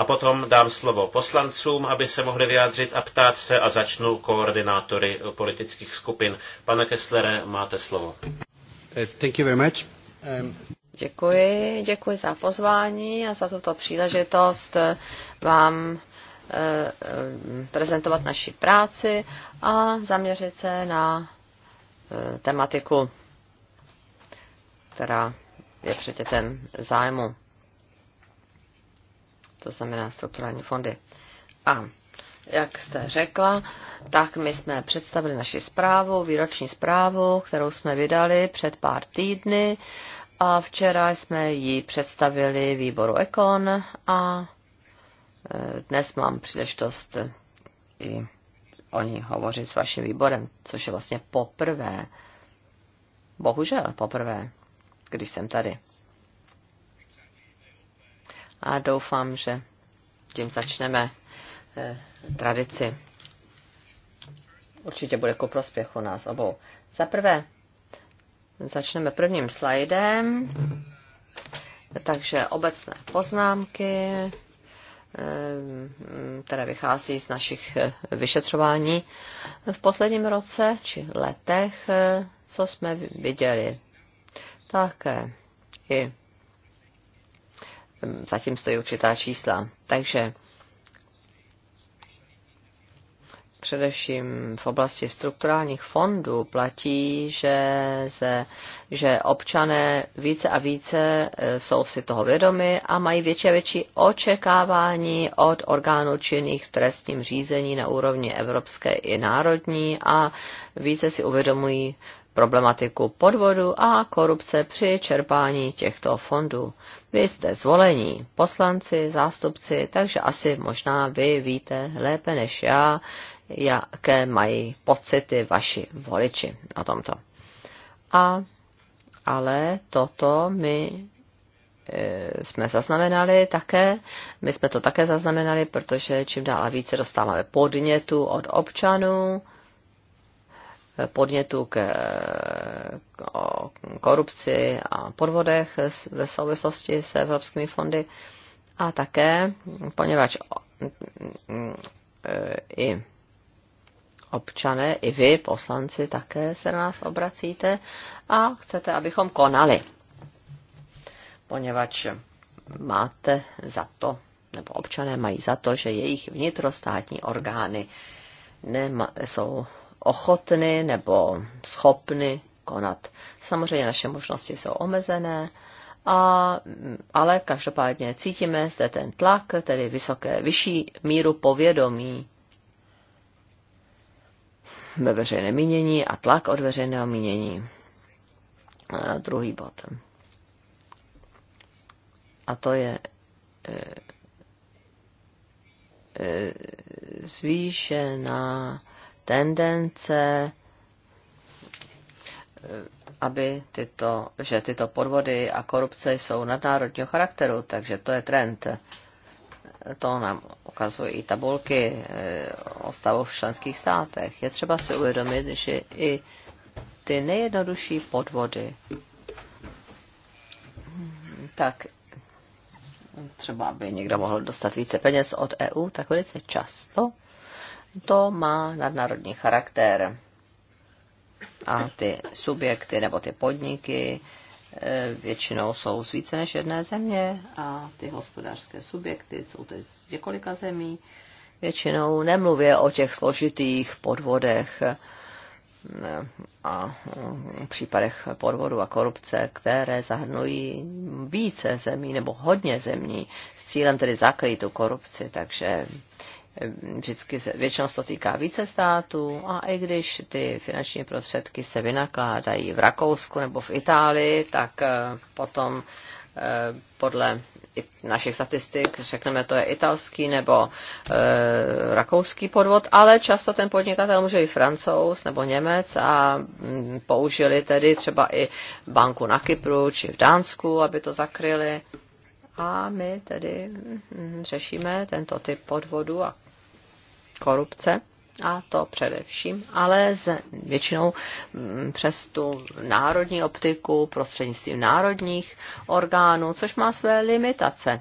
a potom dám slovo poslancům, aby se mohli vyjádřit a ptát se a začnu koordinátory politických skupin. Pane Kesslere, máte slovo. Eh, thank you very much. Um... Děkuji, děkuji za pozvání a za tuto příležitost eh, vám eh, prezentovat naši práci a zaměřit se na tematiku, která je předmětem zájmu to znamená strukturální fondy. A jak jste řekla, tak my jsme představili naši zprávu, výroční zprávu, kterou jsme vydali před pár týdny a včera jsme ji představili výboru Ekon a e, dnes mám příležitost i o ní hovořit s vaším výborem, což je vlastně poprvé, bohužel poprvé, když jsem tady a doufám, že tím začneme eh, tradici. Určitě bude ku prospěchu nás obou. Za prvé, začneme prvním slajdem. Takže obecné poznámky, eh, které vychází z našich eh, vyšetřování v posledním roce či letech, co jsme viděli. Také i zatím stojí určitá čísla. Takže především v oblasti strukturálních fondů platí, že, se, že občané více a více e, jsou si toho vědomi a mají větší a větší očekávání od orgánů činných v trestním řízení na úrovni evropské i národní a více si uvědomují problematiku podvodu a korupce při čerpání těchto fondů. Vy jste zvolení poslanci, zástupci, takže asi možná vy víte lépe než já, jaké mají pocity vaši voliči na tomto. A, ale toto my eh, jsme zaznamenali také, my jsme to také zaznamenali, protože čím dál a více dostáváme podnětu od občanů, podnětů k korupci a podvodech ve souvislosti s evropskými fondy a také, poněvadž i občané, i vy, poslanci, také se na nás obracíte a chcete, abychom konali. Poněvadž máte za to, nebo občané mají za to, že jejich vnitrostátní orgány nema, jsou ochotny nebo schopny konat. Samozřejmě naše možnosti jsou omezené, a, ale každopádně cítíme zde ten tlak, tedy vysoké, vyšší míru povědomí ve veřejné mínění a tlak od veřejného mínění. A druhý bod. A to je e, e, zvýšená tendence, eh, aby tyto, že tyto podvody a korupce jsou nadnárodního charakteru, takže to je trend. To nám ukazují i tabulky eh, o stavu v členských státech. Je třeba si uvědomit, že i ty nejjednodušší podvody, tak třeba aby někdo mohl dostat více peněz od EU, tak velice často to má nadnárodní charakter. A ty subjekty nebo ty podniky e, většinou jsou z více než jedné země a ty hospodářské subjekty jsou tedy z několika zemí. Většinou nemluvě o těch složitých podvodech e, a mm, případech podvodu a korupce, které zahrnují více zemí nebo hodně zemí s cílem tedy zakrýt tu korupci, takže vždycky většinou se to týká více států a i když ty finanční prostředky se vynakládají v Rakousku nebo v Itálii, tak eh, potom eh, podle našich statistik, řekneme, to je italský nebo e, rakouský podvod, ale často ten podnikatel může i francouz nebo Němec a mm, použili tedy třeba i banku na Kypru či v Dánsku, aby to zakryli. A my tedy mm, mm, řešíme tento typ podvodu a korupce a to především, ale z, většinou mm, přes tu národní optiku, prostřednictvím národních orgánů, což má své limitace.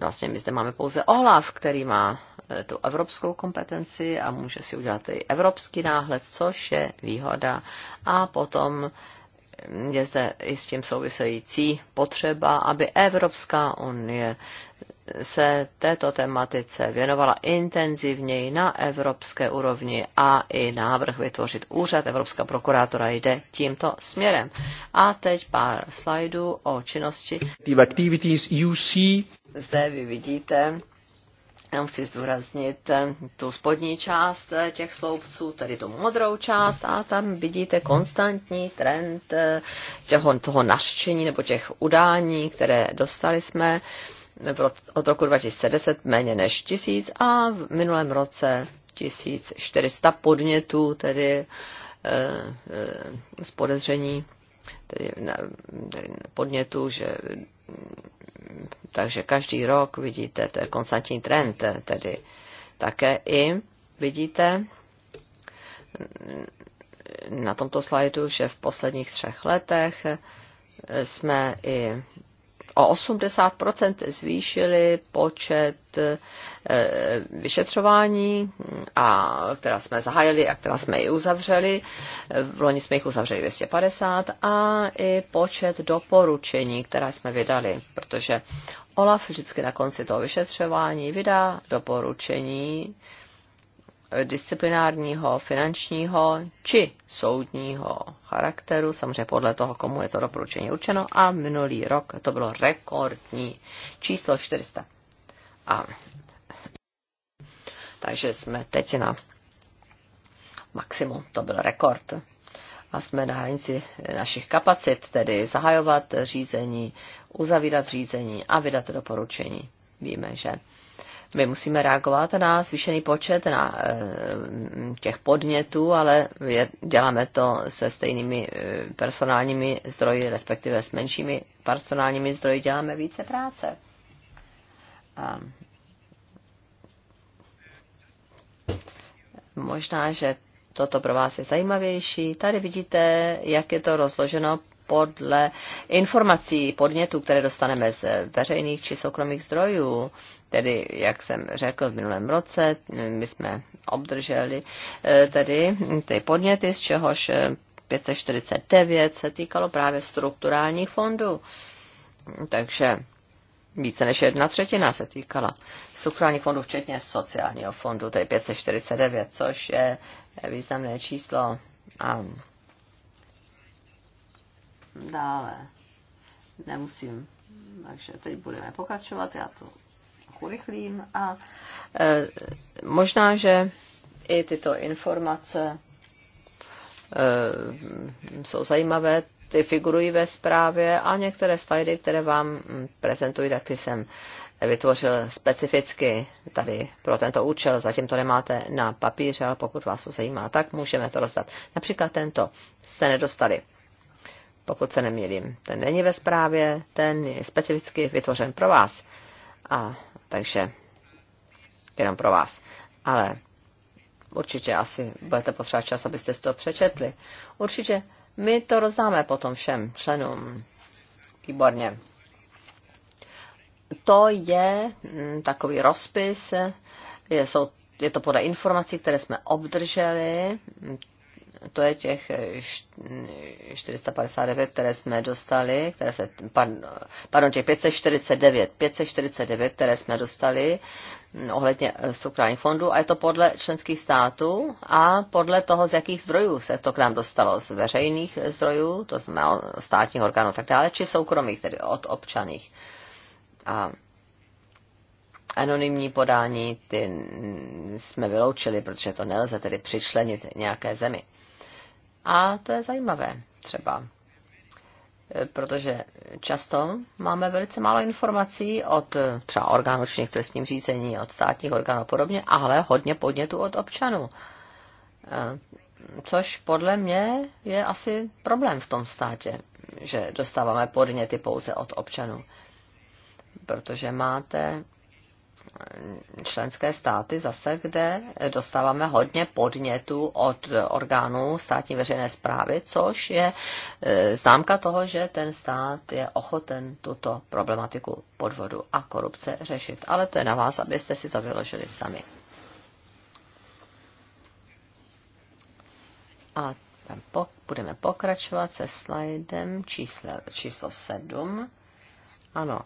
Vlastně my zde máme pouze OLAF, který má e, tu evropskou kompetenci a může si udělat i evropský náhled, což je výhoda. A potom je zde i s tím související potřeba, aby Evropská unie se této tematice věnovala intenzivněji na evropské úrovni a i návrh vytvořit úřad Evropská prokurátora jde tímto směrem. A teď pár slajdů o činnosti. Zde vy vidíte Jenom chci zdůraznit eh, tu spodní část eh, těch sloupců, tedy tu modrou část a tam vidíte konstantní trend eh, těho, toho naštění nebo těch udání, které dostali jsme od roku 2010 méně než tisíc a v minulém roce 1400 podnětů, tedy z podezření tedy, podnětů, že takže každý rok vidíte, to je konstantní trend, tedy také i vidíte na tomto slajdu, že v posledních třech letech jsme i o 80% zvýšili počet e, vyšetřování, a, která jsme zahájili a která jsme i uzavřeli. V loni jsme jich uzavřeli 250 a i počet doporučení, která jsme vydali, protože OLAF vždycky na konci toho vyšetřování vydá doporučení, disciplinárního, finančního či soudního charakteru, samozřejmě podle toho, komu je to doporučení určeno, a minulý rok to bylo rekordní číslo 400. A, takže jsme teď na maximum, to byl rekord. A jsme na hranici našich kapacit, tedy zahajovat řízení, uzavírat řízení a vydat doporučení. Víme, že my musíme reagovat na zvýšený počet na eh, těch podnětů, ale děláme to se stejnými eh, personálními zdroji, respektive s menšími personálními zdroji děláme více práce. A možná, že toto pro vás je zajímavější. Tady vidíte, jak je to rozloženo podle informací, podnětů, které dostaneme z veřejných či soukromých zdrojů. Tedy, jak jsem řekl v minulém roce, my jsme obdrželi eh, tedy ty podněty, z čehož 549 eh, se týkalo právě strukturálních fondů. Takže více než jedna třetina se týkala strukturálních fondů, včetně sociálního fondu, tedy 549, což je významné číslo. A dále nemusím, takže teď budeme pokračovat, já to urychlím a e, možná, že i tyto informace e, jsou zajímavé, ty figurují ve zprávě a některé slajdy, které vám mm, prezentuji, tak ty jsem vytvořil specificky tady pro tento účel. Zatím to nemáte na papíře, ale pokud vás to zajímá, tak můžeme to rozdat. Například tento jste nedostali pokud se nemýlím. Ten není ve zprávě, ten je specificky vytvořen pro vás. A takže jenom pro vás. Ale určitě asi budete potřebovat čas, abyste si to přečetli. Určitě my to rozdáme potom všem členům. Výborně. To je mm, takový rozpis, je, jsou, je to podle informací, které jsme obdrželi, to je těch 459, eh, které jsme dostali, které se, pardon, těch 549, 549, které jsme dostali mm, ohledně eh, strukturálních fondů a je to podle členských států a podle toho, z jakých zdrojů se to k nám dostalo, z veřejných eh, zdrojů, to znamená státních orgánů a tak dále, či soukromých, tedy od občaných. A anonymní podání ty jsme vyloučili, protože to nelze tedy přičlenit nějaké zemi. A to je zajímavé třeba, eh, protože často máme velice málo informací od eh, třeba orgánů činných trestním řízení, od státních orgánů a podobně, ale hodně podnětů od občanů. Eh, což podle mě je asi problém v tom státě, že dostáváme podněty pouze od občanů. Protože máte členské státy zase, kde dostáváme hodně podnětů od orgánů státní veřejné zprávy, což je e, známka toho, že ten stát je ochoten tuto problematiku podvodu a korupce řešit. Ale to je na vás, abyste si to vyložili sami. A budeme pokračovat se slajdem číslo, číslo 7. Ano,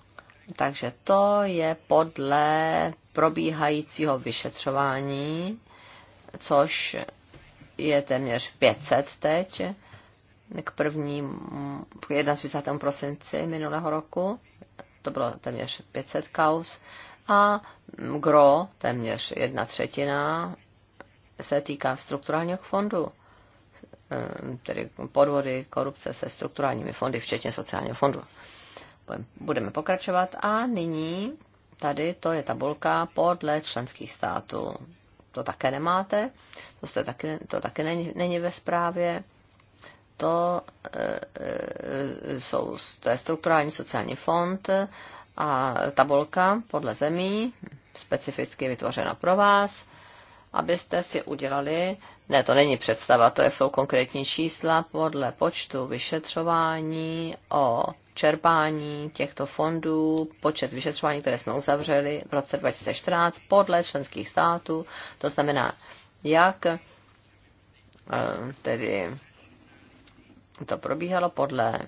takže to je podle probíhajícího vyšetřování, což je téměř 500 teď, k prvním, 31. prosinci minulého roku, to bylo téměř 500 kaus, a gro, téměř jedna třetina, se týká strukturálního fondu, eh, tedy podvody, korupce se strukturálními fondy, včetně sociálního fondu budeme pokračovat a nyní tady to je tabulka podle členských států. To také nemáte, to, jste taky, to také není, není ve zprávě. To, e, jsou, to je strukturální sociální fond a tabulka podle zemí, specificky vytvořena pro vás, abyste si udělali ne, to není představa, to jsou konkrétní čísla podle počtu vyšetřování o čerpání těchto fondů, počet vyšetřování, které jsme uzavřeli v roce 2014 podle členských států, to znamená, jak eh, tedy to probíhalo podle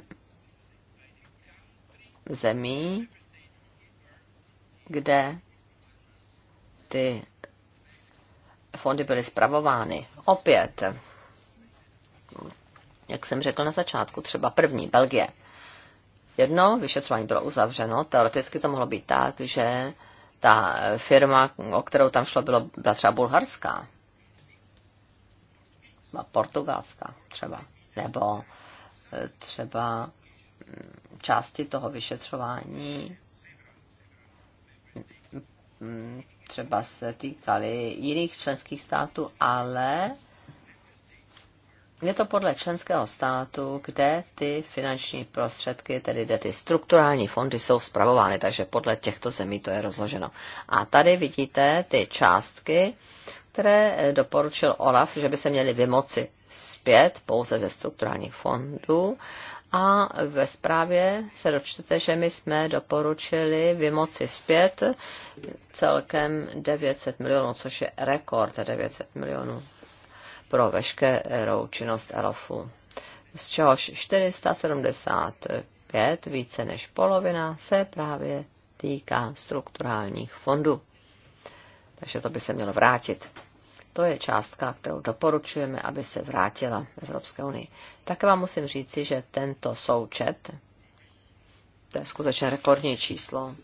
zemí, kde ty fondy byly zpravovány. Opět, jak jsem řekl na začátku, třeba první, Belgie. Jedno vyšetřování bylo uzavřeno, teoreticky to mohlo být tak, že ta firma, o kterou tam šlo, bylo, byla třeba bulharská, a portugalská třeba, nebo e, třeba mm, části toho vyšetřování mm, třeba se týkaly jiných členských států, ale je to podle členského státu, kde ty finanční prostředky, tedy kde ty strukturální fondy jsou zpravovány, takže podle těchto zemí to je rozloženo. A tady vidíte ty částky, které eh, doporučil Olaf, že by se měly vymoci zpět pouze ze strukturálních fondů a ve zprávě se dočtete, že my jsme doporučili vymoci zpět celkem 900 milionů, což je rekord 900 milionů pro veškerou činnost ELOFu. Z čehož 475, více než polovina, se právě týká strukturálních fondů. Takže to by se mělo vrátit. To je částka, kterou doporučujeme, aby se vrátila Evropské unii. Také vám musím říci, že tento součet, to je skutečně rekordní číslo,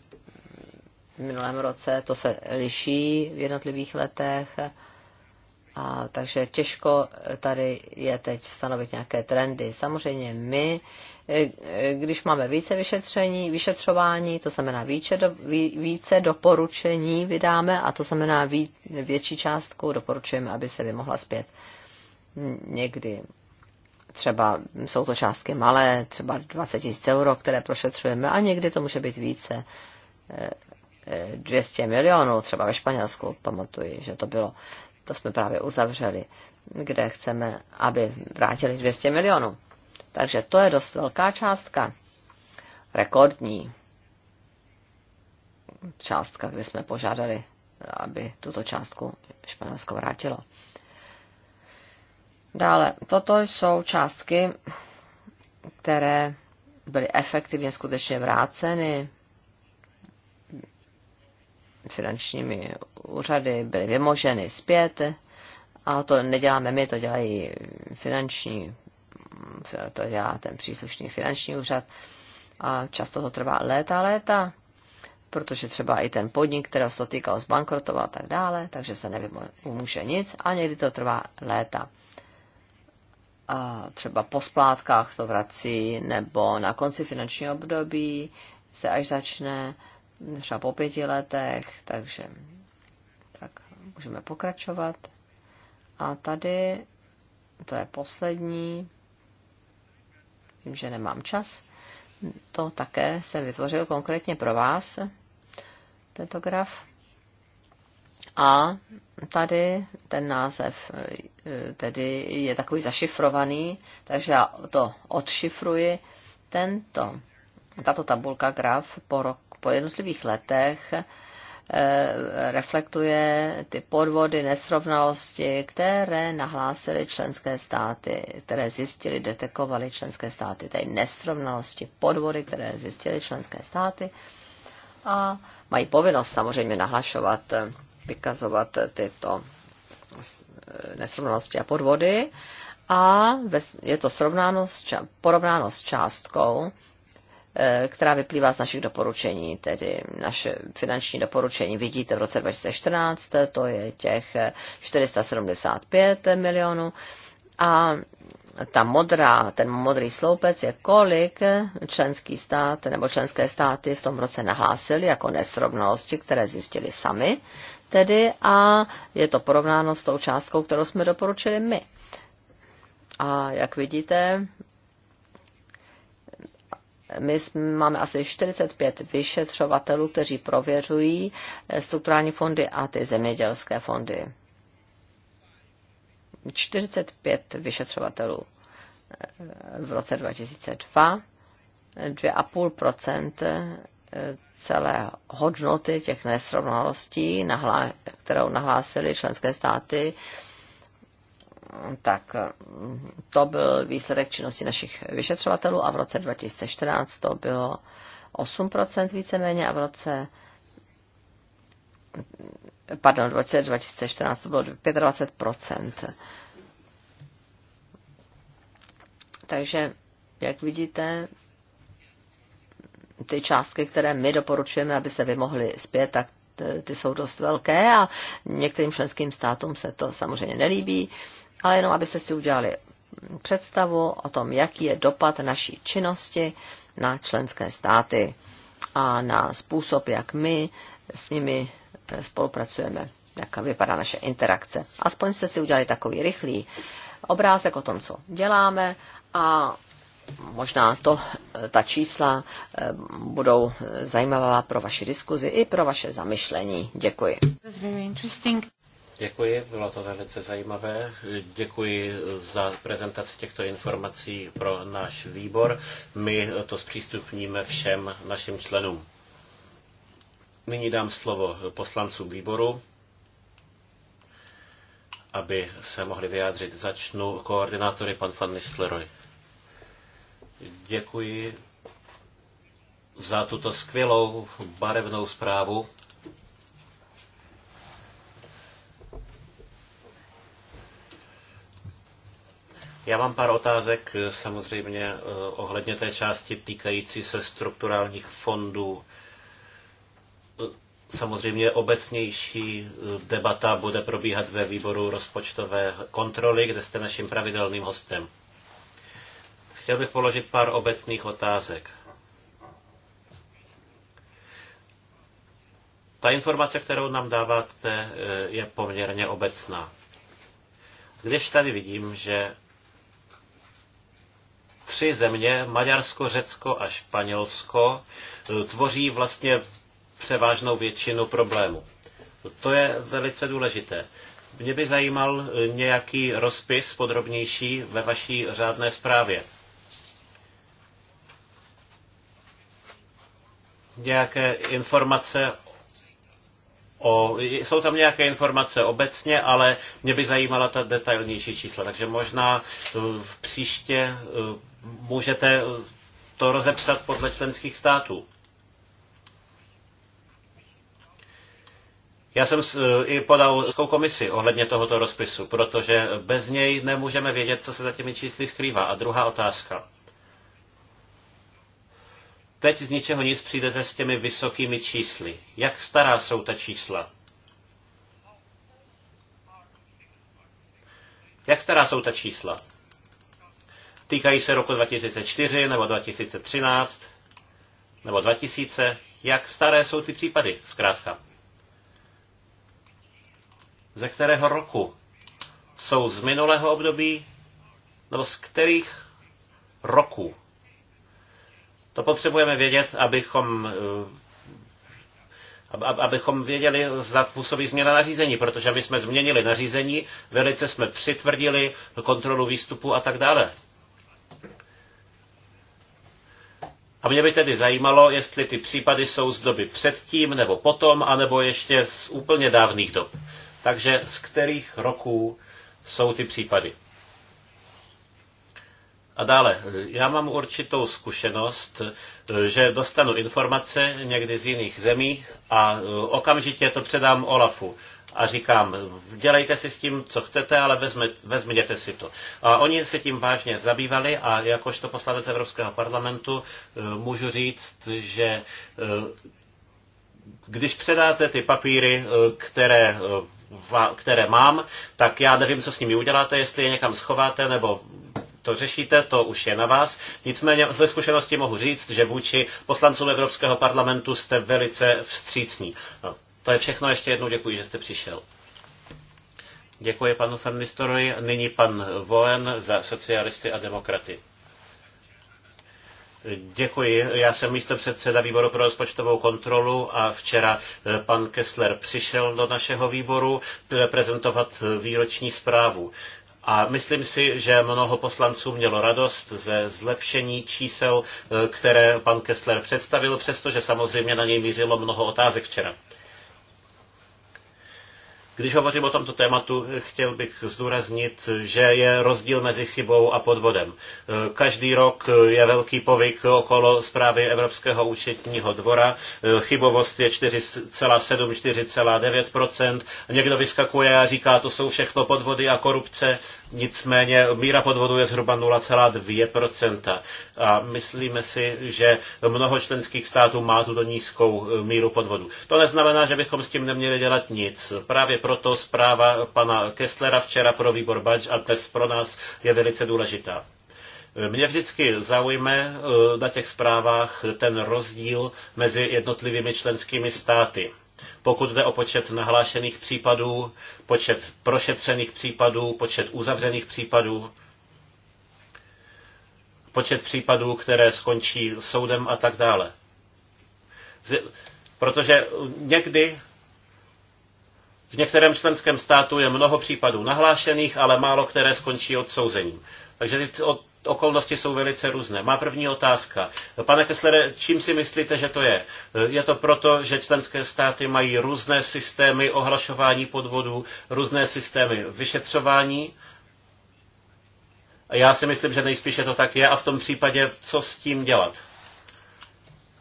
v minulém roce to se liší v jednotlivých letech, a takže těžko tady je teď stanovit nějaké trendy. Samozřejmě my, eh, když máme více vyšetření, vyšetřování, to znamená více, do, více doporučení vydáme a to znamená větší částku doporučujeme, aby se vymohla zpět. Hm, někdy třeba jsou to částky malé, třeba 20 000 euro, které prošetřujeme a někdy to může být více. 200 eh, eh, milionů, třeba ve Španělsku, pamatuji, že to bylo to jsme právě uzavřeli, kde chceme, aby vrátili 200 milionů. Takže to je dost velká částka, rekordní částka, kde jsme požádali, aby tuto částku Španělsko vrátilo. Dále, toto jsou částky, které byly efektivně skutečně vráceny finančními úřady byly vymoženy zpět. A to neděláme my, to dělají finanční, to dělá ten příslušný finanční úřad. A často to trvá léta léta, protože třeba i ten podnik, který se to týkal, zbankrotoval a tak dále, takže se nevymůže nic a někdy to trvá léta. A třeba po splátkách to vrací, nebo na konci finančního období se až začne třeba po pěti letech, takže tak můžeme pokračovat. A tady to je poslední, vím, že nemám čas, to také jsem vytvořil konkrétně pro vás, tento graf. A tady ten název eh, tedy je takový zašifrovaný, takže já to odšifruji. Tento tato tabulka graf po, rok, po jednotlivých letech eh, reflektuje ty podvody, nesrovnalosti, které nahlásily členské státy, které zjistili, detekovali členské státy, Tady nesrovnalosti, podvody, které zjistili členské státy a mají povinnost samozřejmě nahlašovat, vykazovat tyto nesrovnalosti a podvody a je to srovnáno s, porovnáno s částkou, Eh, která vyplývá z našich doporučení, tedy naše finanční doporučení vidíte v roce 2014, to je těch 475 milionů. A ta modrá, ten modrý sloupec je kolik členský stát nebo členské státy v tom roce nahlásili jako nesrovnalosti, které zjistili sami, tedy a je to porovnáno s tou částkou, kterou jsme doporučili my. A jak vidíte, my máme asi 45 vyšetřovatelů, kteří prověřují eh, strukturální fondy a ty zemědělské fondy. 45 vyšetřovatelů eh, v roce 2002, 2,5 eh, celé hodnoty těch nesrovnalostí, kterou nahlásili členské státy, tak mm, to byl výsledek činnosti našich vyšetřovatelů a v roce 2014 to bylo 8% víceméně a v roce pardon, v roce 2014 to bylo 25%. Takže, jak vidíte, ty částky, které my doporučujeme, aby se vymohly zpět, tak ty jsou dost velké a některým členským státům se to samozřejmě nelíbí ale jenom abyste si udělali představu o tom, jaký je dopad naší činnosti na členské státy a na způsob, jak my s nimi eh, spolupracujeme, jak vypadá naše interakce. Aspoň jste si udělali takový rychlý obrázek o tom, co děláme a možná to, eh, ta čísla eh, budou zajímavá pro vaši diskuzi i pro vaše zamyšlení. Děkuji. Děkuji, bylo to velice zajímavé. Děkuji za prezentaci těchto informací pro náš výbor. My to zpřístupníme všem našim členům. Nyní dám slovo poslancům výboru, aby se mohli vyjádřit. Začnu koordinátory pan van Nistleroy. Děkuji za tuto skvělou barevnou zprávu Já mám pár otázek eh, samozřejmě eh, ohledně té části týkající se strukturálních fondů. Eh, samozřejmě obecnější debata bude probíhat ve výboru rozpočtové kontroly, kde jste naším pravidelným hostem. Chtěl bych položit pár obecných otázek. Ta informace, kterou nám dáváte, je poměrně obecná. Když tady vidím, že tři země, Maďarsko, Řecko a Španělsko, e, tvoří vlastně převážnou většinu problému. To je velice důležité. Mě by zajímal e, nějaký rozpis podrobnější ve vaší řádné zprávě. Nějaké informace o, jsou tam nějaké informace obecně, ale mě by zajímala ta detailnější čísla. Takže možná e, v příště můžete eh, to rozepsat podle členských států. Já jsem eh, i podal Českou komisi ohledně tohoto rozpisu, protože bez něj nemůžeme vědět, co se za těmi čísly skrývá. A druhá otázka. Teď z ničeho nic přijdete s těmi vysokými čísly. Jak stará jsou ta čísla? Jak stará jsou ta čísla? týkají se roku 2004 nebo 2013 nebo 2000. Jak staré jsou ty případy, zkrátka? Ze kterého roku? Jsou z minulého období? Nebo z kterých roků? To potřebujeme vědět, abychom eh, abychom věděli, zda působí změna nařízení, protože my jsme změnili nařízení, velice jsme přitvrdili kontrolu výstupu a tak dále. A mě by tedy zajímalo, jestli ty případy jsou z doby předtím nebo potom, anebo ještě z úplně dávných dob. Takže z kterých roků jsou ty případy. A dále, já mám určitou zkušenost, že dostanu informace někdy z jiných zemí a okamžitě to předám Olafu a říkám, dělejte si s tím, co chcete, ale vezme, vezměte si to. A oni se tím vážně zabývali a jakožto poslanec Evropského parlamentu e, můžu říct, že e, když předáte ty papíry, e, které které mám, tak já nevím, co s nimi uděláte, jestli je někam schováte nebo to řešíte, to už je na vás. Nicméně ze zkušenosti mohu říct, že vůči poslancům Evropského parlamentu jste velice vstřícní. No, to je všechno, ještě jednou děkuji, že jste přišel. Děkuji panu Fernistorovi. Nyní pan Voen za socialisty a demokraty. Děkuji. Já jsem místo předseda výboru pro rozpočtovou kontrolu a včera eh, pan Kessler přišel do našeho výboru eh, prezentovat eh, výroční zprávu. A myslím si, že mnoho poslanců mělo radost ze zlepšení čísel, které pan Kessler představil, přestože samozřejmě na něj mířilo mnoho otázek včera. Když hovořím o tomto tématu, chtěl bych zdůraznit, že je rozdíl mezi chybou a podvodem. Každý rok je velký povyk okolo zprávy Evropského účetního dvora. Chybovost je 4,7-4,9%. Někdo vyskakuje a říká, to jsou všechno podvody a korupce. Nicméně míra podvodu je zhruba 0,2%. A myslíme si, že mnoho členských států má tuto nízkou míru podvodu. To neznamená, že bychom s tím neměli dělat nic. Právě proto zpráva pana Kesslera včera pro výbor Bač a dnes pro nás je velice důležitá. Mě vždycky zaujme eh, na těch zprávách ten rozdíl mezi jednotlivými členskými státy. Pokud jde o počet nahlášených případů, počet prošetřených případů, počet uzavřených případů, počet případů, které skončí soudem a tak dále. Protože někdy v některém členském státu je mnoho případů nahlášených, ale málo které skončí odsouzením. Takže ty okolnosti jsou velice různé. Má první otázka. Pane Kesslere, čím si myslíte, že to je? Je to proto, že členské státy mají různé systémy ohlašování podvodů, různé systémy vyšetřování? Já si myslím, že nejspíše to tak je a v tom případě, co s tím dělat?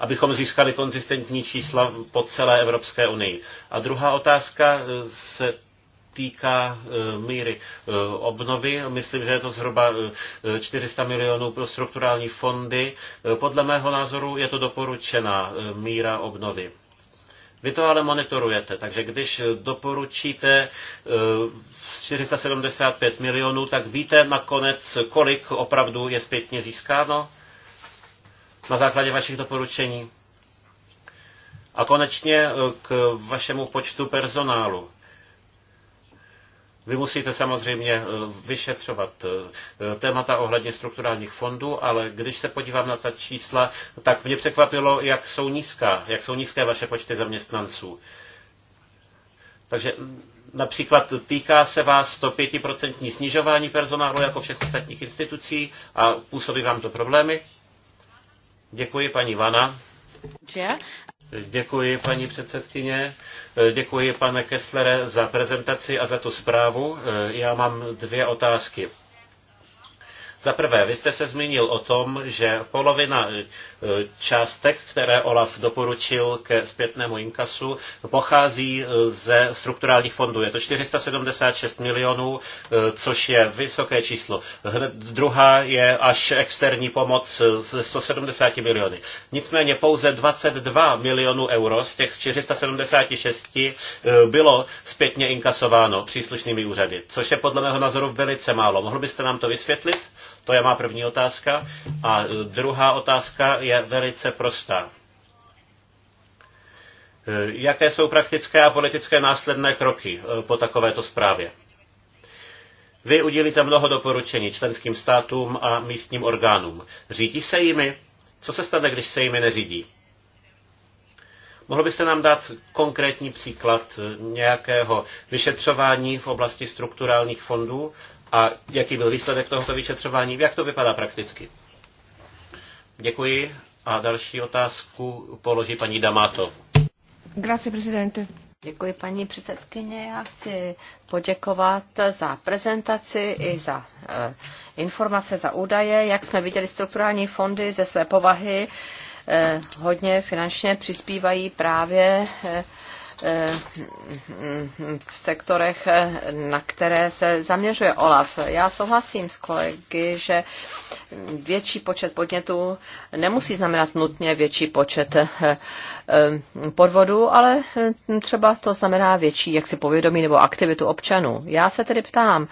abychom získali konzistentní čísla po celé Evropské unii. A druhá otázka eh, se týká eh, míry eh, obnovy. Myslím, že je to zhruba 400 milionů pro strukturální fondy. Podle mého názoru je to doporučená míra obnovy. Vy to ale monitorujete, takže když doporučíte 475 milionů, tak víte nakonec, kolik opravdu je zpětně získáno? na základě vašich doporučení? A konečně eh, k vašemu počtu personálu. Vy musíte samozřejmě eh, vyšetřovat eh, témata ohledně strukturálních fondů, ale když se podívám na ta čísla, tak mě překvapilo, jak jsou nízká, jak jsou nízké vaše počty zaměstnanců. Takže mm, například týká se vás to 5% snižování personálu jako všech ostatních institucí a působí vám to problémy? Děkuji paní Vana. Děkuji, paní předsedkyně. Děkuji, pane Kesslere, za prezentaci a za tu zprávu. Já mám dvě otázky. Za prvé, vy jste se zmínil o tom, že polovina e, částek, které Olaf doporučil ke zpětnému inkasu, pochází e, ze strukturálních fondů. Je to 476 milionů, e, což je vysoké číslo. Hned druhá je až externí pomoc ze 170 miliony. Nicméně pouze 22 milionů euro z těch 476 bylo zpětně inkasováno příslušnými úřady, což je podle mého názoru velice málo. Mohl byste nám to vysvětlit? To je má první otázka. A druhá otázka je velice prostá. Eh, jaké jsou praktické a politické následné kroky eh, po takovéto zprávě? Vy udělíte mnoho doporučení členským státům a místním orgánům. Řídí se jimi? Co se stane, když se jimi neřídí? Mohl byste nám dát konkrétní příklad eh, nějakého vyšetřování v oblasti strukturálních fondů a jaký byl výsledek tohoto vyšetřování, jak to vypadá prakticky. Děkuji a další otázku položí paní Damato. Grazie, prezidente. Děkuji, paní předsedkyně. Já chci poděkovat za prezentaci i za e, informace, za údaje. Jak jsme viděli, strukturální fondy ze své povahy e, hodně finančně přispívají právě e, Eh, v sektorech, eh, na které se zaměřuje OLAF. Já souhlasím s kolegy, že větší počet podnětů nemusí znamenat nutně větší počet eh, podvodů, ale hm, třeba to znamená větší jaksi povědomí nebo aktivitu občanů. Já se tedy ptám,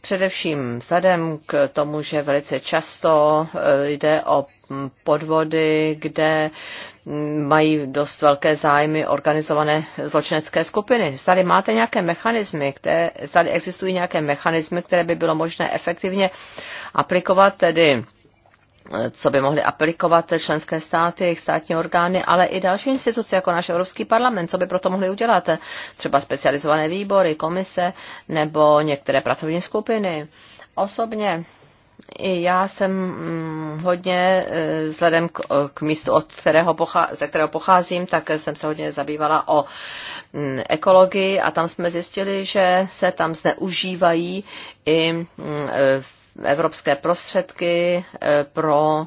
Především vzhledem k tomu, že velice často jde o hm, podvody, kde mají dost velké zájmy organizované zločinecké skupiny. Tady máte nějaké mechanismy, které, tady existují nějaké mechanismy, které by bylo možné efektivně aplikovat, tedy co by mohly aplikovat členské státy, jejich státní orgány, ale i další instituce, jako náš Evropský parlament, co by proto mohli udělat, třeba specializované výbory, komise nebo některé pracovní skupiny. Osobně i já jsem mm, hodně, e, vzhledem k, e, k místu, od kterého pochá, ze kterého pocházím, tak jsem se hodně zabývala o mm, ekologii a tam jsme zjistili, že se tam zneužívají i mm, e, evropské prostředky pro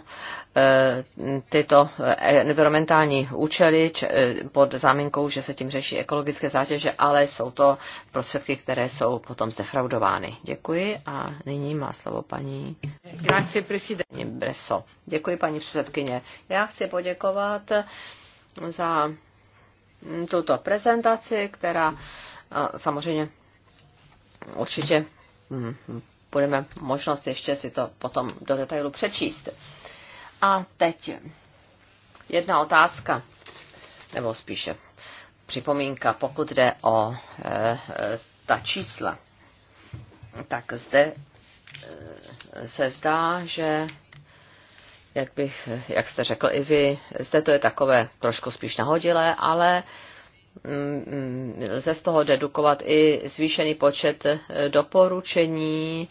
Eh, tyto eh, environmentální účely eh, pod záminkou, že se tím řeší ekologické zátěže, ale jsou to prostředky, které jsou potom zdefraudovány. Děkuji a nyní má slovo paní Grazie, Breso. Děkuji, paní předsedkyně. Já chci poděkovat za tuto prezentaci, která samozřejmě určitě hm, hm, budeme možnost ještě si to potom do detailu přečíst. A teď jedna otázka, nebo spíše připomínka, pokud jde o e, e, ta čísla. Tak zde e, se zdá, že jak, bych, jak jste řekl i vy, zde to je takové trošku spíš nahodilé, ale mm, mm, lze z toho dedukovat i zvýšený počet e, doporučení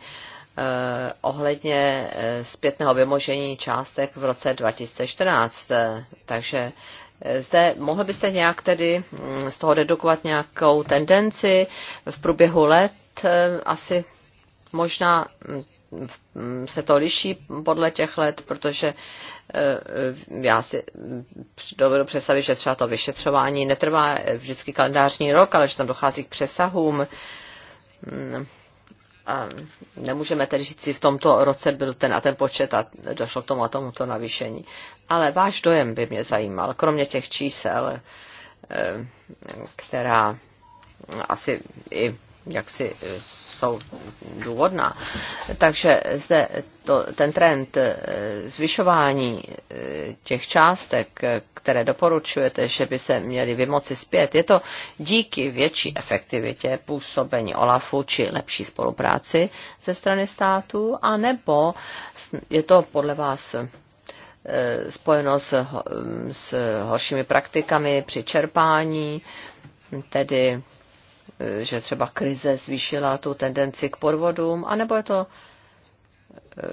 Eh, ohledně eh, zpětného vymožení částek v roce 2014. Eh, takže zde mohli byste nějak tedy mm, z toho dedukovat nějakou tendenci v průběhu let? Asi možná mm, mm, se to liší podle těch let, protože já si dovedu představit, že třeba to vyšetřování netrvá vždycky kalendářní rok, ale že tam dochází k přesahům a nemůžeme tedy říct že v tomto roce byl ten a ten počet a došlo k tomu a tomuto navýšení. Ale váš dojem by mě zajímal, kromě těch čísel, eh, která asi i jaksi eh, jsou důvodná. Takže zde to, ten trend eh, zvyšování eh, těch částek, které doporučujete, že by se měly vymoci zpět, je to díky větší efektivitě působení OLAFu či lepší spolupráci ze strany států, anebo je to podle vás spojeno s, s horšími praktikami při čerpání, tedy že třeba krize zvýšila tu tendenci k podvodům, anebo je to, eh,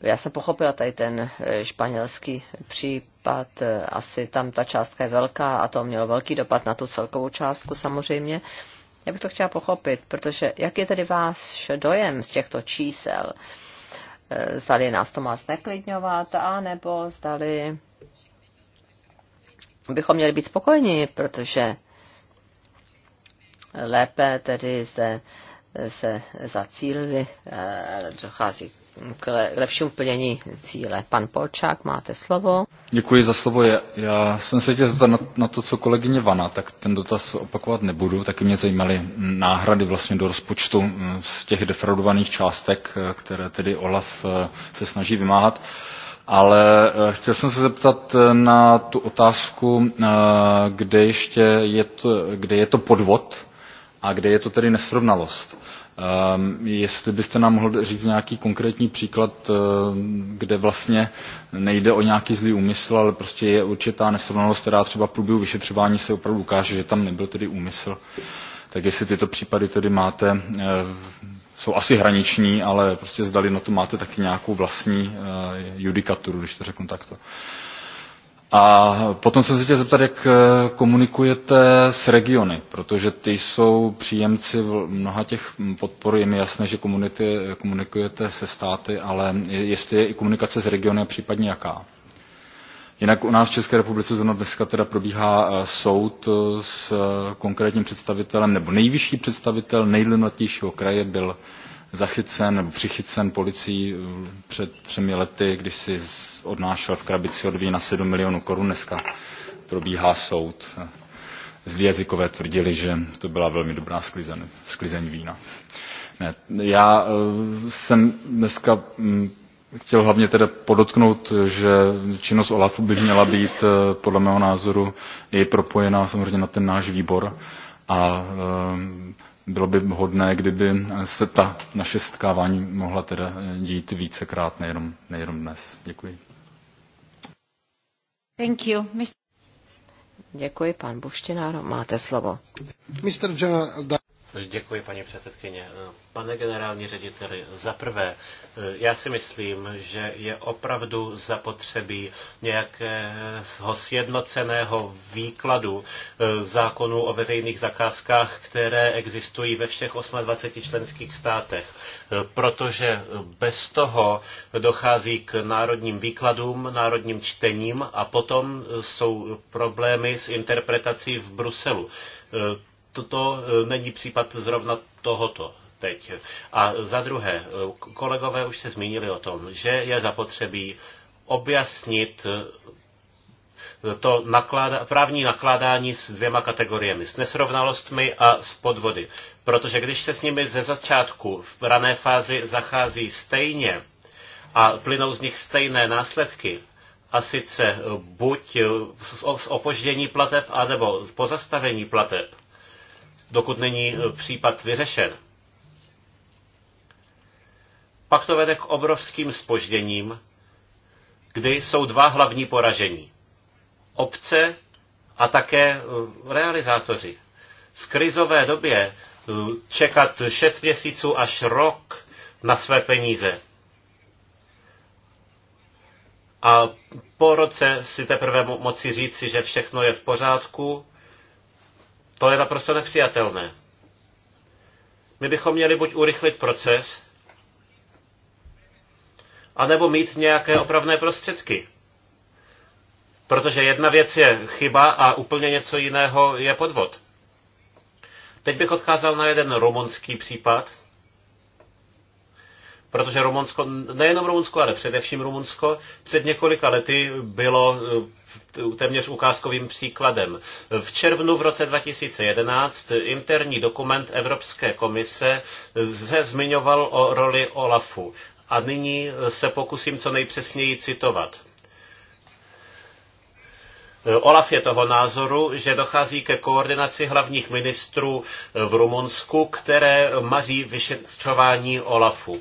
já jsem pochopila tady ten eh, španělský případ, eh, asi tam ta částka je velká a to mělo velký dopad na tu celkovou částku samozřejmě. Já bych to chtěla pochopit, protože jak je tedy váš dojem z těchto čísel? Zdali nás to má zneklidňovat, anebo zdali bychom měli být spokojeni, protože lépe tedy zde eh, se zacílili, eh, dochází k lepšímu plnění cíle. Pan Polčák, máte slovo. Děkuji za slovo. Já jsem se chtěl zeptat na, na to, co kolegyně Vana, tak ten dotaz opakovat nebudu. Taky mě zajímaly náhrady vlastně do rozpočtu eh, z těch defraudovaných částek, které tedy OLAF se snaží vymáhat. Ale chtěl jsem se zeptat na tu otázku, kde ještě je to, kde je to podvod, a kde je to tedy nesrovnalost. Ehm, jestli byste nám mohl říct nějaký konkrétní příklad, ehm, kde vlastně nejde o nějaký zlý úmysl, ale prostě je určitá nesrovnalost, která třeba v průběhu vyšetřování se opravdu ukáže, že tam nebyl tedy úmysl. Tak jestli tyto případy tedy máte, ehm, jsou asi hraniční, ale prostě zdali na to máte taky nějakou vlastní judikaturu, když to řeknu takto. A potom jsem se chtěl zeptat, jak eh, komunikujete s regiony, protože ty jsou příjemci mnoha těch hm, podpor. Je mi jasné, že komunity, eh, komunikujete se státy, ale jestli je i komunikace s regiony a případně jaká? Jinak u nás v České republice zrovna dneska teda probíhá eh, soud s konkrétním představitelem, nebo nejvyšší představitel nejlinotějšího kraje byl zachycen nebo přichycen policií eh, před třemi lety, když si odnášel v krabici od na 7 milionů korun. Dneska probíhá soud. Zlí jazykové tvrdili, že to byla velmi dobrá sklizeň, sklizeň vína. Ne, já eh, jsem dneska hm, chtěl hlavně teda podotknout, že činnost OLAFu by měla být eh, podle mého názoru i propojena samozřejmě na ten náš výbor a bylo by vhodné, kdyby se ta naše setkávání mohla teda dít vícekrát, nejenom, nejenom dnes. Děkuji. Thank you. Děkuji, pan Buštinár, máte slovo. Mr. General, Děkuji, paní předsedkyně. Pane generální řediteli, za prvé, já si myslím, že je opravdu zapotřebí nějakého sjednoceného výkladu eh, zákonů o veřejných zakázkách, které existují ve všech 28 členských státech, eh, protože bez toho dochází k národním výkladům, národním čtením a potom jsou problémy s interpretací v Bruselu eh, to e, není případ zrovna tohoto teď. A za druhé, e, kolegové už se zmínili o tom, že je zapotřebí objasnit e, to nakláda, právní nakládání s dvěma kategoriemi, s nesrovnalostmi a s podvody. Protože když se s nimi ze začátku v rané fázi zachází stejně a plynou z nich stejné následky, a sice buď z opoždění plateb, anebo pozastavení plateb, dokud není e, případ vyřešen. Pak to vede k obrovským spožděním, kdy jsou dva hlavní poražení. Obce a také e, realizátoři. V krizové době e, čekat šest měsíců až rok na své peníze. A po roce si teprve moci říci, že všechno je v pořádku to je naprosto nepřijatelné. My bychom měli buď urychlit proces, anebo mít nějaké opravné prostředky. Protože jedna věc je chyba a úplně něco jiného je podvod. Teď bych odkázal na jeden rumunský případ protože Rumunsko, nejenom Rumunsko, ale především Rumunsko, před několika lety bylo eh, téměř ukázkovým příkladem. V červnu v roce 2011 interní dokument Evropské komise eh, se zmiňoval o roli OLAFu. A nyní eh, se pokusím co nejpřesněji citovat. Olaf je toho názoru, že dochází ke koordinaci hlavních ministrů v Rumunsku, které maří vyšetřování Olafu.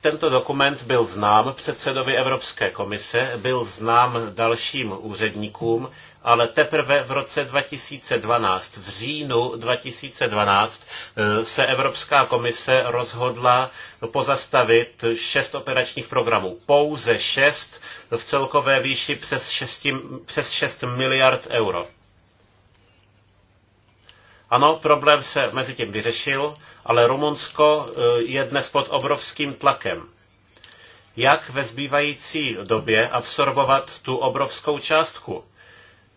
Tento dokument byl znám předsedovi Evropské komise, byl znám dalším úředníkům, ale teprve v roce 2012, v říjnu 2012, eh, se Evropská komise rozhodla pozastavit šest operačních programů. Pouze šest v celkové výši přes šest přes miliard euro. Ano, problém se mezi tím vyřešil, ale Rumunsko eh, je dnes pod obrovským tlakem. Jak ve zbývající době absorbovat tu obrovskou částku?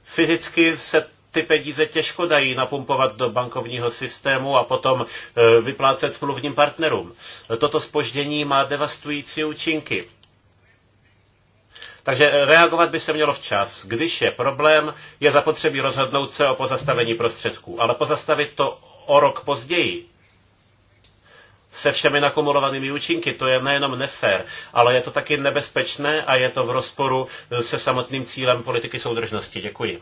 Fyzicky se ty peníze těžko dají napumpovat do bankovního systému a potom eh, vyplácet smluvním partnerům. Toto spoždění má devastující účinky. Takže eh, reagovat by se mělo včas. Když je problém, je zapotřebí rozhodnout se o pozastavení prostředků, ale pozastavit to o rok později se všemi nakumulovanými účinky. To je nejenom nefér, ale je to taky nebezpečné a je to v rozporu se samotným cílem politiky soudržnosti. Děkuji.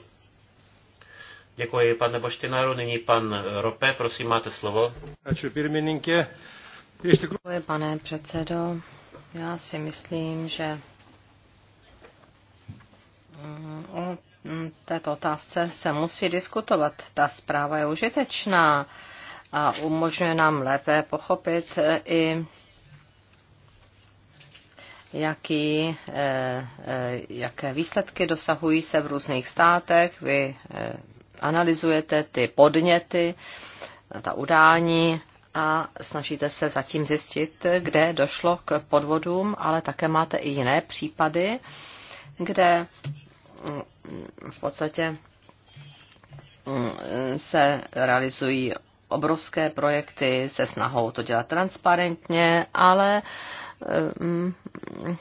Děkuji, pane Boštináru. Nyní pan Rope, prosím, máte slovo. Děkuji, pane předsedo. Já si myslím, že mm, o mm, této otázce se musí diskutovat. Ta zpráva je užitečná a umožňuje nám lépe pochopit eh, i jaký, eh, eh, jaké výsledky dosahují se v různých státech. Vy analyzujete ty podněty, ta udání a snažíte se zatím zjistit, kde došlo k podvodům, ale také máte i jiné případy, kde mm, v podstatě mm, se realizují obrovské projekty se snahou to dělat transparentně, ale eh,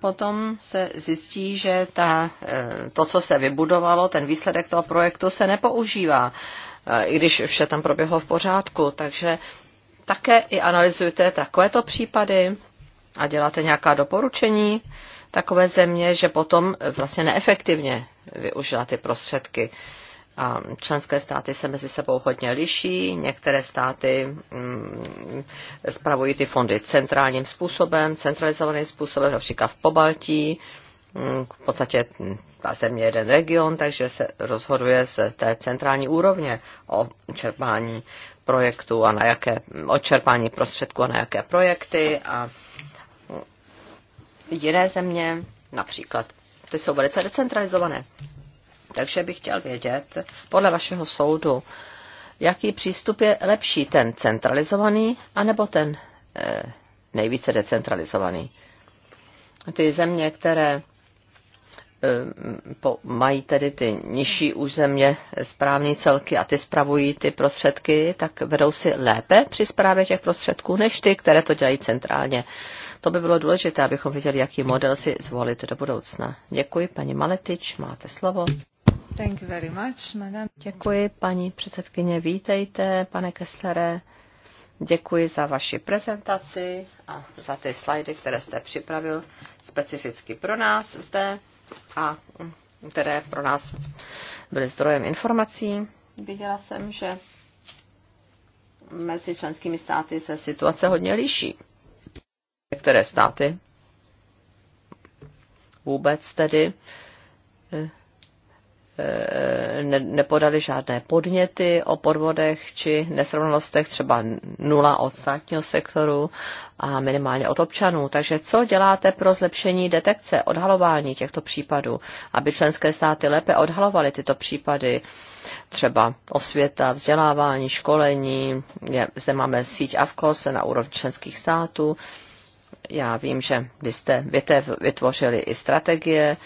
potom se zjistí, že ta, eh, to, co se vybudovalo, ten výsledek toho projektu se nepoužívá, eh, i když vše tam proběhlo v pořádku. Takže také i analyzujte takovéto případy a děláte nějaká doporučení takové země, že potom vlastně neefektivně využila ty prostředky členské státy se mezi sebou hodně liší. Některé státy mm, spravují ty fondy centrálním způsobem, centralizovaným způsobem, například v Pobaltí. Mm, v podstatě mm, ta země je jeden region, takže se rozhoduje z té centrální úrovně o čerpání projektu a na jaké, o čerpání prostředků a na jaké projekty a jiné země, například, ty jsou velice decentralizované. Takže bych chtěl vědět, podle vašeho soudu, jaký přístup je lepší, ten centralizovaný, anebo ten e, nejvíce decentralizovaný. Ty země, které eh, mají tedy ty nižší územně správní celky a ty spravují ty prostředky, tak vedou si lépe při správě těch prostředků, než ty, které to dělají centrálně. To by bylo důležité, abychom viděli, jaký model si zvolit do budoucna. Děkuji, paní Maletič, máte slovo. Děkuji, paní předsedkyně, vítejte, pane Kesslere. Děkuji za vaši prezentaci a za ty slajdy, které jste připravil specificky pro nás zde a které pro nás byly zdrojem informací. Viděla jsem, že mezi členskými státy se situace hodně liší. Některé státy vůbec tedy eh, ne, nepodali žádné podněty o podvodech či nesrovnalostech, třeba nula od státního sektoru a minimálně od občanů. Takže co děláte pro zlepšení detekce, odhalování těchto případů, aby členské státy lépe odhalovaly tyto případy, třeba osvěta, vzdělávání, školení, je, zde máme síť AVKOS na úrovni členských států. Já vím, že vy jste vytvořili i strategie,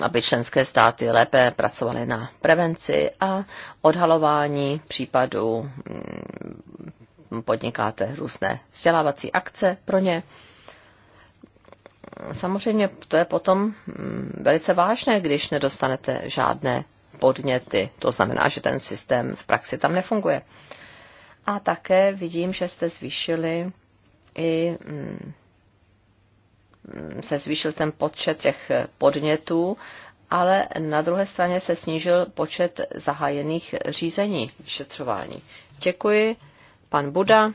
aby členské státy lépe pracovaly na prevenci a odhalování případů. Mm, podnikáte různé vzdělávací akce pro ně. Samozřejmě to je potom mm, velice vážné, když nedostanete žádné podněty. To znamená, že ten systém v praxi tam nefunguje. A také vidím, že jste zvýšili i mm, Mm, se zvýšil ten počet těch podnětů, ale na druhé straně se snížil počet zahájených řízení vyšetřování. Děkuji. Pan Buda.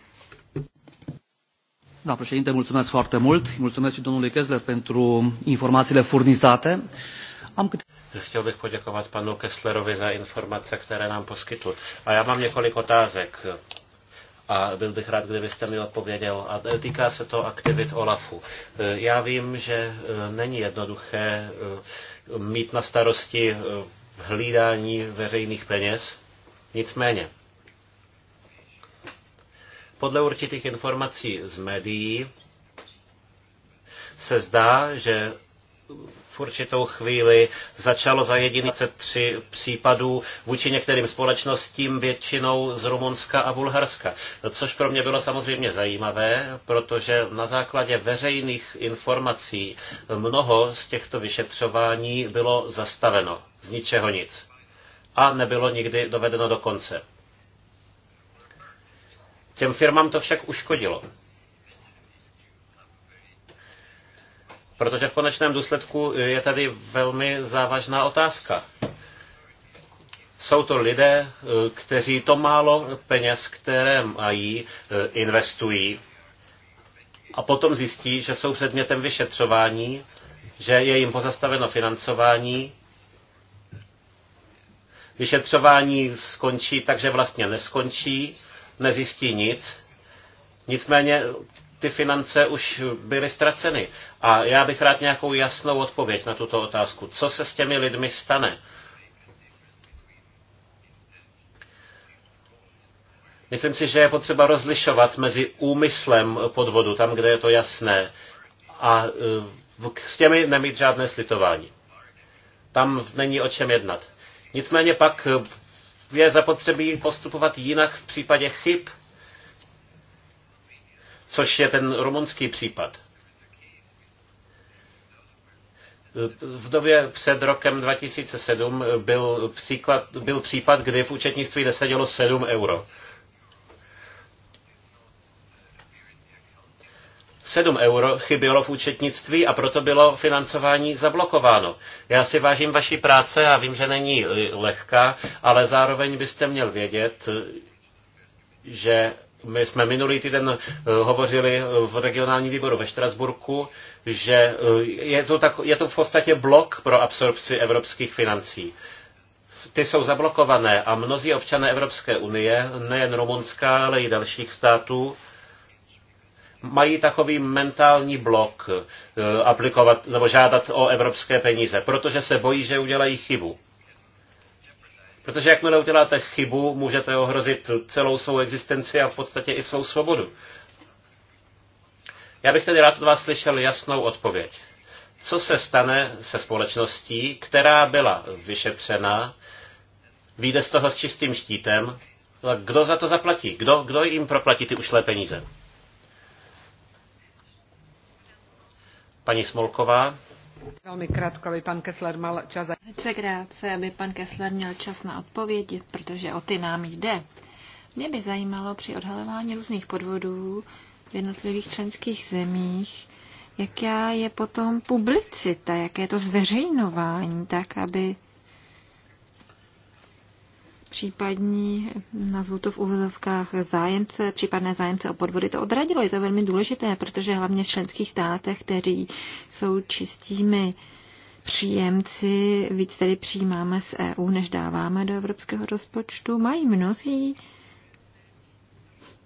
Da, președinte, mulțumesc foarte mult. Mulțumesc și domnului Kessler pentru informațiile furnizate. Am câte... Chtěl bych poděkovat panu Kesslerovi za informace, které nám poskytl. A já mám několik otázek a byl bych rád, kdybyste mi odpověděl. A týká se to aktivit OLAFu. Eh, já vím, že eh, není jednoduché eh, mít na starosti hlídání veřejných peněz, nicméně. Podle určitých informací z médií se zdá, že v určitou chvíli začalo za tři případů vůči některým společnostím, většinou z Rumunska a Bulharska. Což pro mě bylo samozřejmě zajímavé, protože na základě veřejných informací mnoho z těchto vyšetřování bylo zastaveno. Z ničeho nic. A nebylo nikdy dovedeno do konce. Těm firmám to však uškodilo. Protože v konečném důsledku je tady velmi závažná otázka. Jsou to lidé, eh, kteří to málo peněz, které mají, eh, investují a potom zjistí, že jsou předmětem vyšetřování, že je jim pozastaveno financování, vyšetřování skončí, takže vlastně neskončí, nezjistí nic. Nicméně ty finance už byly ztraceny. A já bych rád nějakou jasnou odpověď na tuto otázku. Co se s těmi lidmi stane? Myslím si, že je potřeba rozlišovat mezi úmyslem podvodu, tam, kde je to jasné, a e, s těmi nemít žádné slitování. Tam není o čem jednat. Nicméně pak e, je zapotřebí postupovat jinak v případě chyb, což je ten rumunský případ. V době před rokem 2007 byl, příklad, byl případ, kdy v účetnictví nesedělo 7 euro. 7 euro chybělo v účetnictví a proto bylo financování zablokováno. Já si vážím vaší práce a vím, že není eh, lehká, ale zároveň byste měl vědět, že my jsme minulý týden eh, hovořili v regionálním výboru ve Štrasburku, že eh, je to, tak, je to v podstatě blok pro absorpci evropských financí. Ty jsou zablokované a mnozí občané Evropské unie, nejen Rumunska, ale i dalších států, mají takový mentální blok eh, aplikovat nebo žádat o evropské peníze, protože se bojí, že udělají chybu. Protože jakmile uděláte chybu, můžete ohrozit celou svou existenci a v podstatě i svou svobodu. Já bych tedy rád od vás slyšel jasnou odpověď. Co se stane se společností, která byla vyšetřena, vyjde z toho s čistým štítem, kdo za to zaplatí? Kdo, kdo jim proplatí ty ušlé peníze? Paní Smolková. Velmi krátko, aby pan Kessler mal čas. Velice krátce, aby pan Kessler měl čas na odpovědi, protože o ty nám jde. Mě by zajímalo při odhalování různých podvodů v jednotlivých členských zemích, jaká je potom publicita, jaké je to zveřejňování, tak aby případní, nazvu to v uvozovkách, zájemce, případné zájemce o podvody to odradilo. Je to velmi důležité, protože hlavně v členských státech, kteří jsou čistými příjemci, víc tedy přijímáme z EU, než dáváme do evropského rozpočtu, mají mnozí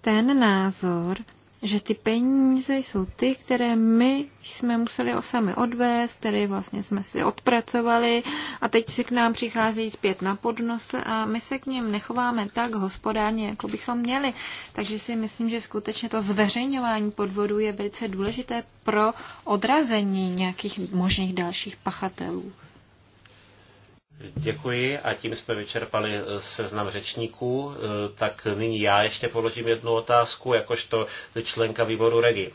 ten názor, že ty peníze jsou ty, které my jsme museli sami odvést, které vlastně jsme si odpracovali a teď si k nám přicházejí zpět na podnose a my se k ním nechováme tak hospodárně, jako bychom měli. Takže si myslím, že skutečně to zveřejňování podvodů je velice důležité pro odrazení nějakých možných dalších pachatelů. Děkuji a tím jsme vyčerpali eh, seznam řečníků. Eh, tak nyní já ještě položím jednu otázku, jakožto členka výboru Regi.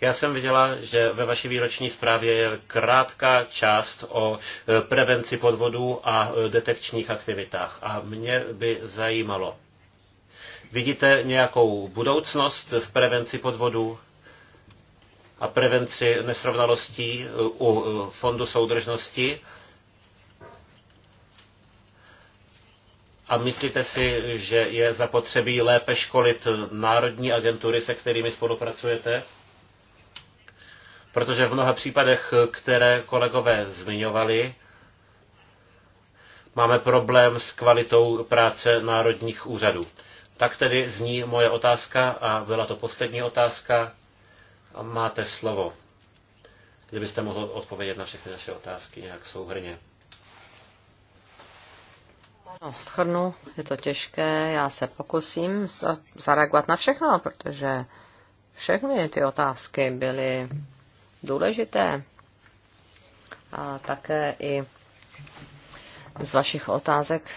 Já jsem viděla, že ve vaší výroční zprávě je krátká část o eh, prevenci podvodů a detekčních aktivitách. A mě by zajímalo, vidíte nějakou budoucnost v prevenci podvodů? a prevenci nesrovnalostí eh, u eh, Fondu soudržnosti. A myslíte si, že je zapotřebí lépe školit národní agentury, se kterými spolupracujete? Protože v mnoha případech, které kolegové zmiňovali, máme problém s kvalitou práce národních úřadů. Tak tedy zní moje otázka a byla to poslední otázka. A máte slovo. Kdybyste mohl odpovědět na všechny naše otázky nějak souhrně. No, schrnu, je to těžké, já se pokusím zareagovat na všechno, protože všechny ty otázky byly důležité. A také i z vašich otázek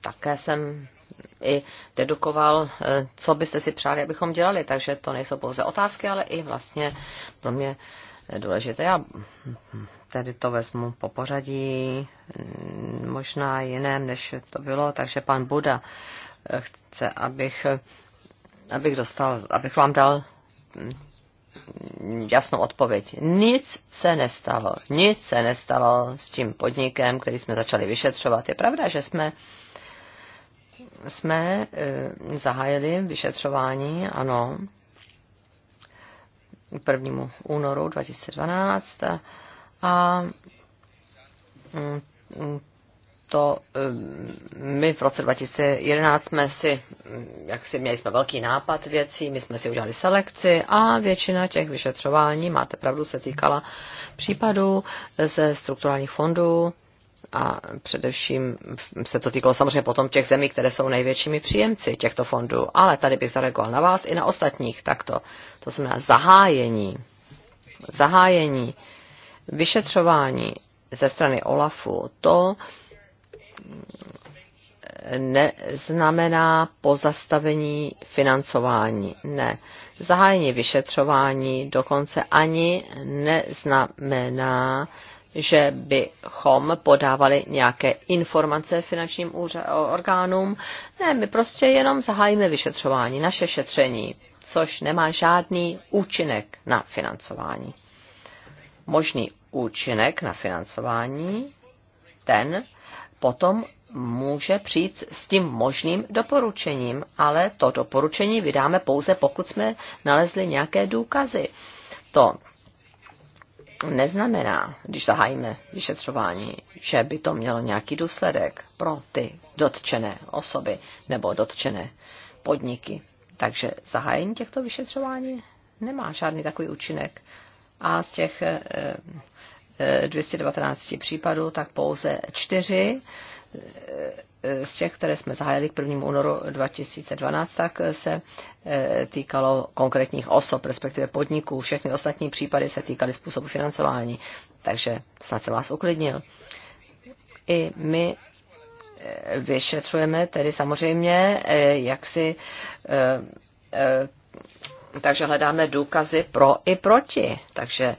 také jsem i dedukoval, eh, co byste si přáli, abychom dělali. Takže to nejsou pouze otázky, ale i vlastně pro mě důležité. Já tedy to vezmu po pořadí, mm, možná jiném, než to bylo. Takže pan Buda eh, chce, abych, abych, dostal, abych vám dal mm, jasnou odpověď. Nic se nestalo. Nic se nestalo s tím podnikem, který jsme začali vyšetřovat. Je pravda, že jsme jsme eh, zahájili vyšetřování, ano, 1. únoru 2012 a mm, to eh, my v roce 2011 jsme si, mm, jak si měli jsme velký nápad věcí, my jsme si udělali selekci a většina těch vyšetřování, máte pravdu, se týkala případů ze strukturálních fondů, a především se to týkalo samozřejmě potom těch zemí, které jsou největšími příjemci těchto fondů. Ale tady bych zareagoval na vás i na ostatních takto. To znamená zahájení, zahájení, vyšetřování ze strany OLAFu, to neznamená pozastavení financování. Ne. Zahájení vyšetřování dokonce ani neznamená že bychom podávali nějaké informace finančním orgánům. Ne, my prostě jenom zahájíme vyšetřování, naše šetření, což nemá žádný účinek na financování. Možný účinek na financování, ten potom může přijít s tím možným doporučením, ale to doporučení vydáme pouze, pokud jsme nalezli nějaké důkazy. To neznamená, když zahájíme vyšetřování, že by to mělo nějaký důsledek pro ty dotčené osoby nebo dotčené podniky. Takže zahájení těchto vyšetřování nemá žádný takový účinek. A z těch eh, eh, 219 případů, tak pouze čtyři Eh, z těch, které jsme zahájili k 1. únoru 2012, tak se eh, týkalo konkrétních osob, respektive podniků. Všechny ostatní případy se týkaly způsobu financování. Takže snad se vás uklidnil. I my eh, vyšetřujeme tedy samozřejmě, jak si takže hledáme důkazy pro i proti. Takže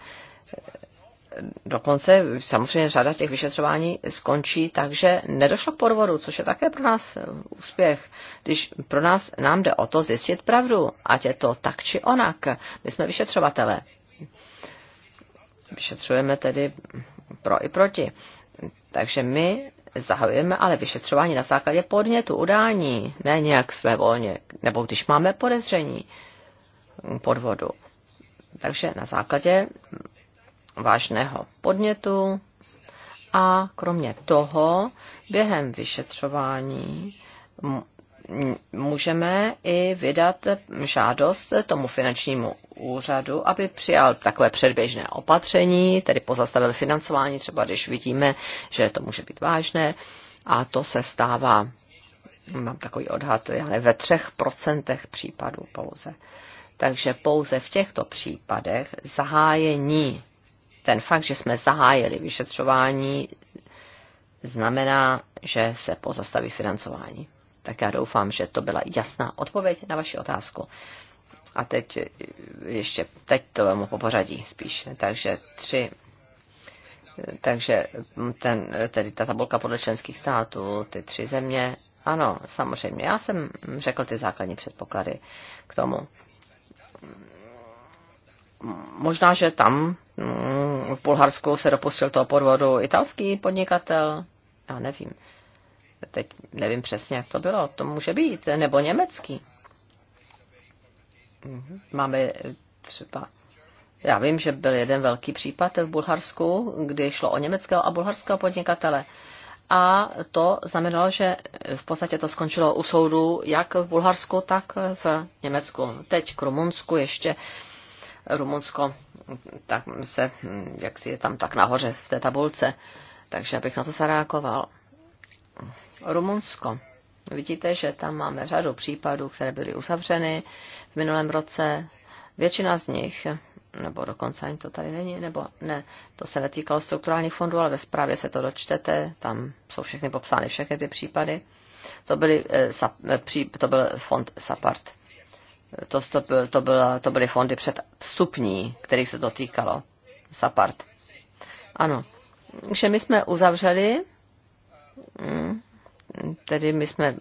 dokonce samozřejmě řada těch vyšetřování skončí takže nedošlo k podvodu, což je také pro nás úspěch. Když pro nás nám jde o to zjistit pravdu, ať je to tak či onak. My jsme vyšetřovatele. Vyšetřujeme tedy pro i proti. Takže my zahajujeme ale vyšetřování na základě podnětu, udání, ne nějak své volně, nebo když máme podezření podvodu. Takže na základě vážného podnětu a kromě toho během vyšetřování můžeme i vydat žádost tomu finančnímu úřadu, aby přijal takové předběžné opatření, tedy pozastavil financování, třeba když vidíme, že to může být vážné. A to se stává, mám takový odhad, já ne, ve třech procentech případů pouze. Takže pouze v těchto případech zahájení ten fakt, že jsme zahájili vyšetřování, znamená, že se pozastaví financování. Tak já doufám, že to byla jasná odpověď na vaši otázku. A teď ještě, teď to vemu po pořadí spíš. Takže tři takže ten, tedy ta tabulka podle členských států, ty tři země, ano, samozřejmě. Já jsem řekl ty základní předpoklady k tomu. Možná, že tam Mm, v Bulharsku se dopustil toho podvodu italský podnikatel, já nevím. Teď nevím přesně, jak to bylo. To může být, nebo německý. Mhm. Máme třeba já vím, že byl jeden velký případ v Bulharsku, kdy šlo o německého a bulharského podnikatele. A to znamenalo, že v podstatě to skončilo u soudu jak v Bulharsku, tak v Německu. Teď k Rumunsku ještě. Uh, Rumunsko tak se, jak si je tam tak nahoře v té tabulce. Takže abych na to zareagoval. Rumunsko. Vidíte, že tam máme řadu případů, které byly uzavřeny v minulém roce. Většina z nich, nebo dokonce ani to tady není, nebo ne, to se netýkalo strukturálních fondů, ale ve zprávě se to dočtete, tam jsou všechny popsány všechny ty případy. To, byly, eh, eh, to byl fond SAPART to, to, to, byla, to byly fondy vstupní, kterých se to týkalo. SAPART. Ano. že my jsme uzavřeli, mm, tedy my jsme,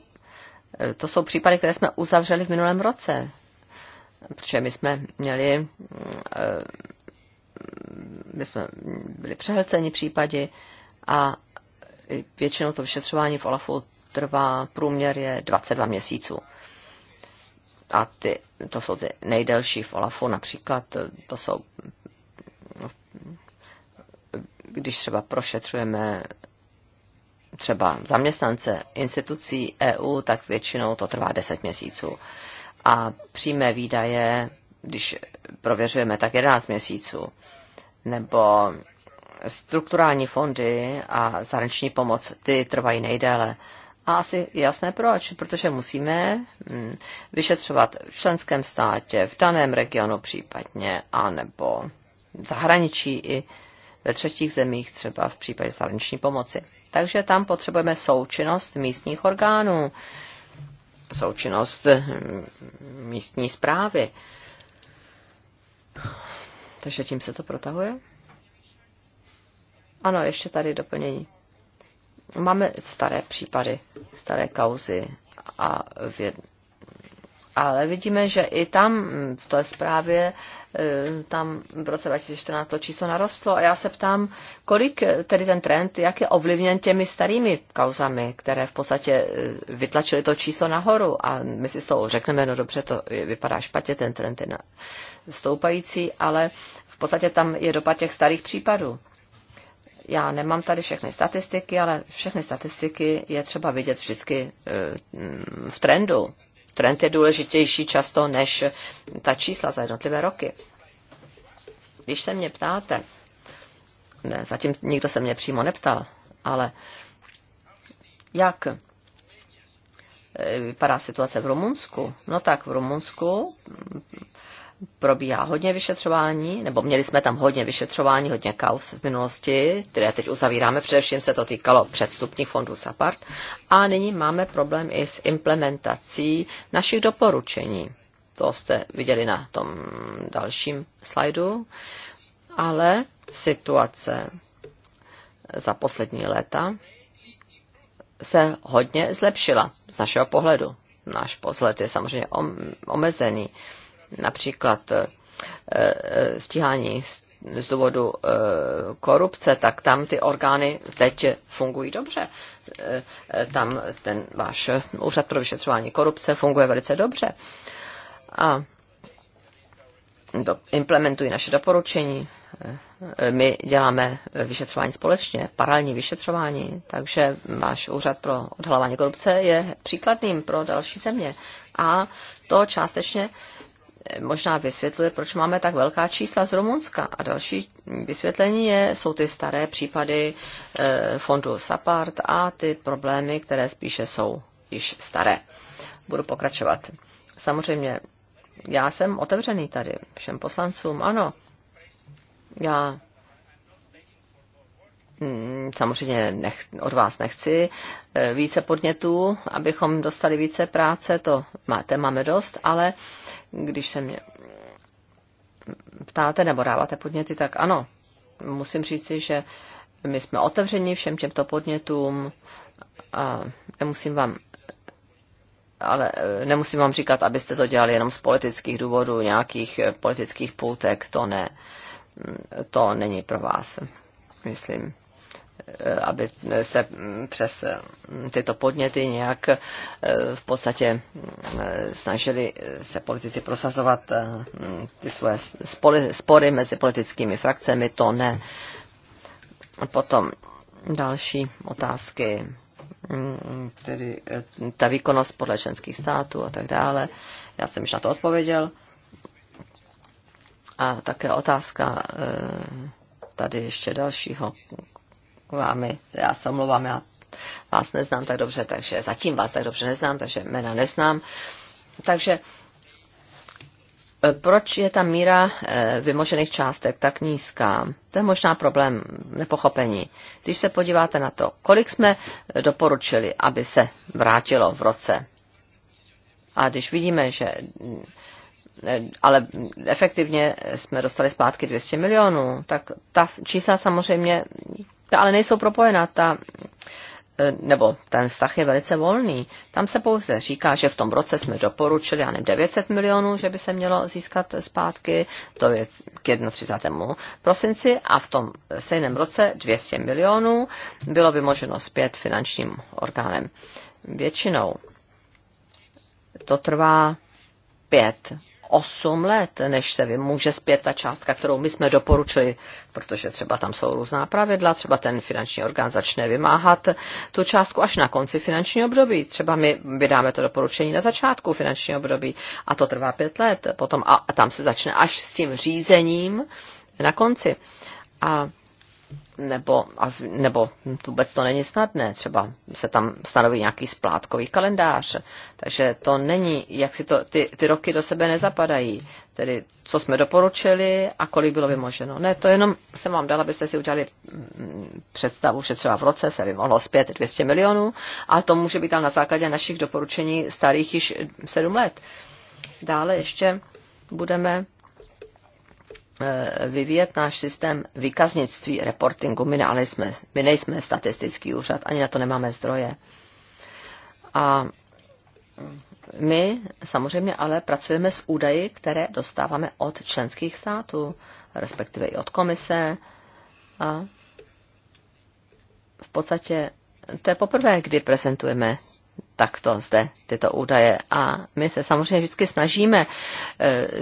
e, to jsou případy, které jsme uzavřeli v minulém roce, protože my jsme měli, mm, e, my jsme byli přehlceni případy a většinou to vyšetřování v OLAFu trvá, průměr je 22 měsíců a ty, to jsou ty nejdelší v OLAFu například, to jsou, když třeba prošetřujeme třeba zaměstnance institucí EU, tak většinou to trvá 10 měsíců. A přímé výdaje, když prověřujeme, tak 11 měsíců. Nebo strukturální fondy a zahraniční pomoc, ty trvají nejdéle. A asi jasné proč, protože musíme mm, vyšetřovat v členském státě, v daném regionu případně, anebo v zahraničí i ve třetích zemích, třeba v případě zahraniční pomoci. Takže tam potřebujeme součinnost místních orgánů, součinnost mm, místní zprávy. Takže tím se to protahuje? Ano, ještě tady doplnění. Máme staré případy, staré kauzy a věd... ale vidíme, že i tam v té zprávě e, tam v roce 2014 to číslo narostlo a já se ptám, kolik tedy ten trend, jak je ovlivněn těmi starými kauzami, které v podstatě e, vytlačily to číslo nahoru a my si z toho řekneme, no dobře, to vypadá špatně, ten trend je stoupající, ale v podstatě tam je dopad těch starých případů. Já nemám tady všechny statistiky, ale všechny statistiky je třeba vidět vždycky e, v trendu. Trend je důležitější často než ta čísla za jednotlivé roky. Když se mě ptáte, ne, zatím nikdo se mě přímo neptal, ale jak e, vypadá situace v Rumunsku? No tak v Rumunsku probíhá hodně vyšetřování, nebo měli jsme tam hodně vyšetřování, hodně kaus v minulosti, které teď uzavíráme, především se to týkalo předstupních fondů SAPART. A nyní máme problém i s implementací našich doporučení. To jste viděli na tom dalším slajdu. Ale situace za poslední léta se hodně zlepšila z našeho pohledu. Náš pohled je samozřejmě omezený například eh, eh, stíhání z důvodu eh, korupce, tak tam ty orgány teď fungují dobře. Tam ten váš úřad pro vyšetřování korupce funguje velice dobře. A implementují naše doporučení. My děláme vyšetřování společně, paralelní vyšetřování, takže váš úřad pro odhalování korupce je příkladným pro další země. A to částečně možná vysvětluje, proč máme tak velká čísla z Rumunska. A další vysvětlení je, jsou ty staré případy eh, fondu SAPART a ty problémy, které spíše jsou již staré. Budu pokračovat. Samozřejmě, já jsem otevřený tady všem poslancům, ano. Já Mm, samozřejmě nech, od vás nechci eh, více podnětů, abychom dostali více práce, to máte, máme dost, ale když se mě ptáte nebo dáváte podněty, tak ano, musím říci, že my jsme otevřeni všem těmto podnětům a nemusím vám ale eh, nemusím vám říkat, abyste to dělali jenom z politických důvodů, nějakých eh, politických půltek, to ne, mm, to není pro vás, myslím. Eh, aby se přes eh, tyto podněty nějak eh, v podstatě snažili se politici prosazovat ty svoje spory mezi politickými frakcemi, to ne. Potom další otázky, mm, tedy ta výkonnost podle členských států a tak dále. Já jsem již na to odpověděl. A také otázka tady ještě dalšího vámi. Já se omlouvám, já vás neznám tak dobře, takže zatím vás tak dobře neznám, takže jména neznám. Takže e, proč je ta míra e, vymožených částek tak nízká? To je možná problém nepochopení. Když se podíváte na to, kolik jsme doporučili, aby se vrátilo v roce, a když vidíme, že Eh, ale efektivně jsme dostali zpátky 200 milionů, tak ta čísla samozřejmě, ta ale nejsou propojená, ta, eh, nebo ten vztah je velice volný. Tam se pouze říká, že v tom roce jsme doporučili, já nevím, 900 milionů, že by se mělo získat zpátky, to je k 31. prosinci, a v tom stejném roce 200 milionů bylo by možno zpět finančním orgánem. Většinou to trvá pět 8 let, než se vymůže zpět ta částka, kterou my jsme doporučili, protože třeba tam jsou různá pravidla, třeba ten finanční orgán začne vymáhat tu částku až na konci finančního období. Třeba my vydáme to doporučení na začátku finančního období a to trvá 5 let potom a, a tam se začne až s tím řízením na konci. A nebo, nebo vůbec to není snadné, třeba se tam stanoví nějaký splátkový kalendář, takže to není, jak si to, ty, ty roky do sebe nezapadají, tedy co jsme doporučili a kolik bylo vymoženo. Ne, to jenom jsem vám dala, abyste si udělali mm, představu, že třeba v roce se vymohlo zpět 200 milionů, a to může být tam na základě našich doporučení starých již 7 let. Dále ještě budeme Eh, vyvíjet náš systém výkaznictví, reportingu. My, ale jsme, my nejsme statistický úřad, ani na to nemáme zdroje. A my samozřejmě ale pracujeme s údaji, které dostáváme od členských států, respektive i od komise. A v podstatě to je poprvé, kdy prezentujeme takto zde tyto údaje. A my se samozřejmě vždycky snažíme e,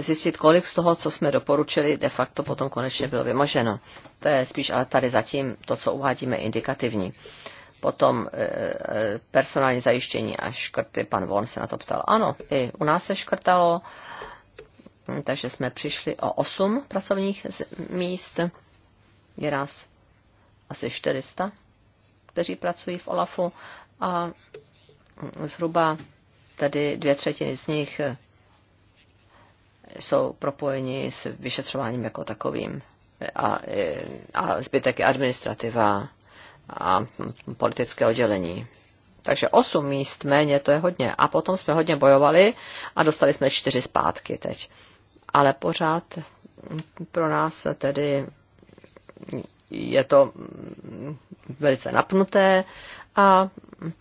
zjistit, kolik z toho, co jsme doporučili, de facto potom konečně bylo vymoženo. To je spíš ale tady zatím to, co uvádíme, indikativní. Potom e, e, personální zajištění a škrty, pan Von se na to ptal. Ano, i u nás se škrtalo, hm, takže jsme přišli o 8 pracovních míst. Je nás asi 400, kteří pracují v OLAFu a zhruba tedy dvě třetiny z nich eh, jsou propojeni s vyšetřováním jako takovým. A, eh, a zbytek je administrativa a politické oddělení. Takže osm míst méně, to je hodně. A potom jsme hodně bojovali a dostali jsme čtyři zpátky teď. Ale pořád pro nás tedy je to velice napnuté a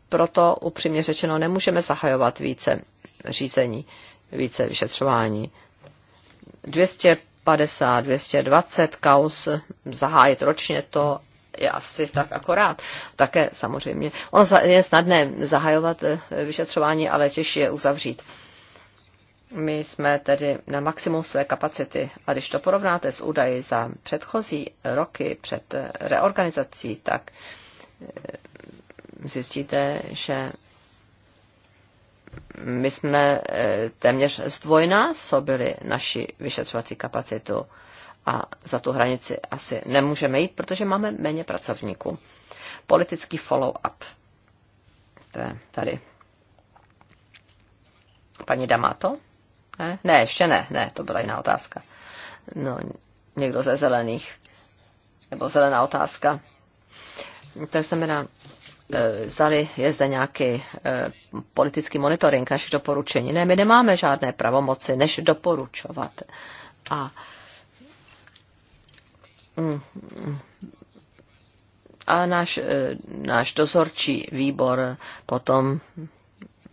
proto upřímně řečeno nemůžeme zahajovat více řízení, více vyšetřování. 250, 220 kaus zahájit ročně, to je asi tak akorát. Také samozřejmě. Ono je snadné zahajovat eh, vyšetřování, ale těžší je uzavřít my jsme tedy na maximum své kapacity. A když to porovnáte s údaji za předchozí roky před reorganizací, tak eh, zjistíte, že my jsme eh, téměř zdvojnásobili naši vyšetřovací kapacitu a za tu hranici asi nemůžeme jít, protože máme méně pracovníků. Politický follow-up. To je tady. Paní Damato. Ne, ne ještě ne, ne, to byla jiná otázka. No, někdo ze zelených. Nebo zelená otázka. To znamená, eh, zdali je zde nějaký eh, politický monitoring našich doporučení. Ne, my nemáme žádné pravomoci, než doporučovat. A mm, mm. a náš, eh, náš dozorčí výbor potom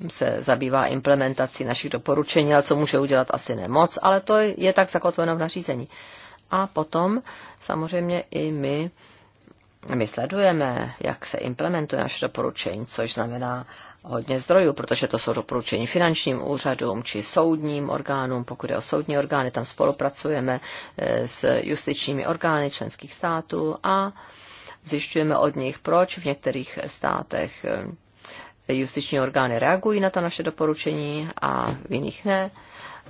se zabývá implementací našich doporučení, ale co může udělat asi nemoc, ale to je tak zakotveno v nařízení. A potom samozřejmě i my, my sledujeme, jak se implementuje naše doporučení, což znamená hodně zdrojů, protože to jsou doporučení finančním úřadům či soudním orgánům. Pokud je o soudní orgány, tam spolupracujeme eh, s justičními orgány členských států a zjišťujeme od nich, proč v některých státech eh, justiční orgány reagují na ta naše doporučení a v jiných ne.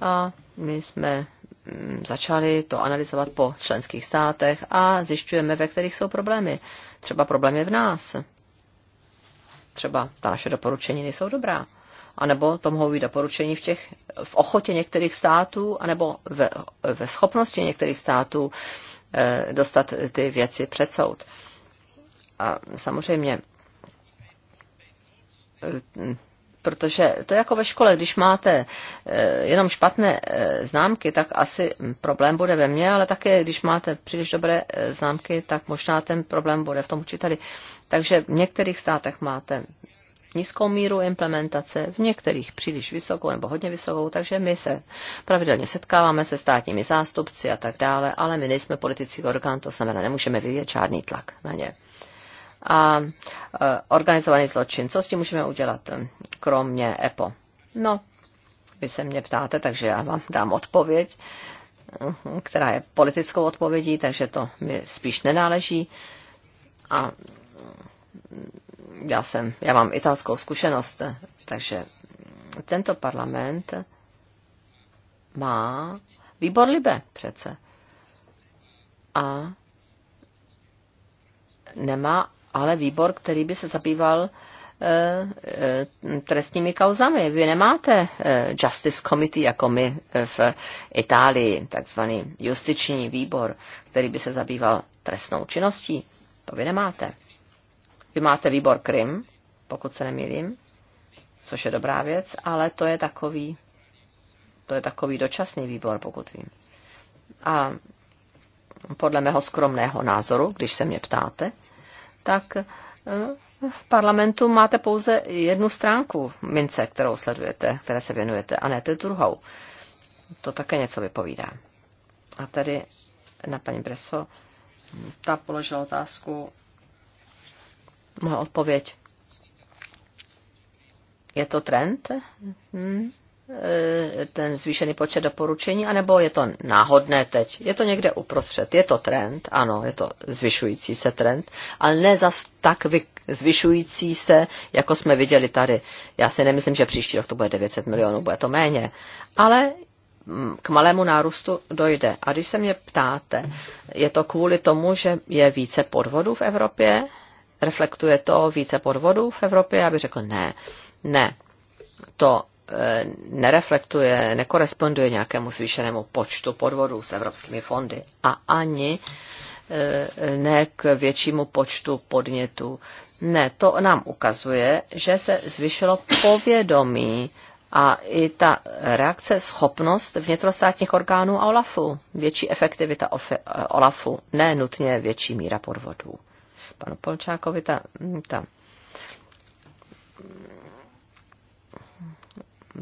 A my jsme mm, začali to analyzovat po členských státech a zjišťujeme, ve kterých jsou problémy. Třeba problémy v nás. Třeba ta naše doporučení nejsou dobrá. A nebo to mohou být doporučení v, těch, v ochotě některých států, anebo ve, ve schopnosti některých států e, dostat ty věci před soud. A samozřejmě protože to je jako ve škole, když máte eh, jenom špatné eh, známky, tak asi problém bude ve mně, ale také když máte příliš dobré eh, známky, tak možná ten problém bude v tom učiteli. Takže v některých státech máte nízkou míru implementace, v některých příliš vysokou nebo hodně vysokou, takže my se pravidelně setkáváme se státními zástupci a tak dále, ale my nejsme politický orgán, to znamená, nemůžeme vyvíjet žádný tlak na ně a e, organizovaný zločin. Co s tím můžeme udělat, e, kromě EPO? No, vy se mě ptáte, takže já vám dám odpověď, e, která je politickou odpovědí, takže to mi spíš nenáleží. A já, jsem, já mám italskou zkušenost, takže tento parlament má výbor Libe přece. A nemá ale výbor, který by se zabýval eh, eh, trestními kauzami. Vy nemáte eh, Justice Committee jako my v Itálii, takzvaný justiční výbor, který by se zabýval trestnou činností. To vy nemáte. Vy máte výbor Krim, pokud se nemýlím, což je dobrá věc, ale to je takový, to je takový dočasný výbor, pokud vím. A podle mého skromného názoru, když se mě ptáte, tak eh, v parlamentu máte pouze jednu stránku mince, kterou sledujete, které se věnujete, a ne tu druhou. To také něco vypovídá. A tady na paní Breso, ta položila otázku, moje odpověď. Je to trend? Hmm. Eh, ten zvýšený počet doporučení, anebo je to náhodné teď. Je to někde uprostřed, je to trend, ano, je to zvyšující se trend, ale ne zas tak zvyšující se, jako jsme viděli tady. Já si nemyslím, že příští rok to bude 900 milionů, bude to méně. Ale mm, k malému nárůstu dojde. A když se mě ptáte, je to kvůli tomu, že je více podvodů v Evropě? Reflektuje to více podvodů v Evropě? Já bych řekl ne. Ne. To E, nereflektuje, nekoresponduje nějakému zvýšenému počtu podvodů s evropskými fondy a ani e, ne k většímu počtu podnětů. Ne, to nám ukazuje, že se zvyšilo povědomí a i ta reakce, schopnost vnitrostátních orgánů a OLAFu. Větší efektivita OLAFu, ne nutně větší míra podvodů. Panu Polčákovi ta, ta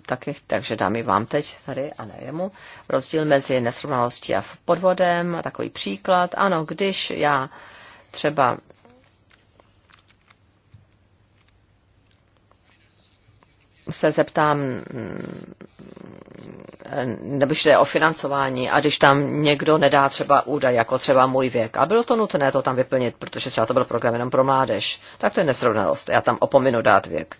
taky, takže dám i vám teď tady a ne jemu, rozdíl mezi nesrovnalostí a podvodem a takový příklad. Ano, když já třeba se zeptám, mm, nebo jde o financování, a když tam někdo nedá třeba údaj, jako třeba můj věk, a bylo to nutné to tam vyplnit, protože třeba to byl program jenom pro mládež, tak to je nesrovnalost. Já tam opominu dát věk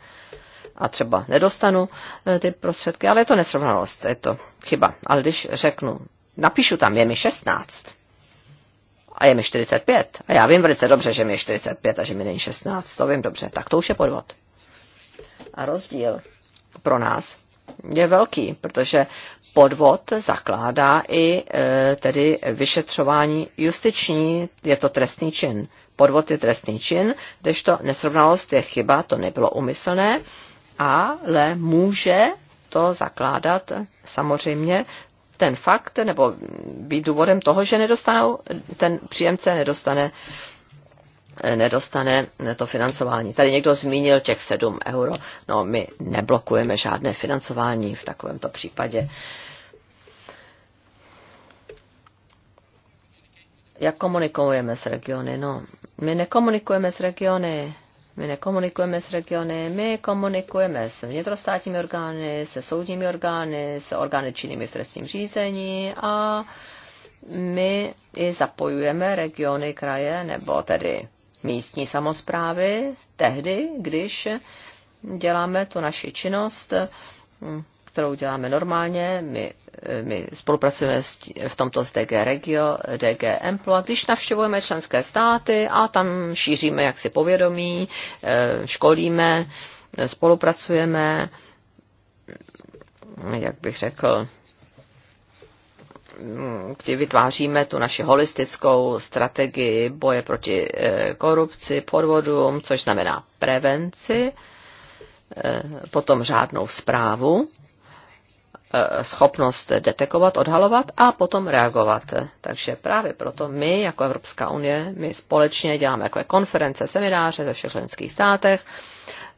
a třeba nedostanu eh, ty prostředky, ale je to nesrovnalost, je to chyba. Ale když řeknu, napíšu tam, je mi 16 a je mi 45 a já vím velice dobře, že mi je 45 a že mi není 16, to vím dobře, tak to už je podvod. A rozdíl pro nás je velký, protože podvod zakládá i eh, tedy vyšetřování justiční, je to trestný čin. Podvod je trestný čin, kdežto nesrovnalost je chyba, to nebylo umyslné ale může to zakládat samozřejmě ten fakt, nebo být důvodem toho, že nedostanou, ten příjemce nedostane nedostane to financování. Tady někdo zmínil těch 7 euro. No, my neblokujeme žádné financování v takovémto případě. Jak komunikujeme s regiony? No, my nekomunikujeme s regiony. My nekomunikujeme s regiony, my komunikujeme s vnitrostátními orgány, se soudními orgány, s orgány činnými v trestním řízení a my i zapojujeme regiony, kraje nebo tedy místní samozprávy tehdy, když děláme tu naši činnost kterou děláme normálně. My, eh, my spolupracujeme s, v tomto s DG Regio, DG Emplo, a když navštěvujeme členské státy a tam šíříme jaksi povědomí, eh, školíme, eh, spolupracujeme, jak bych řekl, mm, kdy vytváříme tu naši holistickou strategii boje proti korupci, podvodům, což znamená prevenci, potom řádnou zprávu Eh, schopnost detekovat, odhalovat a potom reagovat. Takže právě proto my jako Evropská unie, my společně děláme jako konference, semináře ve všech členských státech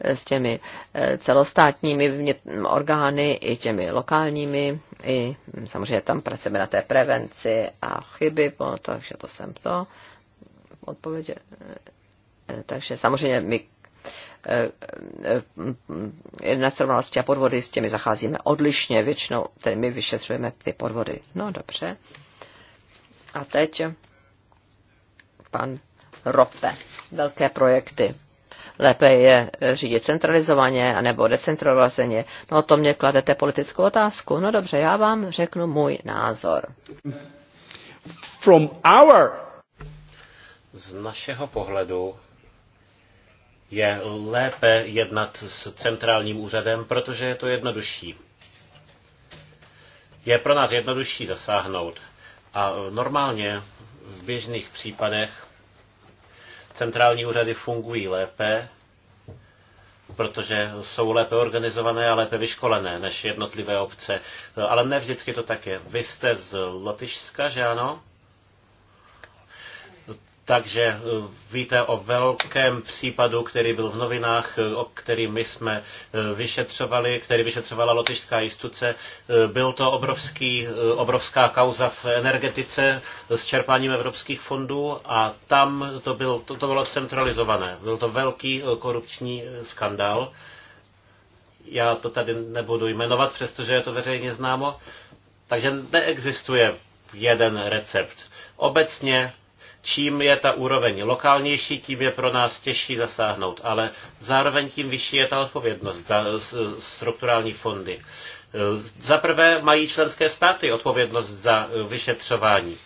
eh, s těmi eh, celostátními orgány i těmi lokálními. I hm, samozřejmě tam pracujeme na té prevenci a chyby, takže to jsem to odpověď. Takže samozřejmě my Eh, eh, nesrovnalosti a podvody, s těmi zacházíme odlišně, většinou tedy my vyšetřujeme ty podvody. No dobře. A teď pan Rope. Velké projekty. Lépe je řídit centralizovaně anebo decentralizovaně. No to mě kladete politickou otázku. No dobře, já vám řeknu můj názor. From our... Z našeho pohledu je lépe jednat s centrálním úřadem, protože je to jednodušší. Je pro nás jednodušší zasáhnout. A normálně v běžných případech centrální úřady fungují lépe, protože jsou lépe organizované a lépe vyškolené než jednotlivé obce. Ale ne vždycky to tak je. Vy jste z Lotyšska, že ano? Takže eh, víte o velkém případu, který byl v novinách, eh, o který my jsme eh, vyšetřovali, který vyšetřovala lotyšská instituce. Byl to obrovský, obrovská kauza v energetice s čerpáním evropských fondů a tam to, byl, to, to bylo centralizované. Byl to velký korupční skandál. Já to tady nebudu jmenovat, přestože je to veřejně známo. Takže neexistuje jeden recept. Obecně čím je ta úroveň lokálnější, tím je pro nás těžší zasáhnout, ale zároveň tím vyšší je ta odpovědnost za strukturální fondy. Za prvé mají členské státy odpovědnost za e, vyšetřování.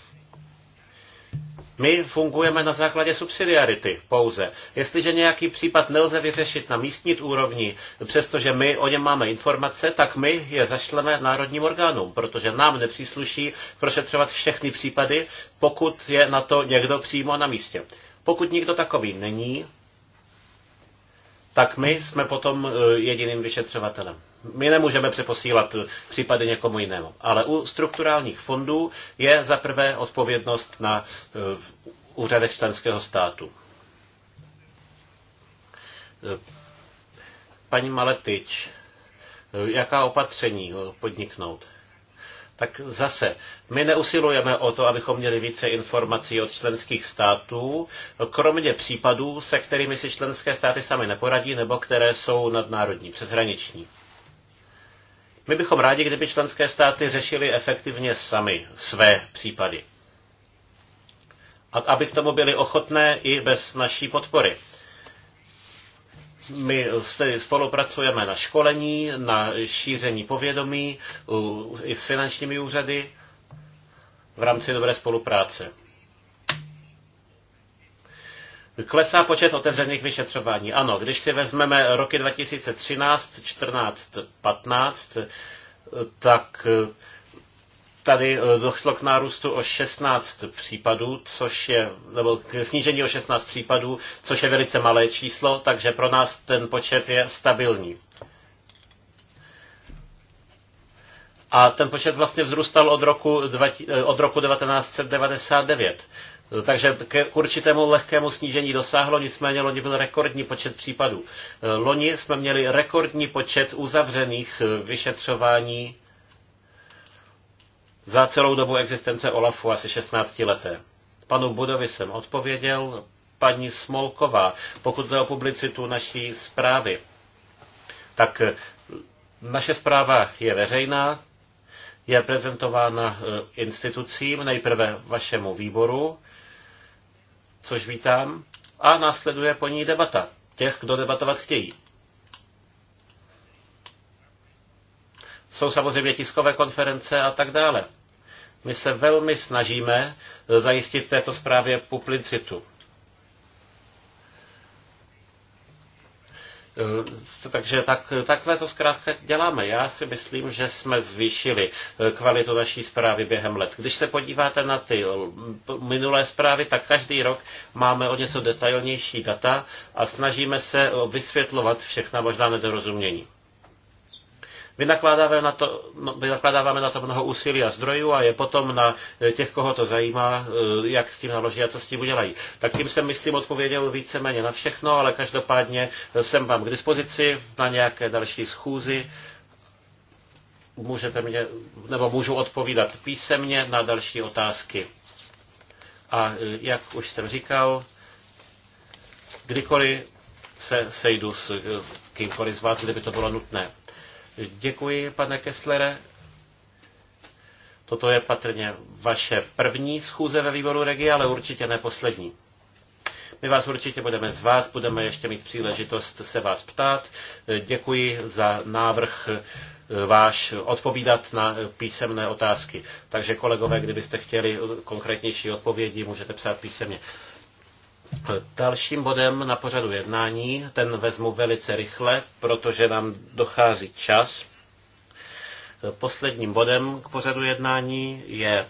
My fungujeme na základě subsidiarity pouze. Jestliže nějaký případ nelze vyřešit na místní úrovni, přestože my o něm máme informace, tak my je zašleme národním orgánům, protože nám nepřísluší prošetřovat všechny případy, pokud je na to někdo přímo na místě. Pokud nikdo takový není, tak my jsme potom e, jediným vyšetřovatelem. My nemůžeme přeposílat e, případy někomu jinému. Ale u strukturálních fondů je zaprvé odpovědnost na e, úřadech členského státu. Paní Maletič, jaká opatření podniknout? Tak zase, my neusilujeme o to, abychom měli více informací od členských států, kromě případů, se kterými si členské státy sami neporadí nebo které jsou nadnárodní, přeshraniční. My bychom rádi, kdyby členské státy řešili efektivně sami své případy. A aby k tomu byly ochotné i bez naší podpory. My spolupracujeme na školení, na šíření povědomí i s finančními úřady v rámci dobré spolupráce. Klesá počet otevřených vyšetřování. Ano, když si vezmeme roky 2013, 14, 15, tak tady eh, došlo k nárůstu o 16 případů, což je, nebo k snížení o 16 případů, což je velice malé číslo, takže pro nás ten počet je stabilní. A ten počet vlastně vzrůstal od roku, eh, od roku 1999. Takže k určitému lehkému snížení dosáhlo, nicméně loni byl rekordní počet případů. Eh, loni jsme měli rekordní počet uzavřených vyšetřování za celou dobu existence Olafu asi 16 leté. Panu Budovi jsem odpověděl, paní Smolková, pokud jde o publicitu naší zprávy, tak eh, naše zpráva je veřejná, je prezentována eh, institucím, nejprve vašemu výboru, což vítám, a následuje po ní debata těch, kdo debatovat chtějí. Jsou samozřejmě tiskové konference a tak dále. My se velmi snažíme zajistit této zprávě publicitu. E, takže tak, takhle to zkrátka děláme. Já si myslím, že jsme zvýšili e, kvalitu naší zprávy během let. Když se podíváte na ty minulé zprávy, tak každý rok máme o něco detailnější data a snažíme se vysvětlovat všechna možná nedorozumění. Vynakládáváme na, to, no, na to mnoho úsilí a zdrojů a je potom na eh, těch, koho to zajímá, eh, jak s tím naloží a co s tím udělají. Tak tím jsem, myslím, odpověděl víceméně na všechno, ale každopádně eh, jsem vám k dispozici na nějaké další schůzi můžete mě, nebo můžu odpovídat písemně na další otázky. A jak už jsem říkal, kdykoliv se sejdu s kýmkoliv z vás, kdyby to bylo nutné. Děkuji, pane Kesslere. Toto je patrně vaše první schůze ve výboru Regi, ale určitě ne poslední. My vás určitě budeme zvát, budeme ještě mít příležitost se vás ptát. Děkuji za návrh eh, váš odpovídat na písemné otázky. Takže kolegové, kdybyste chtěli konkrétnější odpovědi, můžete psát písemně. Dalším bodem na pořadu jednání, ten vezmu velice rychle, protože nám dochází čas. Posledním bodem k pořadu jednání je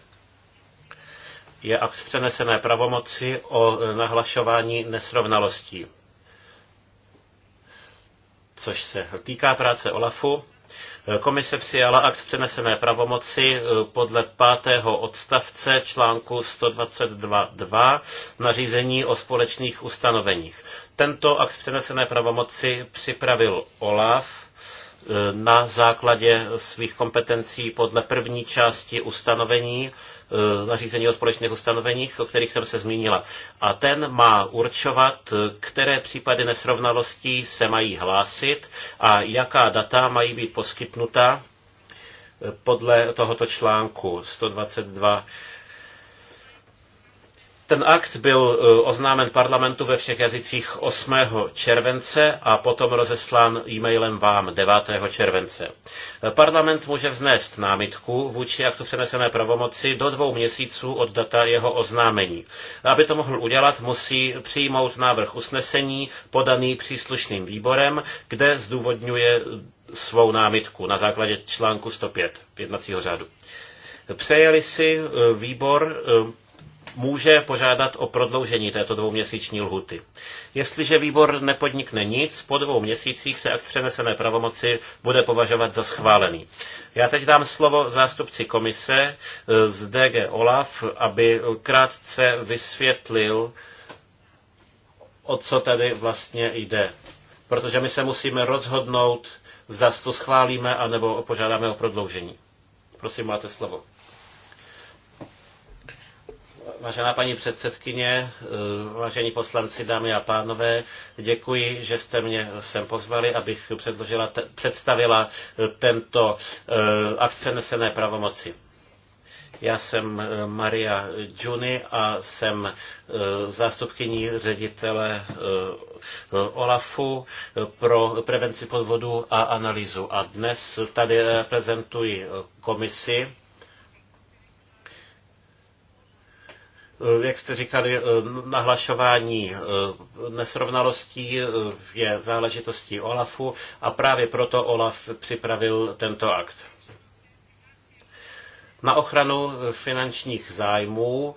je akt přenesené pravomoci o nahlašování nesrovnalostí, což se týká práce OLAFu. Komise přijala akt přenesené pravomoci eh, podle pátého odstavce článku 122.2 nařízení o společných ustanoveních. Tento akt přenesené pravomoci připravil OLAF Eh, na základě svých kompetencí podle první části ustanovení, eh, nařízení o společných ustanoveních, o kterých jsem se zmínila. A ten má určovat, eh, které případy nesrovnalostí se mají hlásit a jaká data mají být poskytnuta podle tohoto článku 122 ten akt byl e, oznámen parlamentu ve všech jazycích 8. července a potom rozeslán e-mailem vám 9. července. E, Parlament může vznést námitku vůči aktu přenesené pravomoci do dvou měsíců od data jeho oznámení. Aby to mohl udělat, musí přijmout návrh usnesení podaný příslušným výborem, kde zdůvodňuje svou námitku na základě článku 105 jednacího řádu. Přejeli si e, výbor může požádat o prodloužení této dvouměsíční lhuty. Jestliže výbor nepodnikne nic, po dvou měsících se akt přenesené pravomoci bude považovat za schválený. Já teď dám slovo zástupci komise eh, z DG Olaf, aby krátce vysvětlil, o co tady vlastně jde. Protože my se musíme rozhodnout, zda to schválíme, anebo požádáme o prodloužení. Prosím, máte slovo. Vážená paní předsedkyně, eh, vážení poslanci, dámy a pánové, děkuji, že jste mě sem pozvali, abych předložila, představila eh, tento eh, akt přenesené pravomoci. Já jsem Maria Juni a jsem zástupkyní ředitele OLAFu pro prevenci podvodu a analýzu. A dnes tady reprezentuji komisi Eh, jak jste říkali, eh, nahlašování eh, nesrovnalostí je záležitostí OLAFu a právě proto OLAF připravil tento akt. Na ochranu finančních zájmů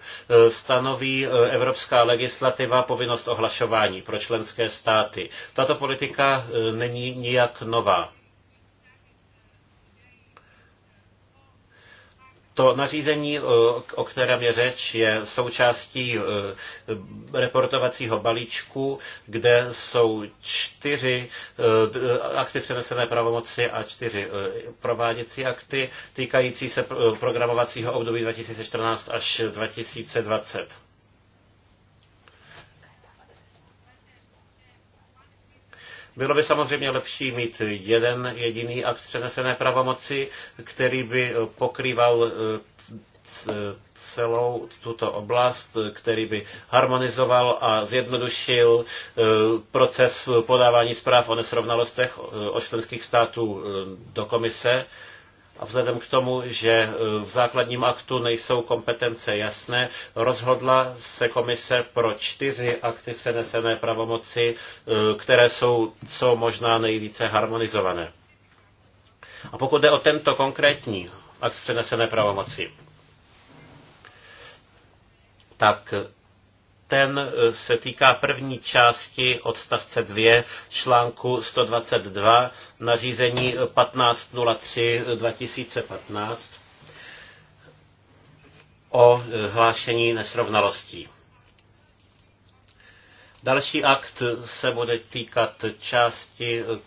stanoví evropská legislativa povinnost ohlašování pro členské státy. Tato politika není nijak nová. To nařízení, eh, o kterém je řeč, je součástí eh, reportovacího balíčku, kde jsou čtyři eh, akty přenesené pravomoci a čtyři prováděcí akty týkající se programovacího období 2014 až 2020. Bylo by samozřejmě lepší mít jeden jediný akt přenesené pravomoci, který by pokrýval eh, eh, celou tuto oblast, který by harmonizoval a zjednodušil eh, proces podávání zpráv o nesrovnalostech od členských států do komise a vzhledem k tomu, že e, v základním aktu nejsou kompetence jasné, rozhodla se komise pro čtyři akty přenesené pravomoci, e, které jsou co možná nejvíce harmonizované. A pokud jde o tento konkrétní akt přenesené pravomoci, tak ten eh, se týká první části odstavce 2 článku 122 nařízení 1503 2015 o eh, hlášení nesrovnalostí. Další akt se bude týkat části, eh,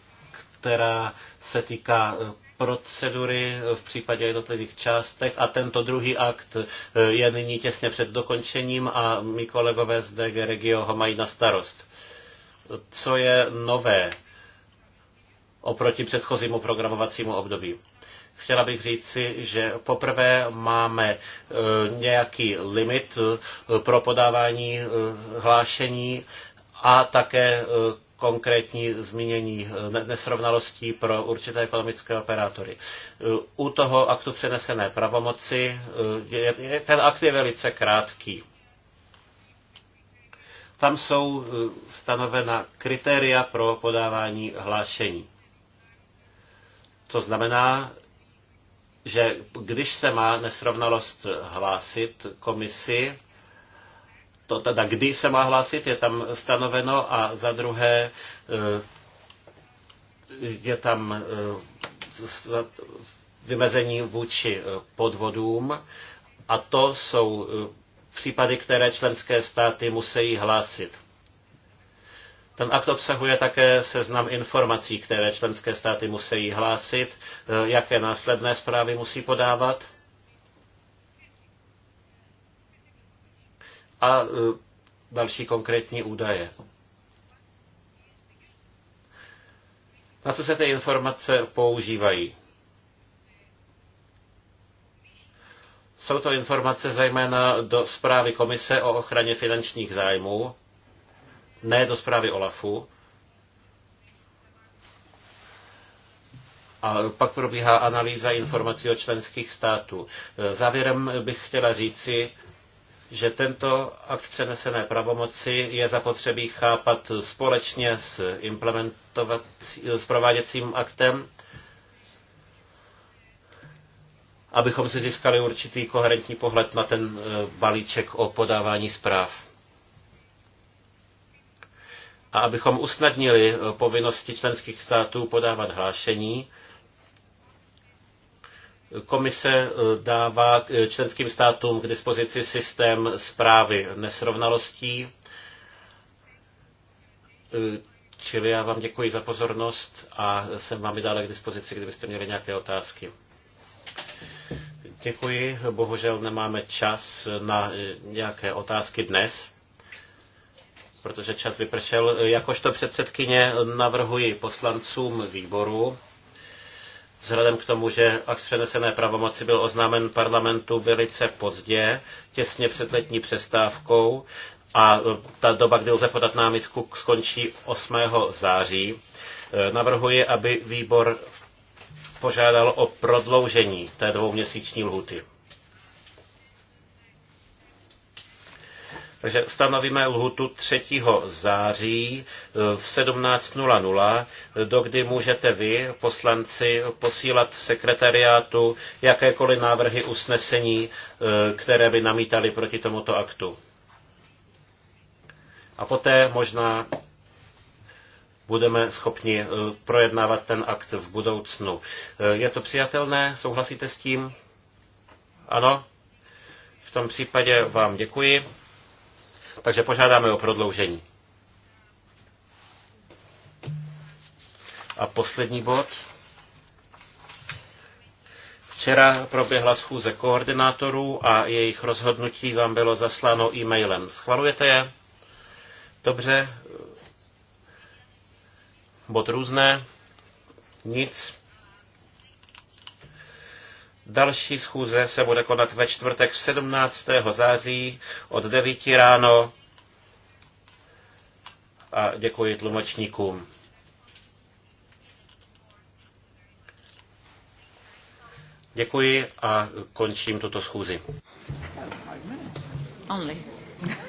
která se týká procedury v případě jednotlivých částek a tento druhý akt eh, je nyní těsně před dokončením a mý kolegové z DG Regio ho mají na starost. Co je nové oproti předchozímu programovacímu období? chtěla bych říci, že poprvé máme eh, nějaký limit eh, pro podávání hlášení a také konkrétní zmínění eh, nesrovnalostí pro určité ekonomické operátory. Eh, u toho aktu přenesené pravomoci eh, je, je, ten akt je velice krátký. Tam jsou stanovena kritéria pro podávání hlášení. To znamená, že když se má nesrovnalost hlásit komisi, to teda kdy se má hlásit, je tam stanoveno a za druhé eh, je tam eh, vymezení vůči eh, podvodům a to jsou případy, které členské státy musí hlásit. Ten akt obsahuje také seznam informací, které členské státy musí hlásit, jaké následné zprávy musí podávat a e, další konkrétní údaje. Na co se ty informace používají? Jsou to informace zejména do zprávy Komise o ochraně finančních zájmů, ne do zprávy OLAFu. A pak probíhá analýza informací o členských států. E, závěrem bych chtěla říci, že tento akt přenesené pravomoci je zapotřebí chápat společně s, s prováděcím aktem, abychom si získali určitý koherentní pohled na ten eh, balíček o podávání zpráv. A abychom usnadnili eh, povinnosti členských států podávat hlášení, Komise eh, dává eh, členským státům k dispozici systém zprávy nesrovnalostí. Eh, čili já vám děkuji za pozornost a jsem vám i dále k dispozici, kdybyste měli nějaké otázky. Děkuji. Bohužel nemáme čas na nějaké otázky dnes, protože čas vypršel. Jakožto předsedkyně navrhuji poslancům výboru, Vzhledem k tomu, že akt přenesené pravomoci byl oznámen parlamentu velice pozdě, těsně před letní přestávkou, a e, ta doba, kdy lze podat námitku, skončí 8. září. E, navrhuji, aby výbor požádal o prodloužení té dvouměsíční lhuty. Takže stanovíme lhutu 3. září eh, v 17.00, dokdy můžete vy, poslanci, posílat sekretariátu jakékoliv návrhy usnesení, eh, které by namítali proti tomuto aktu. A poté možná budeme schopni eh, projednávat ten akt v budoucnu. Je to přijatelné? Souhlasíte s tím? Ano? V tom případě vám děkuji. Takže požádáme o prodloužení. A poslední bod. Včera proběhla schůze koordinátorů a jejich rozhodnutí vám bylo zasláno e-mailem. Schvalujete je? Dobře. Bod různé. Nic. Další schůze se bude konat ve čtvrtek 17. září od 9 ráno. A děkuji tlumočníkům. Děkuji a končím tuto schůzi. Only.